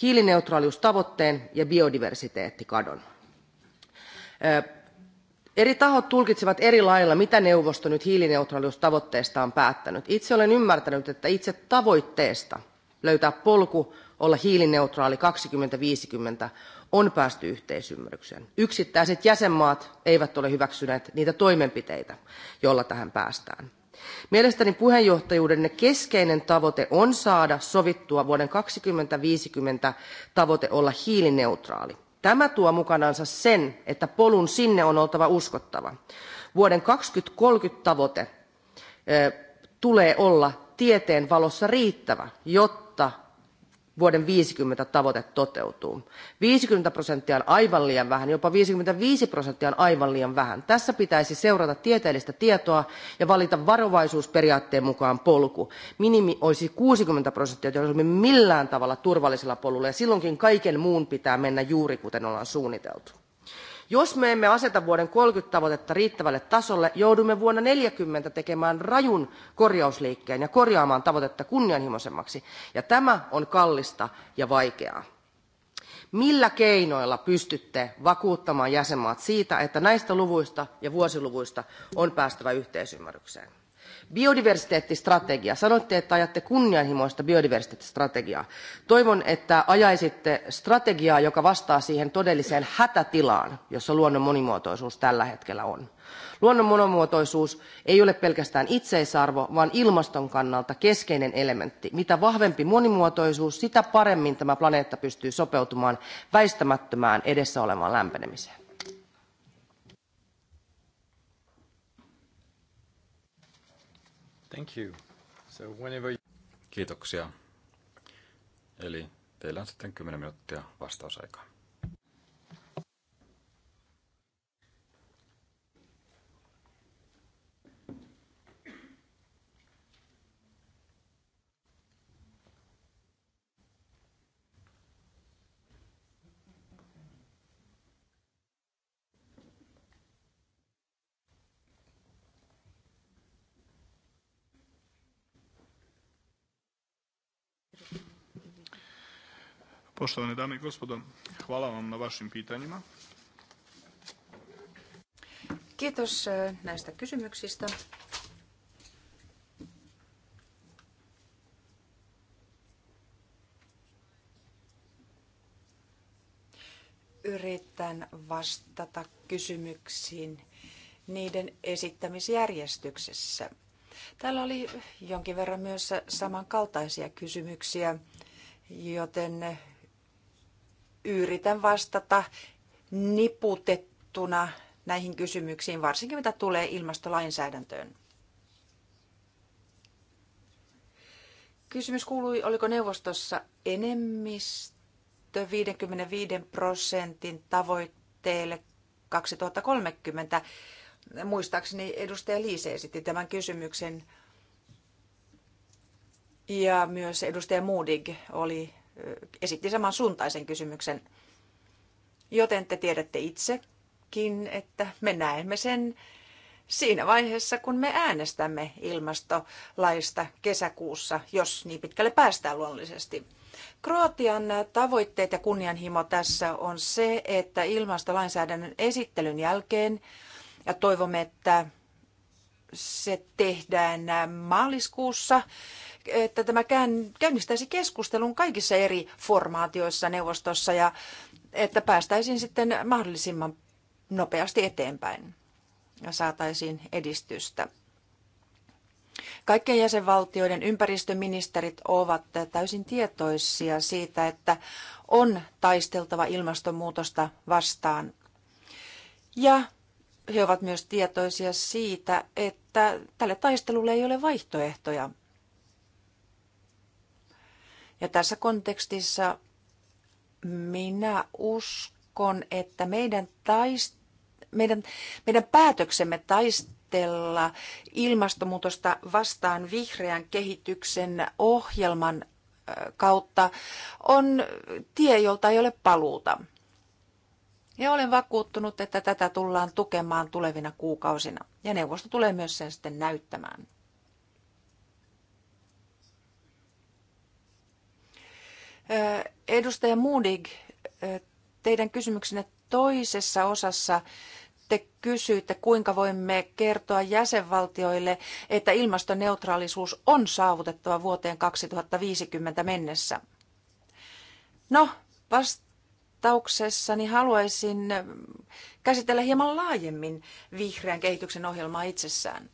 hiilineutraaliustavoitteen ja biodiversiteettikadon. Eri tahot tulkitsevat eri lailla, mitä neuvosto nyt hiilineutraaliustavoitteesta on päättänyt. Itse olen ymmärtänyt, että itse tavoitteesta löytää polku olla hiilineutraali kaksituhatta viisikymmentä on päästy yhteisymmärrykseen. yksittäiset jäsenmaat eivät ole hyväksyneet niitä toimenpiteitä joilla tähän päästään. mielestäni puheenjohtajuudenne keskeinen tavoite on saada sovittua vuoden kaksituhatta viisikymmentä tavoite olla hiilineutraali. tämä tuo mukanansa sen että polun sinne on oltava uskottava. vuoden kaksituhatta kolmekymmentä tavoitteen tulee olla tieteen valossa riittävä jotta vuoden 50 tavoite toteutuu. 50 prosenttia on aivan liian vähän, jopa 55 prosenttia on aivan liian vähän. Tässä pitäisi seurata tieteellistä tietoa ja valita varovaisuusperiaatteen mukaan polku. Minimi olisi 60 prosenttia, jos olisimme millään tavalla turvallisella polulla ja silloinkin kaiken muun pitää mennä juuri kuten ollaan suunniteltu jos me emme aseta vuoden 30 tavoitetta riittävälle tasolle, joudumme vuonna 40 tekemään rajun korjausliikkeen ja korjaamaan tavoitetta kunnianhimoisemmaksi. Ja tämä on kallista ja vaikeaa. Millä keinoilla pystytte vakuuttamaan jäsenmaat siitä, että näistä luvuista ja vuosiluvuista on päästävä yhteisymmärrykseen? biodiversiteettistrategia sanoitte että ajatte kunnianhimoista biodiversiteettistrategiaa toivon että ajaisitte strategiaa joka vastaa siihen todelliseen hätätilaan jossa luonnon monimuotoisuus tällä hetkellä on. luonnon monimuotoisuus ei ole pelkästään itseisarvo vaan ilmaston kannalta keskeinen elementti. mitä vahvempi monimuotoisuus sitä paremmin tämä planeetta pystyy sopeutumaan väistämättömään edessä olevaan lämpenemiseen. Thank you. So whenever... Kiitoksia. Eli teillä on sitten 10 minuuttia vastausaikaa. Poštovane dame i gospodo, hvala vam na vašim pitanjima. Kiitos e, näistä kysymyksistä. Yritän vastata kysymyksiin niiden esittämisjärjestyksessä. Täällä oli jonkin verran myös samankaltaisia kysymyksiä, joten yritän vastata niputettuna näihin kysymyksiin, varsinkin mitä tulee ilmastolainsäädäntöön. Kysymys kuului, oliko neuvostossa enemmistö 55 prosentin tavoitteelle 2030. Muistaakseni edustaja Liise esitti tämän kysymyksen ja myös edustaja Moodig oli esitti suuntaisen kysymyksen. Joten te tiedätte itsekin, että me näemme sen siinä vaiheessa, kun me äänestämme ilmastolaista kesäkuussa, jos niin pitkälle päästään luonnollisesti. Kroatian tavoitteet ja kunnianhimo tässä on se, että ilmastolainsäädännön esittelyn jälkeen, ja toivomme, että se tehdään maaliskuussa, että tämä käynnistäisi keskustelun kaikissa eri formaatioissa neuvostossa ja että päästäisiin sitten mahdollisimman nopeasti eteenpäin ja saataisiin edistystä. Kaikkien jäsenvaltioiden ympäristöministerit ovat täysin tietoisia siitä, että on taisteltava ilmastonmuutosta vastaan. Ja he ovat myös tietoisia siitä, että tälle taistelulle ei ole vaihtoehtoja. Ja tässä kontekstissa minä uskon, että meidän, taist, meidän, meidän päätöksemme taistella ilmastonmuutosta vastaan vihreän kehityksen ohjelman kautta on tie, jolta ei ole paluuta. Ja olen vakuuttunut, että tätä tullaan tukemaan tulevina kuukausina. Ja neuvosto tulee myös sen sitten näyttämään. Edustaja Moodig, teidän kysymyksenne toisessa osassa te kysyitte, kuinka voimme kertoa jäsenvaltioille, että ilmastoneutraalisuus on saavutettava vuoteen 2050 mennessä. No, vastauksessani haluaisin käsitellä hieman laajemmin vihreän kehityksen ohjelmaa itsessään.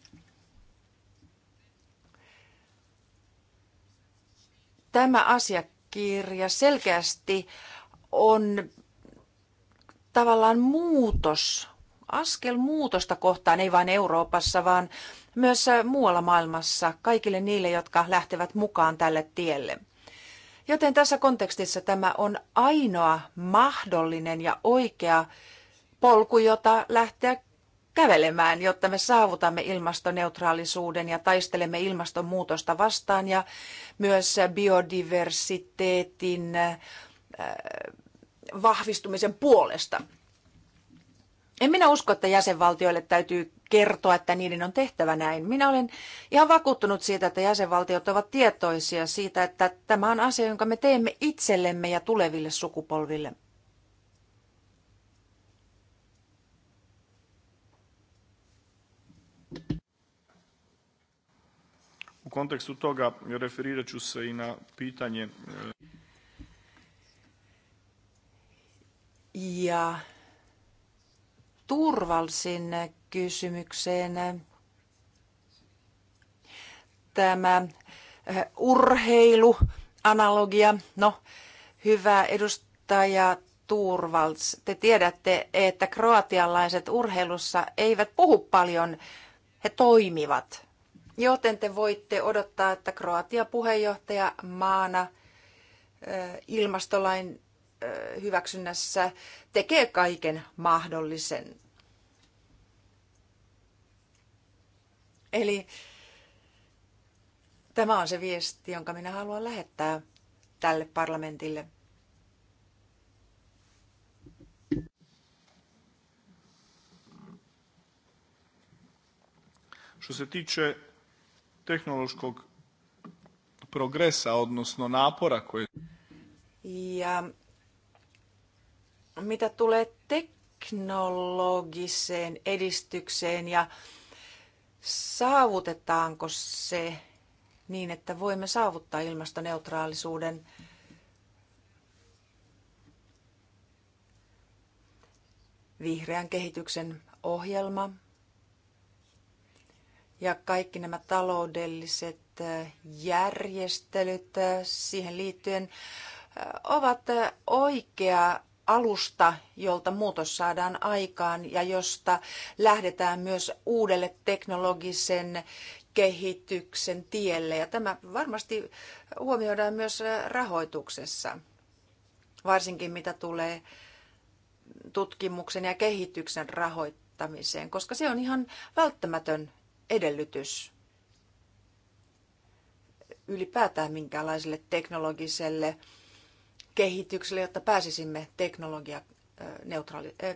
Tämä asia Kirja selkeästi on tavallaan muutos, askel muutosta kohtaan, ei vain Euroopassa, vaan myös muualla maailmassa kaikille niille, jotka lähtevät mukaan tälle tielle. Joten tässä kontekstissa tämä on ainoa mahdollinen ja oikea polku, jota lähteä kävelemään, jotta me saavutamme ilmastoneutraalisuuden ja taistelemme ilmastonmuutosta vastaan ja myös biodiversiteetin äh, vahvistumisen puolesta. En minä usko, että jäsenvaltioille täytyy kertoa, että niiden on tehtävä näin. Minä olen ihan vakuuttunut siitä, että jäsenvaltiot ovat tietoisia siitä, että tämä on asia, jonka me teemme itsellemme ja tuleville sukupolville. kontekstu toga referirat ću se i na pitanje... E, ja Turvalsin kysymykseen tämä e, urheiluanalogia. No, hyvä edustaja Turvals, te tiedätte, että kroatialaiset urheilussa eivät puhu paljon, he toimivat. Joten te voitte odottaa, että Kroatia puheenjohtaja maana ilmastolain hyväksynnässä tekee kaiken mahdollisen. Eli tämä on se viesti, jonka minä haluan lähettää tälle parlamentille. Što se tiče tehnološkog progresa, odnosno napora koje... Ja mitä tulee teknologiseen edistykseen ja saavutetaanko se niin, että voimme saavuttaa ilmastoneutraalisuuden, vihreän kehityksen ohjelma – ja kaikki nämä taloudelliset äh, järjestelyt äh, siihen liittyen äh, ovat oikea alusta, jolta muutos saadaan aikaan ja josta lähdetään myös uudelle teknologisen kehityksen tielle. Ja tämä varmasti huomioidaan myös rahoituksessa, varsinkin mitä tulee tutkimuksen ja kehityksen rahoittamiseen, koska se on ihan välttämätön edellytys ylipäätään minkäänlaiselle teknologiselle kehitykselle, jotta pääsisimme teknologia neutraali, äh,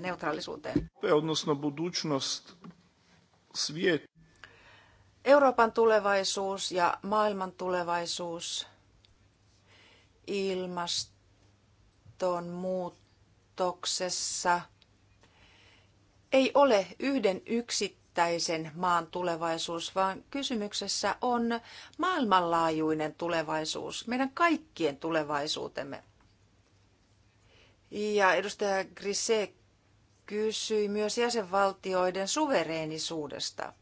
neutraalisuuteen. Euroopan tulevaisuus ja maailman tulevaisuus, ilmastonmuutoksessa – ei ole yhden yksittäisen maan tulevaisuus, vaan kysymyksessä on maailmanlaajuinen tulevaisuus, meidän kaikkien tulevaisuutemme. Ja edustaja Grise kysyi myös jäsenvaltioiden suvereenisuudesta.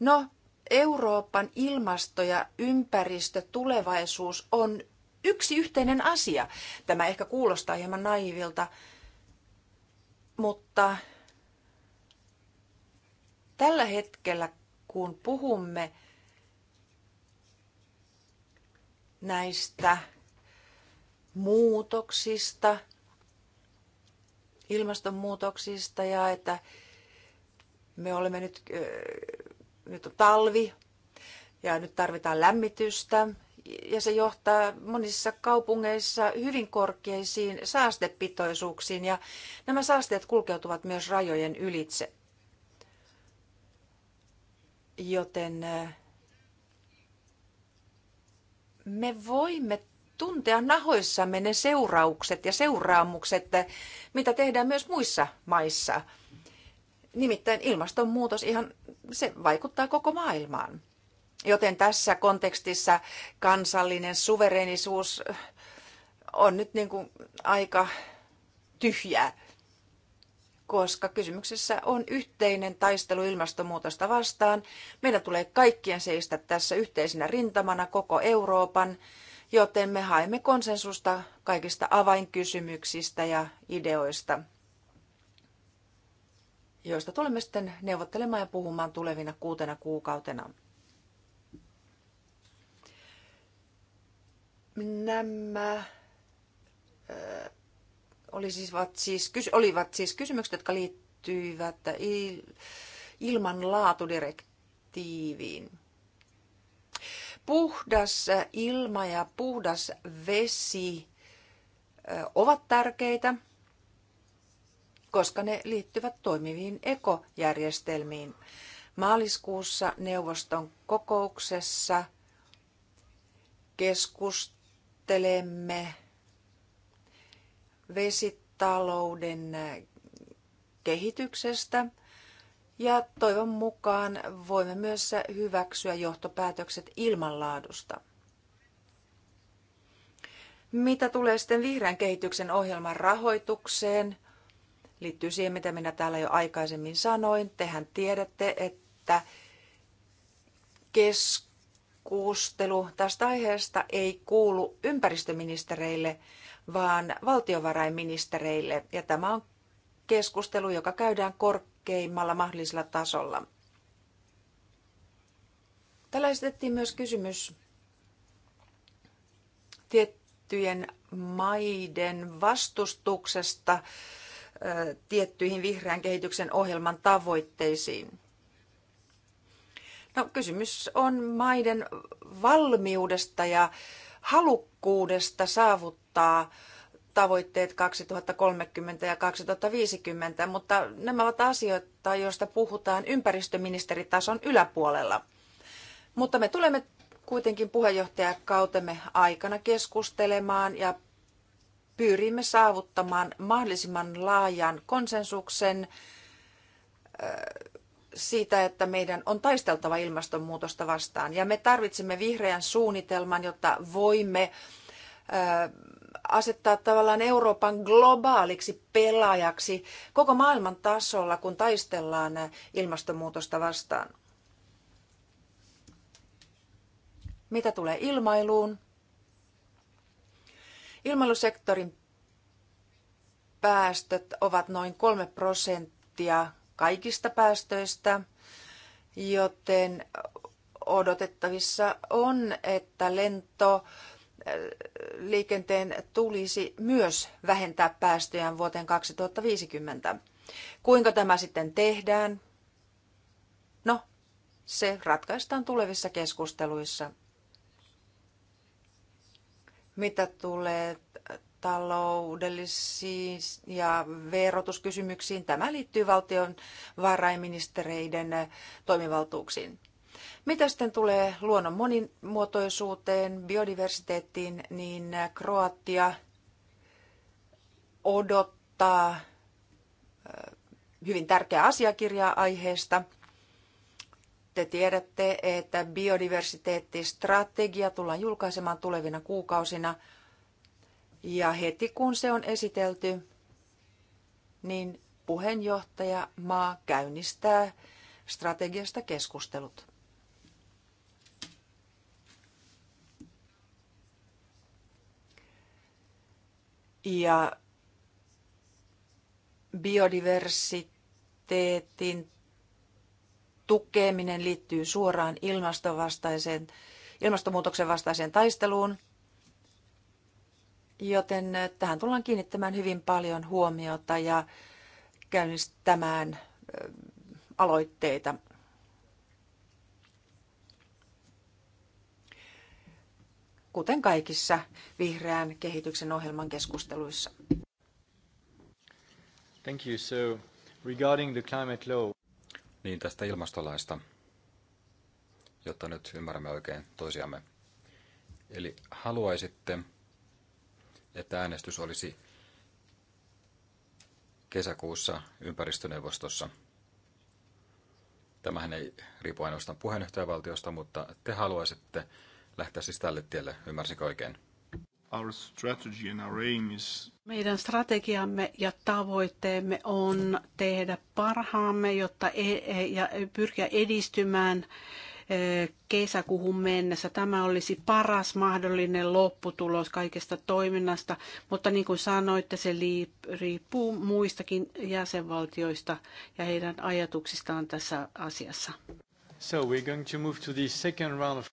No, Euroopan ilmasto ja ympäristötulevaisuus on yksi yhteinen asia. Tämä ehkä kuulostaa hieman naivilta, mutta tällä hetkellä, kun puhumme näistä muutoksista, ilmastonmuutoksista ja että me olemme nyt, nyt on talvi ja nyt tarvitaan lämmitystä ja se johtaa monissa kaupungeissa hyvin korkeisiin saastepitoisuuksiin ja nämä saasteet kulkeutuvat myös rajojen ylitse. Joten eh, me voimme tuntea nahoissamme ne seuraukset ja seuraamukset, eh, mitä tehdään myös muissa maissa. Nimittäin ilmastonmuutos ihan, se vaikuttaa koko maailmaan. Joten tässä kontekstissa kansallinen suverenisuus on nyt niin kuin aika tyhjää, koska kysymyksessä on yhteinen taistelu ilmastonmuutosta vastaan. Meidän tulee kaikkien seistä tässä yhteisenä rintamana koko Euroopan, joten me haemme konsensusta kaikista avainkysymyksistä ja ideoista, joista tulemme sitten neuvottelemaan ja puhumaan tulevina kuutena kuukautena. Nämä oli siis, siis, olivat siis kysymykset, jotka liittyivät ilmanlaatudirektiiviin. Puhdas ilma ja puhdas vesi ovat tärkeitä, koska ne liittyvät toimiviin ekojärjestelmiin. Maaliskuussa neuvoston kokouksessa keskustelu keskustelemme vesitalouden kehityksestä ja toivon mukaan voimme myös hyväksyä johtopäätökset ilmanlaadusta. Mitä tulee sitten vihreän kehityksen ohjelman rahoitukseen, liittyy siihen, mitä minä täällä jo aikaisemmin sanoin. Tehän tiedätte, että kesk keskustelu tästä aiheesta ei kuulu ympäristöministereille, vaan valtiovarainministereille. Ja tämä on keskustelu, joka käydään korkeimmalla mahdollisella tasolla. Tällä esitettiin myös kysymys tiettyjen maiden vastustuksesta tiettyihin vihreän kehityksen ohjelman tavoitteisiin. No kysymys on maiden valmiudesta ja halukkuudesta saavuttaa tavoitteet 2030 ja 2050, mutta nämä ovat asioita, joista puhutaan ympäristöministeritason yläpuolella. Mutta me tulemme kuitenkin puheenjohtajakautemme aikana keskustelemaan ja pyrimme saavuttamaan mahdollisimman laajan konsensuksen siitä, että meidän on taisteltava ilmastonmuutosta vastaan. Ja me tarvitsemme vihreän suunnitelman, jotta voimme asettaa tavallaan Euroopan globaaliksi pelaajaksi koko maailman tasolla, kun taistellaan ilmastonmuutosta vastaan. Mitä tulee ilmailuun? Ilmailusektorin päästöt ovat noin 3 prosenttia kaikista päästöistä, joten odotettavissa on, että lento äh, liikenteen tulisi myös vähentää päästöjään vuoteen 2050. Kuinka tämä sitten tehdään? No, se ratkaistaan tulevissa keskusteluissa. Mitä tulee taloudellisiin ja verotuskysymyksiin. Tämä liittyy valtion varainministereiden toimivaltuuksiin. Mitä sitten tulee luonnon monimuotoisuuteen, biodiversiteettiin, niin Kroatia odottaa hyvin tärkeää asiakirjaa aiheesta. Te tiedätte, että biodiversiteettistrategia tullaan julkaisemaan tulevina kuukausina – ja heti kun se on esitelty, niin puheenjohtaja maa käynnistää strategiasta keskustelut. Ja biodiversiteetin tukeminen liittyy suoraan ilmastovastaiseen, ilmastonmuutoksen vastaiseen taisteluun. Joten tähän tullaan kiinnittämään hyvin paljon huomiota ja käynnistämään aloitteita. kuten kaikissa vihreän kehityksen ohjelman keskusteluissa. Thank you. So, regarding the climate law. Niin tästä ilmastolaista, jotta nyt ymmärrämme oikein toisiamme. Eli haluaisitte, että äänestys olisi kesäkuussa ympäristöneuvostossa. Tämähän ei riipu ainoastaan puheenjohtajavaltiosta, mutta te haluaisitte lähteä siis tälle tielle, ymmärsikö oikein? Our strategy and our aim is... Meidän strategiamme ja tavoitteemme on tehdä parhaamme jotta e- ja pyrkiä edistymään kesäkuuhun mennessä. Tämä olisi paras mahdollinen lopputulos kaikesta toiminnasta, mutta niin kuin sanoitte, se riippuu muistakin jäsenvaltioista ja heidän ajatuksistaan tässä asiassa. So we're going to move to the second round of...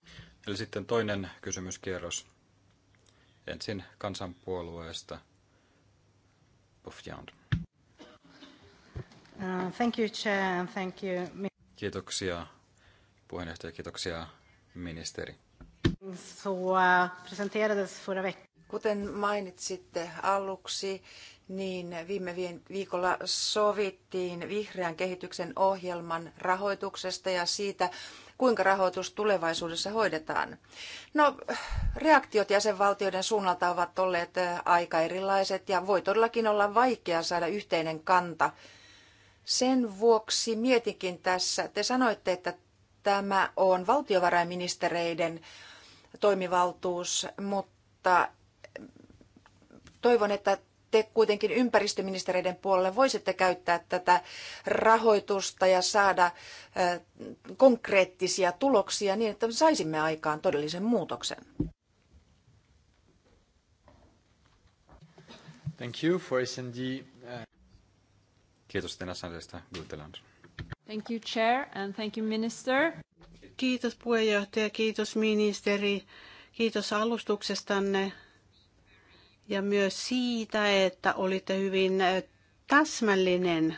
Eli sitten toinen kysymyskierros. Ensin kansanpuolueesta. Uh, Thank you, Chair, and thank you. Kiitoksia Puheenjohtaja, kiitoksia ministeri. Uh, Kuten mainitsitte aluksi, niin viime viikolla sovittiin vihreän kehityksen ohjelman rahoituksesta ja siitä, kuinka rahoitus tulevaisuudessa hoidetaan. No, reaktiot jäsenvaltioiden suunnalta ovat olleet uh, aika erilaiset ja voi todellakin olla vaikea saada yhteinen kanta. Sen vuoksi mietinkin tässä, te sanoitte, että tämä on valtiovarainministereiden toimivaltuus, mutta toivon, että te kuitenkin ympäristöministereiden puolelle voisitte käyttää tätä rahoitusta ja saada konkreettisia tuloksia niin, että saisimme aikaan todellisen muutoksen. Thank you for SND. Uh, Kiitos Guteland. Thank you, Chair, and thank you, Minister. Kiitos puheenjohtaja, kiitos ministeri, kiitos alustuksestanne ja myös siitä, että olitte hyvin eh, täsmällinen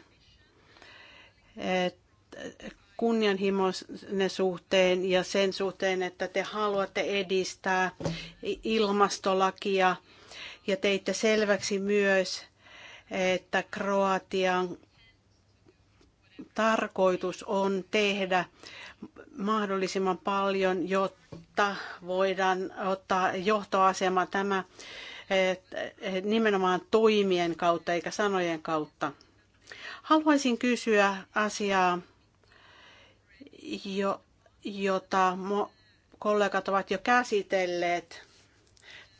kunnianhimonne suhteen ja sen suhteen, että te haluatte edistää ilmastolakia ja teitte selväksi myös, että Kroatian tarkoitus on tehdä mahdollisimman paljon, jotta voidaan ottaa johtoasema tämä eh, nimenomaan toimien kautta eikä sanojen kautta. Haluaisin kysyä asiaa, jo, jota kollegat ovat jo käsitelleet.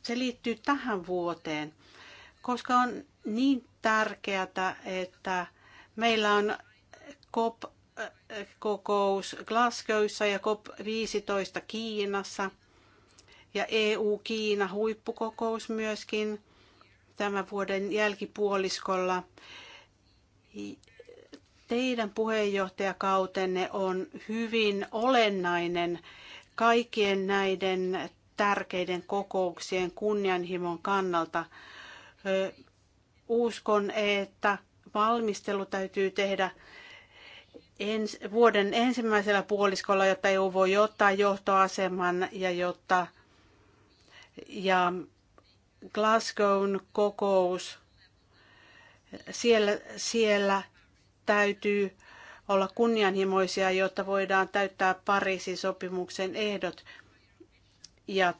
Se liittyy tähän vuoteen, koska on niin tärkeää, että meillä on COP-kokous Glasgowissa ja COP15 Kiinassa ja EU-Kiina-huippukokous myöskin tämän vuoden jälkipuoliskolla. Teidän puheenjohtajakautenne on hyvin olennainen kaikkien näiden tärkeiden kokouksien kunnianhimon kannalta. Uskon, että valmistelu täytyy tehdä ens, vuoden ensimmäisellä puoliskolla, jotta EU voi ottaa johtoaseman ja jotta ja Glasgown kokous, siellä, siellä täytyy olla kunnianhimoisia, jotta voidaan täyttää Pariisin sopimuksen ehdot. Ja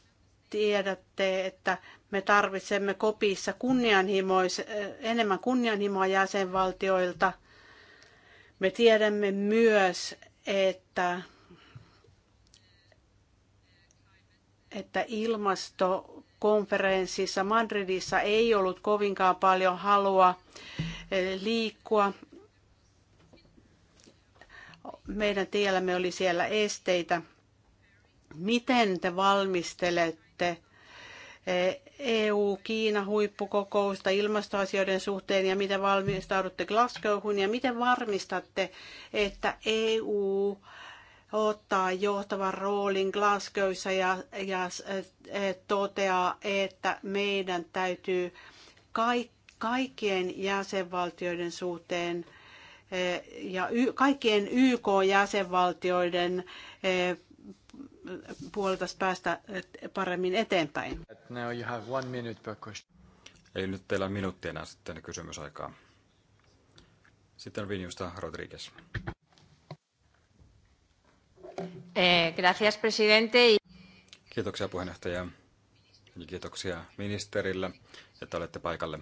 tiedätte, että me tarvitsemme kopissa kunnianhimois, enemmän kunnianhimoa jäsenvaltioilta – me tiedämme myös, että, että ilmastokonferenssissa Madridissa ei ollut kovinkaan paljon halua eh, liikkua. Meidän tiellämme oli siellä esteitä. Miten te valmistelette EU-Kiina-huippukokousta ilmastoasioiden suhteen ja miten valmistaudutte Glasgowhun ja miten varmistatte, että EU ottaa johtavan roolin Glasgowissa ja, ja e, toteaa, että meidän täytyy kaikkien jäsenvaltioiden suhteen e, ja kaikkien YK-jäsenvaltioiden e, puolelta päästä paremmin eteenpäin. Now you have one minute per question. Eli nyt teillä on minuutti enää sitten kysymysaikaa. Sitten Vinjusta Rodriguez. Eh, gracias, presidente. Kiitoksia puheenjohtaja ja kiitoksia ministerille, että olette paikalle.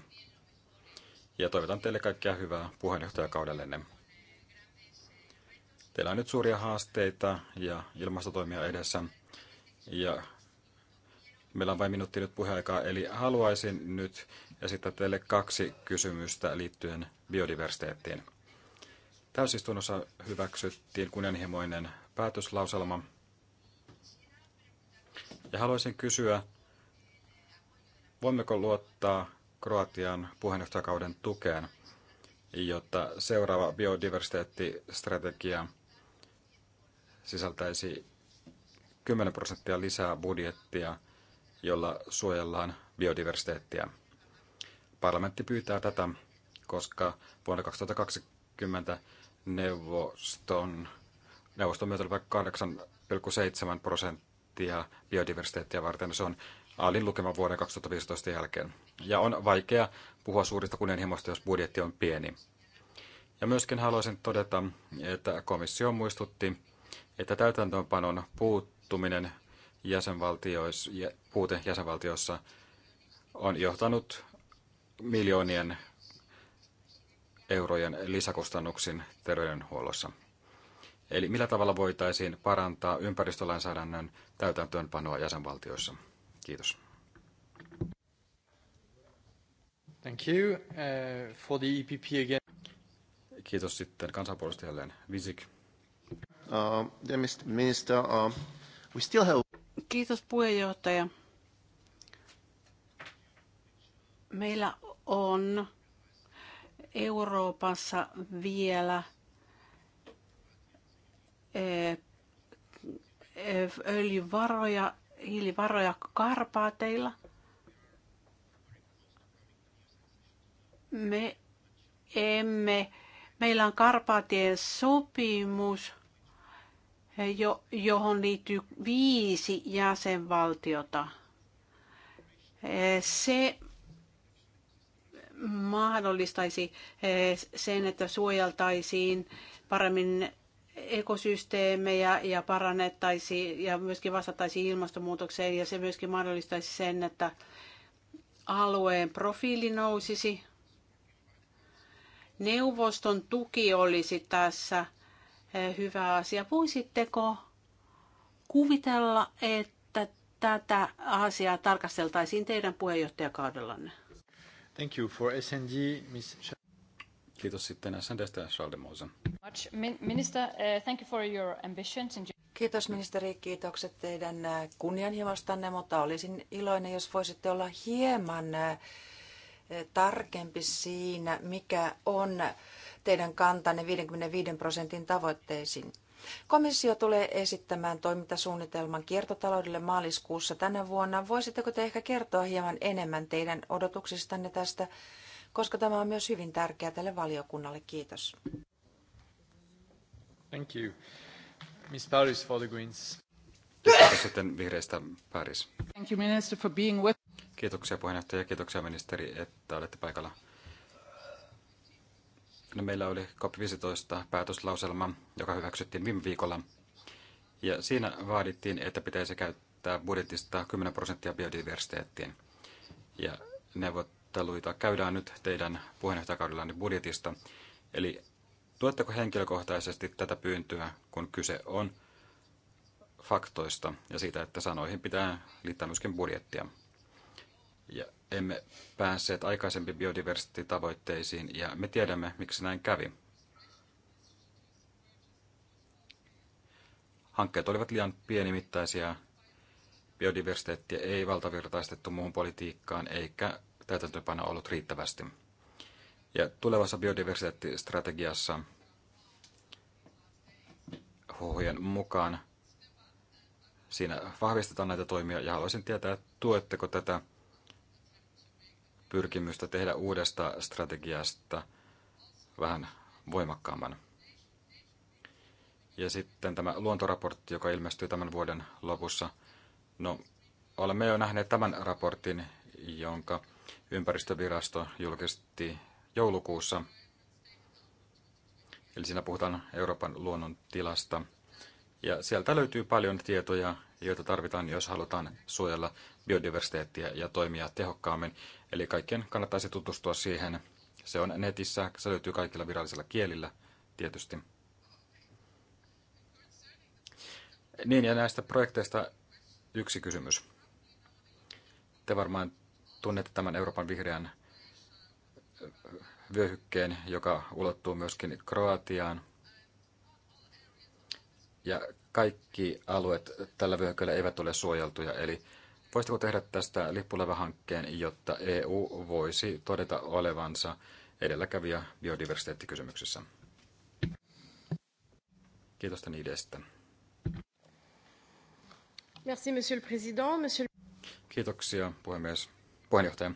Ja toivotan teille kaikkia hyvää puheenjohtajakaudellenne. Teillä on nyt suuria haasteita ja ilmastotoimia edessä. Ja meillä on vain minuutti nyt puheaikaa, eli haluaisin nyt esittää teille kaksi kysymystä liittyen biodiversiteettiin. Täysistunnossa hyväksyttiin kunnianhimoinen päätöslauselma. Ja haluaisin kysyä, voimmeko luottaa Kroatian puheenjohtajakauden tukeen, jotta seuraava biodiversiteettistrategia – sisältäisi 10 prosenttia lisää budjettia, jolla suojellaan biodiversiteettiä. Parlamentti pyytää tätä, koska vuonna 2020 neuvoston, neuvoston myötä 8,7 prosenttia biodiversiteettiä varten. Se on alin lukema vuoden 2015 jälkeen. Ja on vaikea puhua suurista kunnianhimoista, jos budjetti on pieni. Ja myöskin haluaisin todeta, että komissio muistutti että täytäntöönpanon puuttuminen jäsenvaltioissa, puute jäsenvaltioissa on johtanut miljoonien eurojen lisäkustannuksiin terveydenhuollossa. Eli millä tavalla voitaisiin parantaa ympäristölainsäädännön täytäntöönpanoa jäsenvaltioissa? Kiitos. Thank you. Uh, for the EPP again. Kiitos sitten kansanpuolustajalleen jälleen Visik. Uh, Minister, uh, we still have... Kiitos puheenjohtaja. Meillä on Euroopassa vielä eh, öljyvaroja, hiilivaroja karpaateilla. Me emme, meillä on karpaatien sopimus – jo, johon liittyy viisi jäsenvaltiota. Se mahdollistaisi sen, että suojeltaisiin paremmin ekosysteemejä ja parannettaisiin ja myöskin vastattaisiin ilmastonmuutokseen ja se myöskin mahdollistaisi sen, että alueen profiili nousisi. Neuvoston tuki olisi tässä Eh, hyvä asia. Voisitteko kuvitella, että tätä asiaa tarkasteltaisiin teidän puheenjohtajakaudellanne? Thank you for SND, Miss Kiitos sitten SNDstä Schaldemosen. Minister, uh, thank you for your ambitions. Kiitos ministeri, kiitokset teidän uh, kunnianhimostanne, mutta olisin iloinen, jos voisitte olla hieman uh, tarkempi siinä, mikä on teidän kantanne 55 prosentin tavoitteisiin. Komissio tulee esittämään toimintasuunnitelman kiertotaloudelle maaliskuussa tänä vuonna. Voisitteko te ehkä kertoa hieman enemmän teidän odotuksistanne tästä, koska tämä on myös hyvin tärkeää tälle valiokunnalle. Kiitos. Thank you. Miss Paris for the Greens. Sitten vihreistä Paris. Thank you, minister, for being with... Kiitoksia puheenjohtaja ja kiitoksia ministeri, että olette paikalla. No, meillä oli COP15 päätöslauselma, joka hyväksyttiin viime viikolla. Ja siinä vaadittiin, että pitäisi käyttää budjetista 10 prosenttia biodiversiteettiin. Ja neuvotteluita käydään nyt teidän puheenjohtajakaudellanne budjetista. Eli tuetteko henkilökohtaisesti tätä pyyntöä, kun kyse on faktoista ja siitä, että sanoihin pitää liittää myöskin budjettia? ja emme päässeet aikaisempi biodiversiteettitavoitteisiin ja me tiedämme, miksi näin kävi. Hankkeet olivat liian pienimittaisia, biodiversiteettiä ei valtavirtaistettu muuhun politiikkaan eikä täytäntöpano ollut riittävästi. Ja tulevassa biodiversiteettistrategiassa huhujen mukaan siinä vahvistetaan näitä toimia ja haluaisin tietää, tuetteko tätä pyrkimystä tehdä uudesta strategiasta vähän voimakkaamman. Ja sitten tämä luontoraportti, joka ilmestyy tämän vuoden lopussa. No, olemme jo nähneet tämän raportin, jonka ympäristövirasto julkisti joulukuussa. Eli siinä puhutaan Euroopan luonnon tilasta – ja sieltä löytyy paljon tietoja, joita tarvitaan, jos halutaan suojella biodiversiteettiä ja toimia tehokkaammin. Eli kaikkien kannattaisi tutustua siihen. Se on netissä, se löytyy kaikilla virallisilla kielillä tietysti. Niin, ja näistä projekteista yksi kysymys. Te varmaan tunnette tämän Euroopan vihreän vyöhykkeen, joka ulottuu myöskin Kroatiaan, ja kaikki alueet tällä vyöhykkeellä eivät ole suojeltuja. Eli voisitko tehdä tästä lippulaivahankkeen, jotta EU voisi todeta olevansa edelläkävijä biodiversiteettikysymyksissä? Kiitos tämän idestä. Merci, monsieur le président. Monsieur... Kiitoksia, puhemies, puheenjohtaja.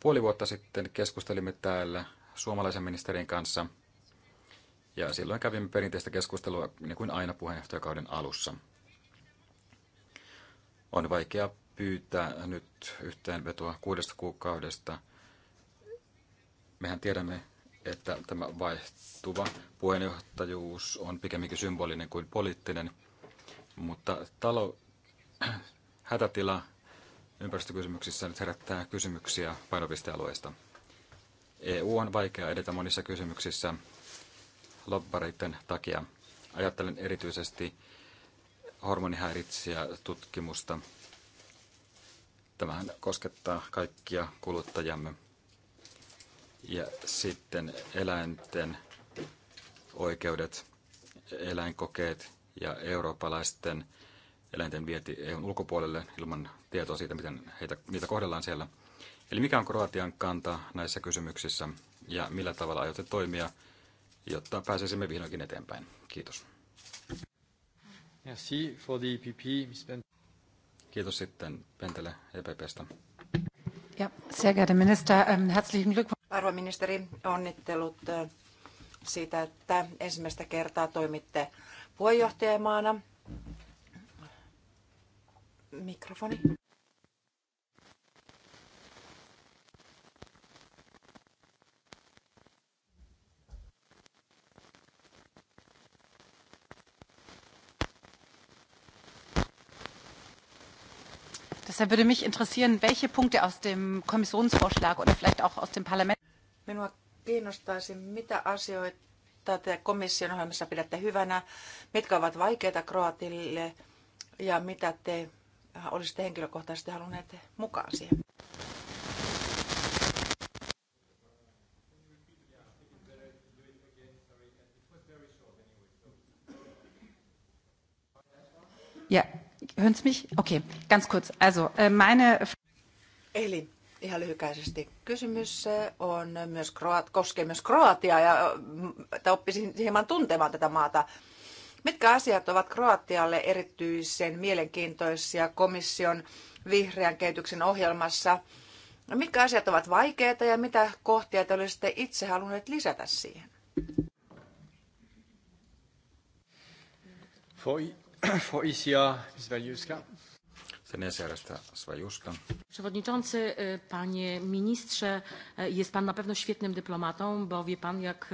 Puoli vuotta sitten keskustelimme täällä suomalaisen ministerin kanssa – ja silloin kävimme perinteistä keskustelua, niin kuin aina puheenjohtajakauden alussa. On vaikea pyytää nyt yhteenvetoa kuudesta kuukaudesta. Mehän tiedämme, että tämä vaihtuva puheenjohtajuus on pikemminkin symbolinen kuin poliittinen, mutta talo, [CLEARS THROAT] hätätila ympäristökysymyksissä nyt herättää kysymyksiä painopistealueista. EU on vaikea edetä monissa kysymyksissä lobbareiden takia. Ajattelen erityisesti tutkimusta Tämähän koskettaa kaikkia kuluttajamme. Ja sitten eläinten oikeudet, eläinkokeet ja eurooppalaisten eläinten vieti EUn ulkopuolelle ilman tietoa siitä, miten heitä, niitä kohdellaan siellä. Eli mikä on Kroatian kanta näissä kysymyksissä ja millä tavalla aiotte toimia, jotta pääsisimme vihdoinkin eteenpäin. Kiitos. Merci for the EPP, Kiitos sitten Pentele EPPstä. Ja, sehr geehrter Minister, ähm, herzlichen Glückwunsch. ministeri, onnittelut äh, siitä, että ensimmäistä kertaa toimitte puheenjohtajamaana. Mikrofoni. Deshalb würde mich interessieren, welche Punkte aus dem Kommissionsvorschlag oder vielleicht auch aus dem Parlament. Minua kiinnostaisi, mitä asioita te komission ohjelmassa pidätte hyvänä, mitkä ovat vaikeita Kroatille ja mitä te olisitte henkilökohtaisesti halunneet mukaan siihen. Yeah. Hören Sie mich? Okay, ganz kurz. Also, äh, meine... Eli ihan lyhykäisesti. Kysymys äh, on myös Kroat, koskee myös Kroatiaa ja äh, että oppisin hieman tuntemaan tätä maata. Mitkä asiat ovat Kroatialle erityisen mielenkiintoisia komission vihreän kehityksen ohjelmassa? Mitkä asiat ovat vaikeita ja mitä kohtia te olisitte itse halunneet lisätä siihen? Foi Przewodniczący, panie ministrze, jest pan na pewno świetnym dyplomatą, bo wie pan jak...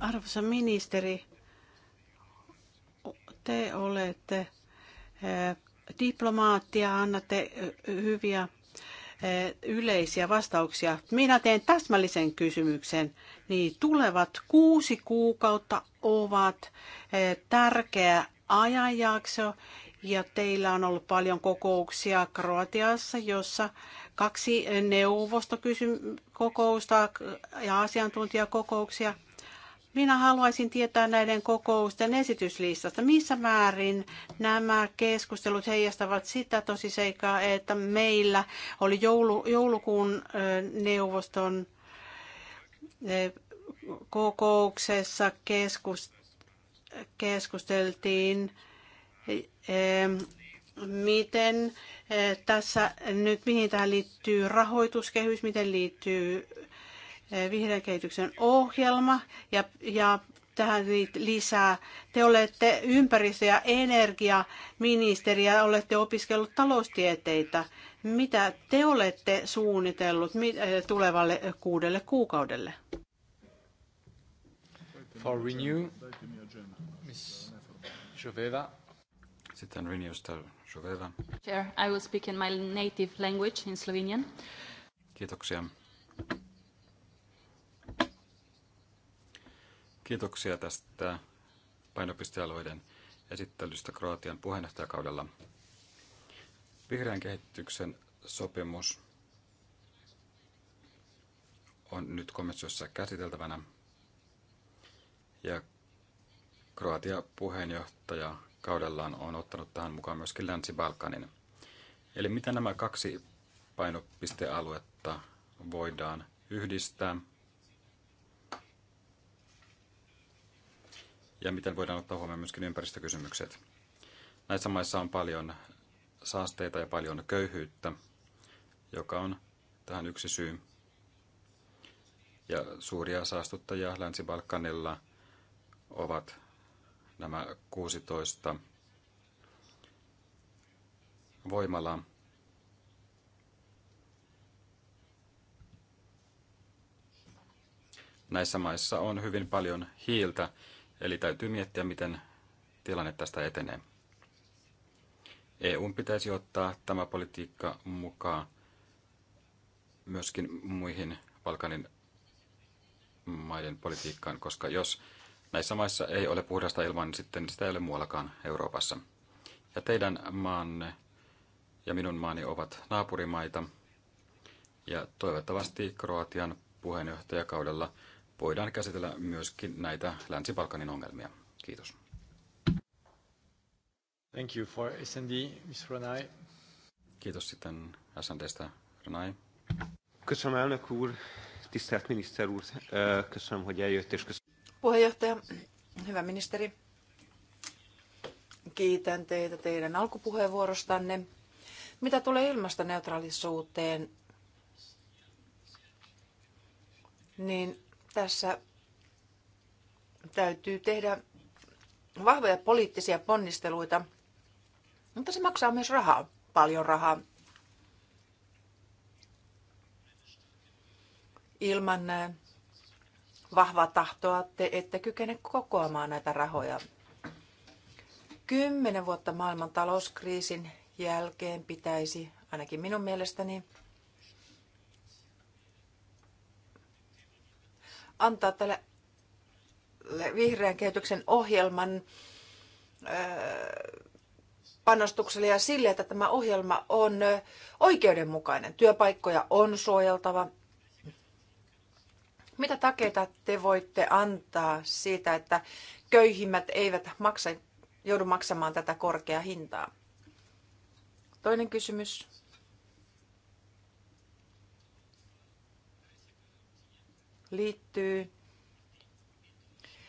Arvoisa ministeri, te olette e, diplomaatti ja annatte hyviä e, yleisiä vastauksia. Minä teen täsmällisen kysymyksen. Niin tulevat kuusi kuukautta ovat e, tärkeä ajanjakso ja teillä on ollut paljon kokouksia Kroatiassa, jossa kaksi neuvostokokousta ja asiantuntijakokouksia. Minä haluaisin tietää näiden kokousten esityslistasta, missä määrin nämä keskustelut heijastavat sitä tosiseikkaa, että meillä oli joulu, joulukuun neuvoston kokouksessa keskus, keskusteltiin, eh, miten eh, tässä nyt, mihin tähän liittyy rahoituskehys, miten liittyy eh, vihreän kehityksen ohjelma ja, ja tähän lisää. Te olette ympäristö- ja energiaministeri ja olette opiskellut taloustieteitä. Mitä te olette suunnitellut tulevalle kuudelle kuukaudelle? For Renew, Ms. Joveva. Sitten Renewsta Joveva. Chair, I will speak in my native language in Slovenian. Kiitoksia. Kiitoksia tästä painopistealueiden esittelystä Kroatian puheenjohtajakaudella. Vihreän kehityksen sopimus on nyt komissiossa käsiteltävänä. Ja Kroatia puheenjohtaja kaudellaan on ottanut tähän mukaan myöskin Länsi-Balkanin. Eli mitä nämä kaksi painopistealuetta voidaan yhdistää ja miten voidaan ottaa huomioon myöskin ympäristökysymykset. Näissä maissa on paljon saasteita ja paljon köyhyyttä, joka on tähän yksi syy. Ja suuria saastuttajia Länsi-Balkanilla ovat nämä 16 voimalaa. Näissä maissa on hyvin paljon hiiltä, eli täytyy miettiä, miten tilanne tästä etenee. EUn pitäisi ottaa tämä politiikka mukaan myöskin muihin Balkanin maiden politiikkaan, koska jos näissä maissa ei ole puhdasta ilmaa, niin sitten sitä ei ole muuallakaan Euroopassa. Ja teidän maanne ja minun maani ovat naapurimaita. Ja toivottavasti Kroatian puheenjohtajakaudella voidaan käsitellä myöskin näitä Länsi-Balkanin ongelmia. Kiitos. Thank you for SND, Ms. Ranai. Kiitos sitten SNDstä, Ranai. Kiitos, elnök úr, tisztelt miniszter úr, köszönöm, hogy eljött, és köszönöm. Puheenjohtaja, hyvä ministeri, kiitän teitä teidän alkupuheenvuorostanne. Mitä tulee ilmastoneutraalisuuteen, niin tässä täytyy tehdä vahvoja poliittisia ponnisteluita, mutta se maksaa myös rahaa, paljon rahaa. Ilman vahvaa tahtoa te ette kykene kokoamaan näitä rahoja. Kymmenen vuotta maailman talouskriisin jälkeen pitäisi, ainakin minun mielestäni, antaa tälle vihreän kehityksen ohjelman panostukselle ja sille, että tämä ohjelma on oikeudenmukainen. Työpaikkoja on suojeltava, mitä takeita te voitte antaa siitä, että köyhimmät eivät maksa, joudu maksamaan tätä korkeaa hintaa? Toinen kysymys. liittyy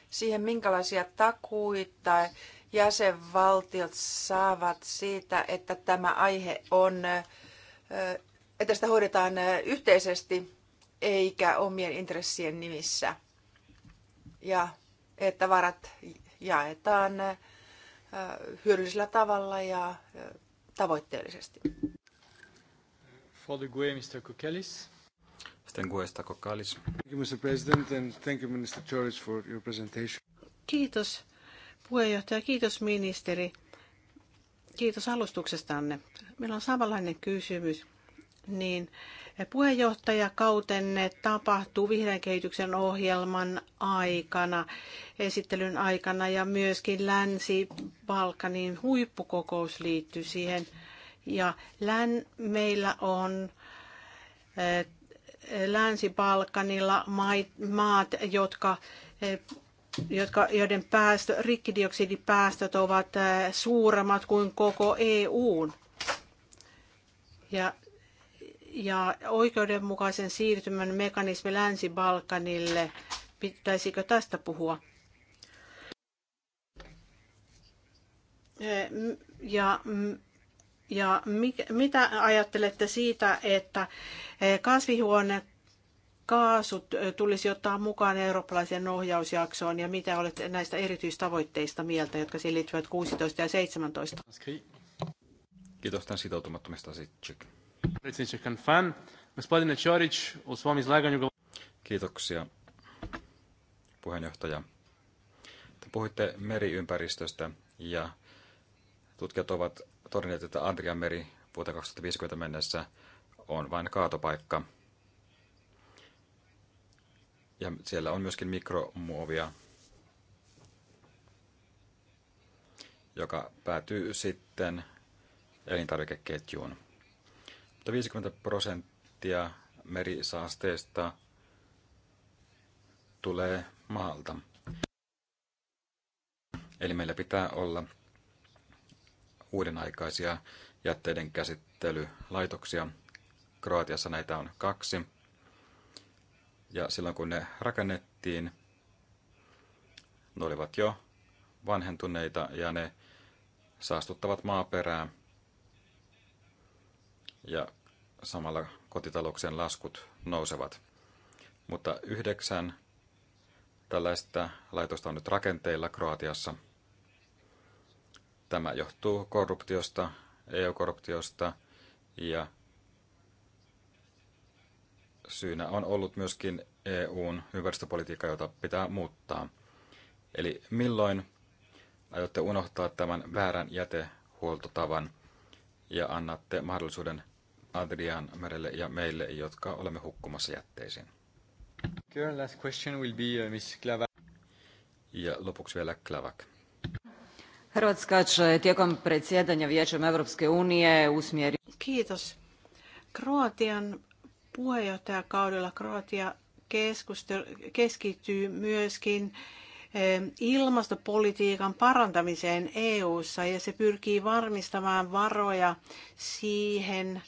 siihen, minkälaisia takuita jäsenvaltiot saavat siitä, että tämä aihe on, että sitä hoidetaan yhteisesti eikä omien intressien nimissä. Ja että varat jaetaan hyödyllisellä tavalla ja tavoitteellisesti. For the GUE, Mr. Kukelis. Sitten Mr. Kokalis. Thank you, Mr. President, and thank you, Minister Choris, for your presentation. Kiitos puheenjohtaja, kiitos ministeri. Kiitos alustuksestanne. Meillä on samanlainen kysymys niin puheenjohtajakautenne tapahtuu vihreän kehityksen ohjelman aikana, esittelyn aikana ja myöskin Länsi-Balkanin huippukokous liittyy siihen. Ja län, meillä on eh, Länsi-Balkanilla maat, jotka eh, jotka, joiden päästö, rikkidioksidipäästöt ovat eh, suuremmat kuin koko EUn. Ja ja oikeudenmukaisen siirtymän mekanismi Länsi-Balkanille, pitäisikö tästä puhua? Ja, ja mikä, mitä ajattelette siitä, että kasvihuone kaasut tulisi ottaa mukaan eurooppalaisen ohjausjaksoon ja mitä olette näistä erityistavoitteista mieltä, jotka siihen liittyvät 16 ja 17? Kiitos tämän sitoutumattomista asiasta. Kiitoksia, puheenjohtaja. Te puhuitte meriympäristöstä ja tutkijat ovat todenneet, että Adrian meri vuoteen 2050 mennessä on vain kaatopaikka. Ja siellä on myöskin mikromuovia, joka päätyy sitten elintarvikeketjuun että 50 prosenttia merisaasteesta tulee maalta. Eli meillä pitää olla uuden aikaisia jätteiden käsittelylaitoksia. Kroatiassa näitä on kaksi. Ja silloin kun ne rakennettiin, ne olivat jo vanhentuneita ja ne saastuttavat maaperää. Ja samalla kotitalouksien laskut nousevat. Mutta yhdeksän tällaista laitosta on nyt rakenteilla Kroatiassa. Tämä johtuu korruptiosta, EU-korruptiosta ja syynä on ollut myöskin EUn ympäristöpolitiikka, jota pitää muuttaa. Eli milloin aiotte unohtaa tämän väärän jätehuoltotavan ja annatte mahdollisuuden Adrian merelle ja meille, jotka olemme hukkumassa jätteisiin. Last question will be uh, Ja lopuksi vielä Klavak. Hrvatska će tijekom predsjedanja Vijećem Europske unije usmjeri... Kiitos. Kroatian puheenjohtajakaudella Kroatia keskittyy myöskin ilmastopolitiikan parantamiseen EU:ssa ja se pyrkii varmistamaan varoja siihen,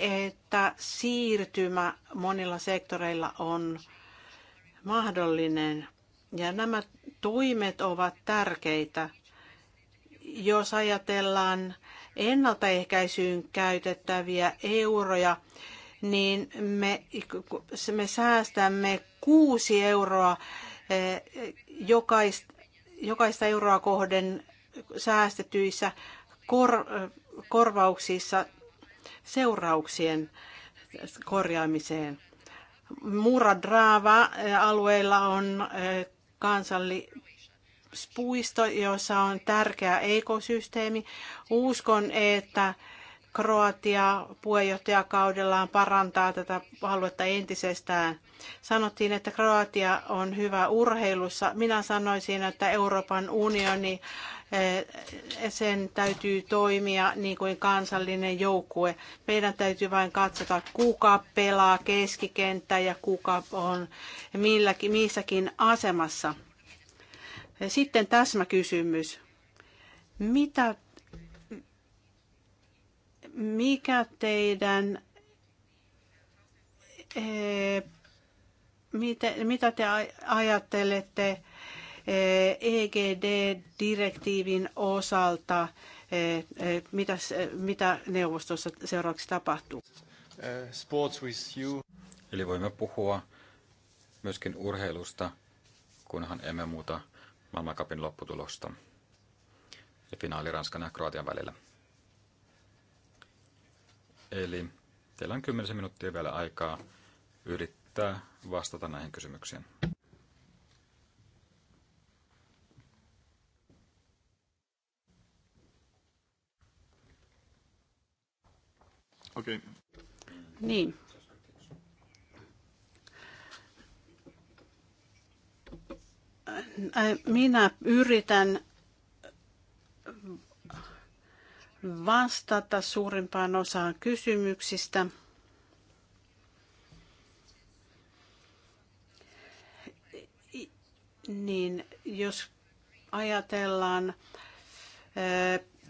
että siirtymä monilla sektoreilla on mahdollinen. Ja nämä toimet ovat tärkeitä. Jos ajatellaan ennaltaehkäisyyn käytettäviä euroja, niin me, me säästämme kuusi euroa eh, jokaista, jokaista euroa kohden säästetyissä kor, eh, korvauksissa seurauksien korjaamiseen. Muradrava-alueilla eh, on eh, kansallispuisto, puisto, jossa on tärkeä ekosysteemi. Uskon, että Kroatia puheenjohtajakaudellaan parantaa tätä aluetta entisestään. Sanottiin, että Kroatia on hyvä urheilussa. Minä sanoisin, että Euroopan unioni Eh, sen täytyy toimia niin kuin kansallinen joukkue. Meidän täytyy vain katsota, kuka pelaa keskikenttä ja kuka on milläkin, missäkin asemassa. Sitten täsmäkysymys. Mitä, mikä teidän eh, mitä, mitä te ajattelette EGD-direktiivin osalta, eh, eh, mitä, eh, mitä neuvostossa seuraavaksi tapahtuu? Sports with you. Eli voimme puhua myöskin urheilusta, kunhan emme muuta maailmankapin lopputulosta. Ja finaali Ranskan ja Kroatian välillä. Eli teillä on 10 minuuttia vielä aikaa yrittää vastata näihin kysymyksiin. Okei. Okay. Niin. Minä yritän vastata suurimpaan osaan kysymyksistä. Niin jos ajatellaan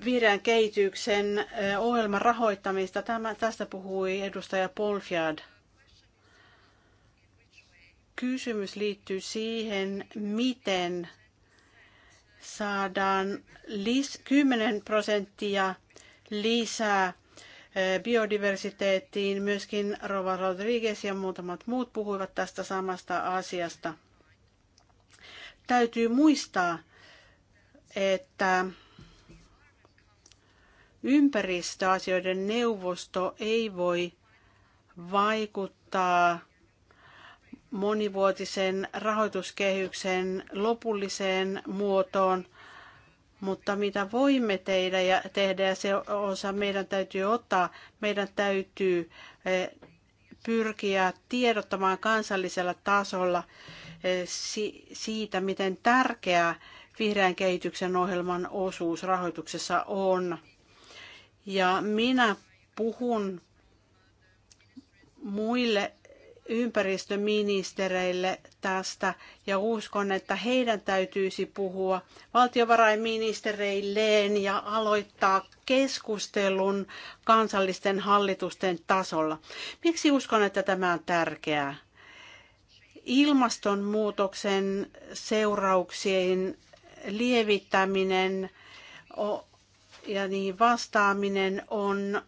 vihreän kehityksen ohjelman rahoittamista. Tämä, tästä puhui edustaja Polfjad. Kysymys liittyy siihen, miten saadaan lis- 10 prosenttia lisää biodiversiteettiin. Myöskin Rova Rodriguez ja muutamat muut puhuivat tästä samasta asiasta. Täytyy muistaa, että Ympäristöasioiden neuvosto ei voi vaikuttaa monivuotisen rahoituskehyksen lopulliseen muotoon, mutta mitä voimme tehdä ja, tehdä, ja se osa meidän täytyy ottaa, meidän täytyy eh, pyrkiä tiedottamaan kansallisella tasolla eh, siitä, miten tärkeää vihreän kehityksen ohjelman osuus rahoituksessa on. Ja minä puhun muille ympäristöministereille tästä ja uskon, että heidän täytyisi puhua valtiovarainministereilleen ja aloittaa keskustelun kansallisten hallitusten tasolla. Miksi uskon, että tämä on tärkeää? Ilmastonmuutoksen seurauksien lievittäminen ja niin vastaaminen on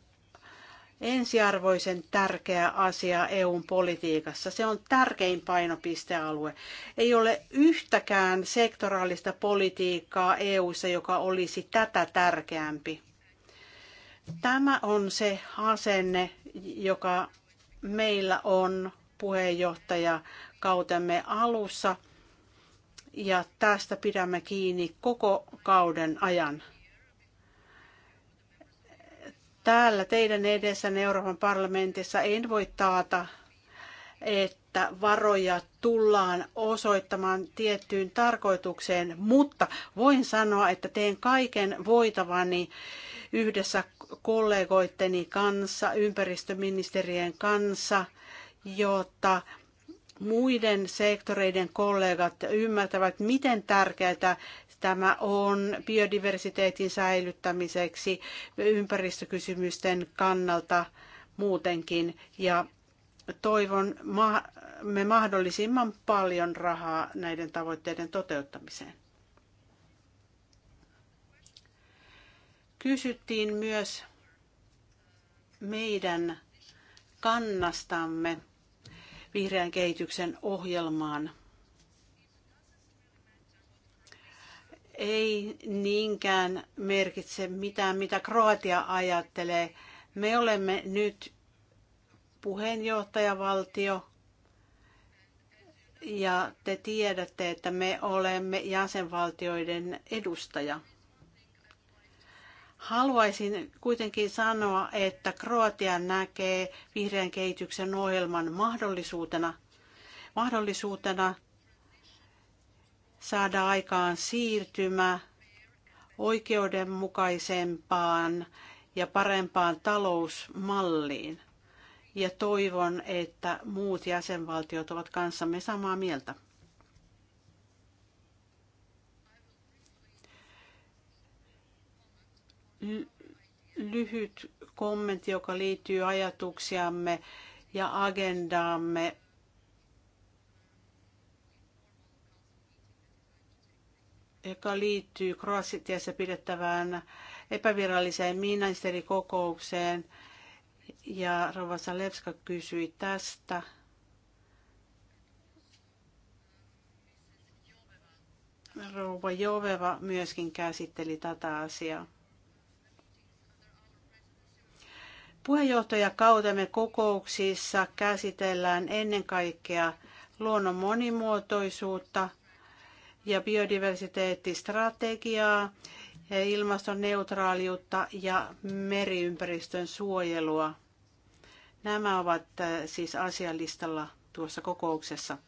ensiarvoisen tärkeä asia EUn politiikassa. Se on tärkein painopistealue. Ei ole yhtäkään sektoraalista politiikkaa EUssa, joka olisi tätä tärkeämpi. Tämä on se asenne, joka meillä on puheenjohtaja kautemme alussa ja tästä pidämme kiinni koko kauden ajan täällä teidän edessänne Euroopan parlamentissa en voi taata, että varoja tullaan osoittamaan tiettyyn tarkoitukseen, mutta voin sanoa, että teen kaiken voitavani yhdessä kollegoitteni kanssa, ympäristöministerien kanssa, jotta muiden sektoreiden kollegat ymmärtävät, miten tärkeää Tämä on biodiversiteetin säilyttämiseksi ympäristökysymysten kannalta muutenkin ja toivon me mahdollisimman paljon rahaa näiden tavoitteiden toteuttamiseen. Kysyttiin myös meidän kannastamme vihreän kehityksen ohjelmaan – ei niinkään merkitse mitään, mitä Kroatia ajattelee. Me olemme nyt puheenjohtajavaltio ja te tiedätte, että me olemme jäsenvaltioiden edustaja. Haluaisin kuitenkin sanoa, että Kroatia näkee vihreän kehityksen ohjelman mahdollisuutena, mahdollisuutena saada aikaan siirtymä oikeudenmukaisempaan ja parempaan talousmalliin. Ja toivon, että muut jäsenvaltiot ovat kanssamme samaa mieltä. lyhyt kommentti, joka liittyy ajatuksiamme ja agendaamme joka liittyy Kroatiassa pidettävään epäviralliseen ministerikokoukseen. Ja Rova Salevska kysyi tästä. Rouva Joveva myöskin käsitteli tätä asiaa. Puheenjohtajakautemme kokouksissa käsitellään ennen kaikkea luonnon monimuotoisuutta, ja biodiversiteettistrategiaa, ja ilmastoneutraaliutta ja meriympäristön suojelua. Nämä ovat äh, siis asialistalla tuossa kokouksessa.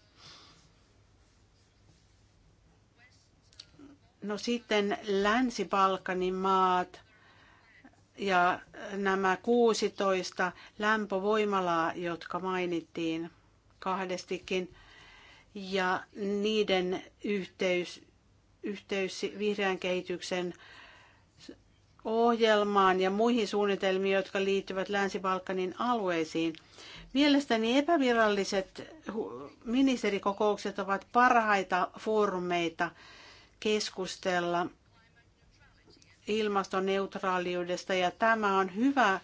No sitten Länsi-Balkanin maat ja nämä 16 lämpövoimalaa, jotka mainittiin kahdestikin – ja niiden yhteys, yhteys vihreän kehityksen ohjelmaan ja muihin suunnitelmiin, jotka liittyvät Länsi-Balkanin alueisiin. Mielestäni epäviralliset ministerikokoukset ovat parhaita foorumeita keskustella ilmastoneutraaliudesta ja tämä on hyvä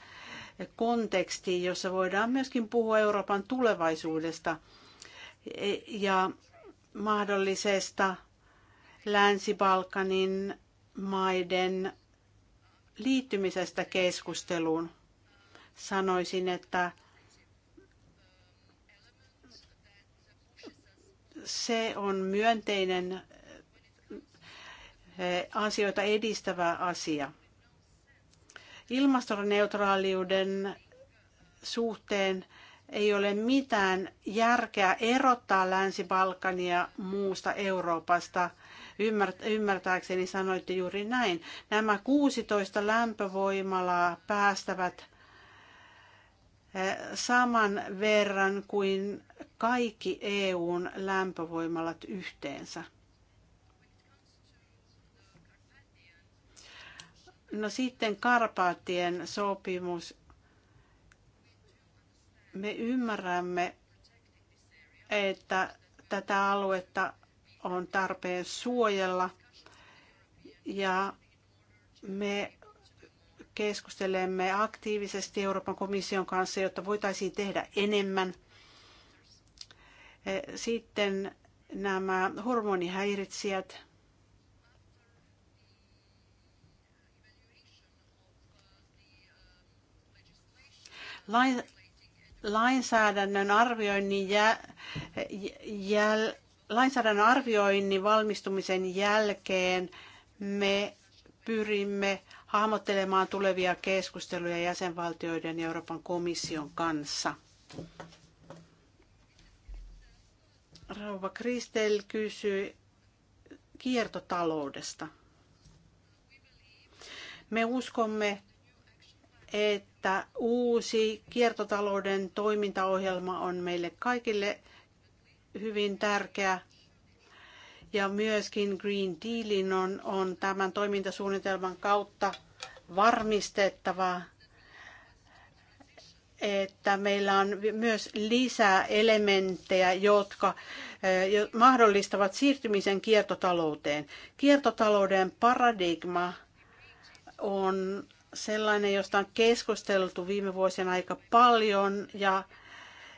konteksti, jossa voidaan myöskin puhua Euroopan tulevaisuudesta – ja mahdollisesta Länsi-Balkanin maiden liittymisestä keskusteluun. Sanoisin, että se on myönteinen eh, asioita edistävä asia. Ilmastoneutraaliuden suhteen ei ole mitään järkeä erottaa Länsi-Balkania muusta Euroopasta. Ymmärtääkseni sanoitte juuri näin. Nämä 16 lämpövoimalaa päästävät eh, saman verran kuin kaikki EUn lämpövoimalat yhteensä. No sitten Karpaattien sopimus. Me ymmärrämme, että tätä aluetta on tarpeen suojella ja me keskustelemme aktiivisesti Euroopan komission kanssa, jotta voitaisiin tehdä enemmän. Eh, sitten nämä hormonihäiritsijät. Lain, lainsäädännön arvioinnin, jä, jäl, lainsäädännön arvioinnin valmistumisen jälkeen me pyrimme hahmottelemaan tulevia keskusteluja jäsenvaltioiden ja Euroopan komission kanssa. Rauva Kristel kysyi kiertotaloudesta. Me uskomme, että uusi kiertotalouden toimintaohjelma on meille kaikille hyvin tärkeä. Ja myöskin Green Dealin on, on tämän toimintasuunnitelman kautta varmistettava, että meillä on myös lisää elementtejä, jotka mahdollistavat siirtymisen kiertotalouteen. Kiertotalouden paradigma on sellainen, josta on keskusteltu viime vuosien aika paljon ja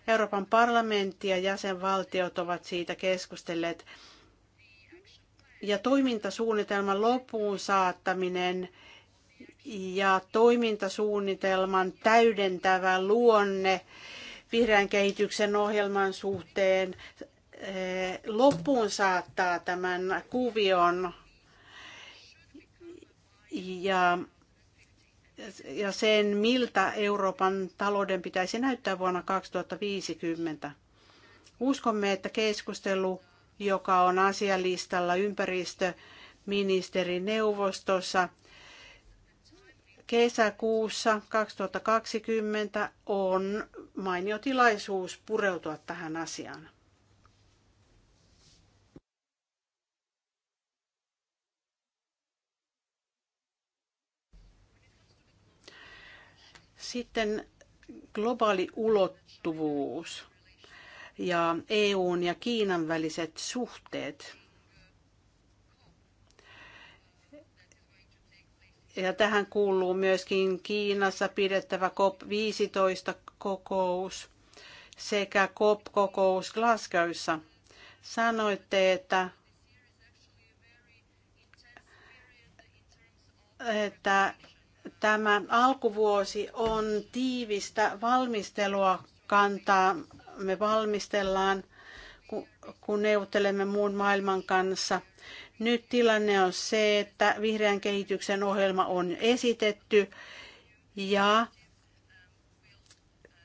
Euroopan parlamentti ja jäsenvaltiot ovat siitä keskustelleet. Ja toimintasuunnitelman loppuun saattaminen ja toimintasuunnitelman täydentävä luonne vihreän kehityksen ohjelman suhteen eh, loppuun saattaa tämän kuvion ja ja sen, miltä Euroopan talouden pitäisi näyttää vuonna 2050. Uskomme, että keskustelu, joka on asialistalla ympäristöministerineuvostossa kesäkuussa 2020, on mainio tilaisuus pureutua tähän asiaan. Sitten globaali ulottuvuus ja EUn ja Kiinan väliset suhteet. Ja tähän kuuluu myöskin Kiinassa pidettävä COP15-kokous sekä COP-kokous Glasgowissa. Sanoitte, että, että tämä alkuvuosi on tiivistä valmistelua kantaa. Me valmistellaan, kun neuvottelemme muun maailman kanssa. Nyt tilanne on se, että vihreän kehityksen ohjelma on esitetty ja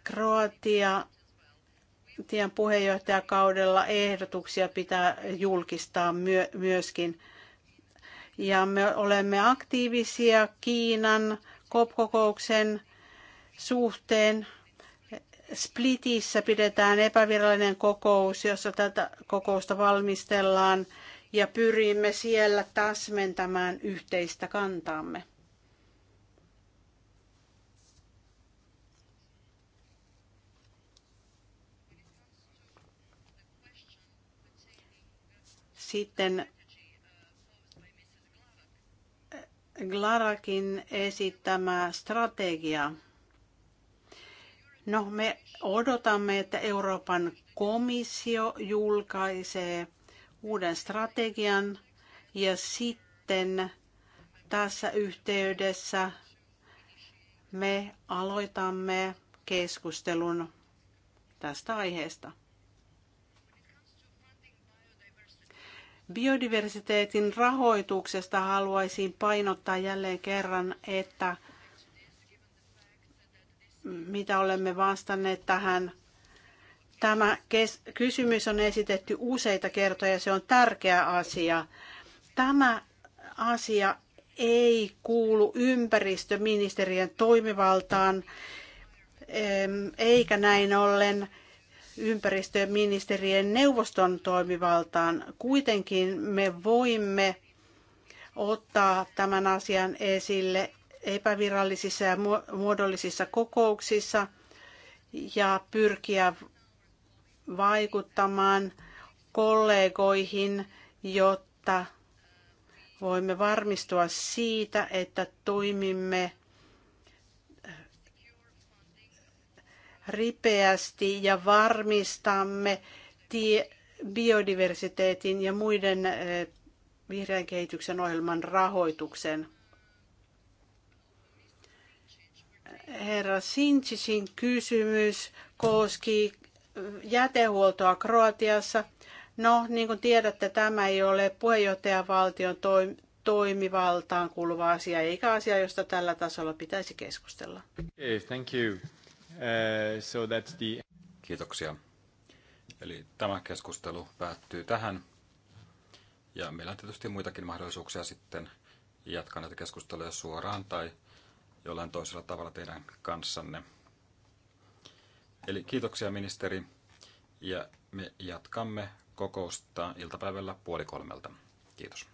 Kroatia puheenjohtajakaudella ehdotuksia pitää julkistaa myöskin ja me olemme aktiivisia Kiinan COP-kokouksen suhteen. Splitissä pidetään epävirallinen kokous, jossa tätä kokousta valmistellaan ja pyrimme siellä täsmentämään yhteistä kantaamme. Sitten Glarakin esittämä strategia. No, me odotamme, että Euroopan komissio julkaisee uuden strategian ja sitten tässä yhteydessä me aloitamme keskustelun tästä aiheesta. Biodiversiteetin rahoituksesta haluaisin painottaa jälleen kerran, että mitä olemme vastanneet tähän. Tämä kysymys on esitetty useita kertoja ja se on tärkeä asia. Tämä asia ei kuulu ympäristöministeriön toimivaltaan, eikä näin ollen ympäristöministerien neuvoston toimivaltaan. Kuitenkin me voimme ottaa tämän asian esille epävirallisissa ja muodollisissa kokouksissa ja pyrkiä vaikuttamaan kollegoihin, jotta voimme varmistua siitä, että toimimme ripeästi ja varmistamme tie, biodiversiteetin ja muiden eh, vihreän kehityksen ohjelman rahoituksen. Herra Sinčisin kysymys koski eh, jätehuoltoa Kroatiassa. No, niin kuin tiedätte, tämä ei ole puheenjohtajavaltion toimivaltaan kuuluva asia, eikä asia, josta tällä tasolla pitäisi keskustella. Okay, thank you. Uh, so that's the... Kiitoksia. Eli tämä keskustelu päättyy tähän. Ja meillä on tietysti muitakin mahdollisuuksia sitten jatkaa näitä keskusteluja suoraan tai jollain toisella tavalla teidän kanssanne. Eli kiitoksia ministeri ja me jatkamme kokousta iltapäivällä puoli kolmelta. Kiitos.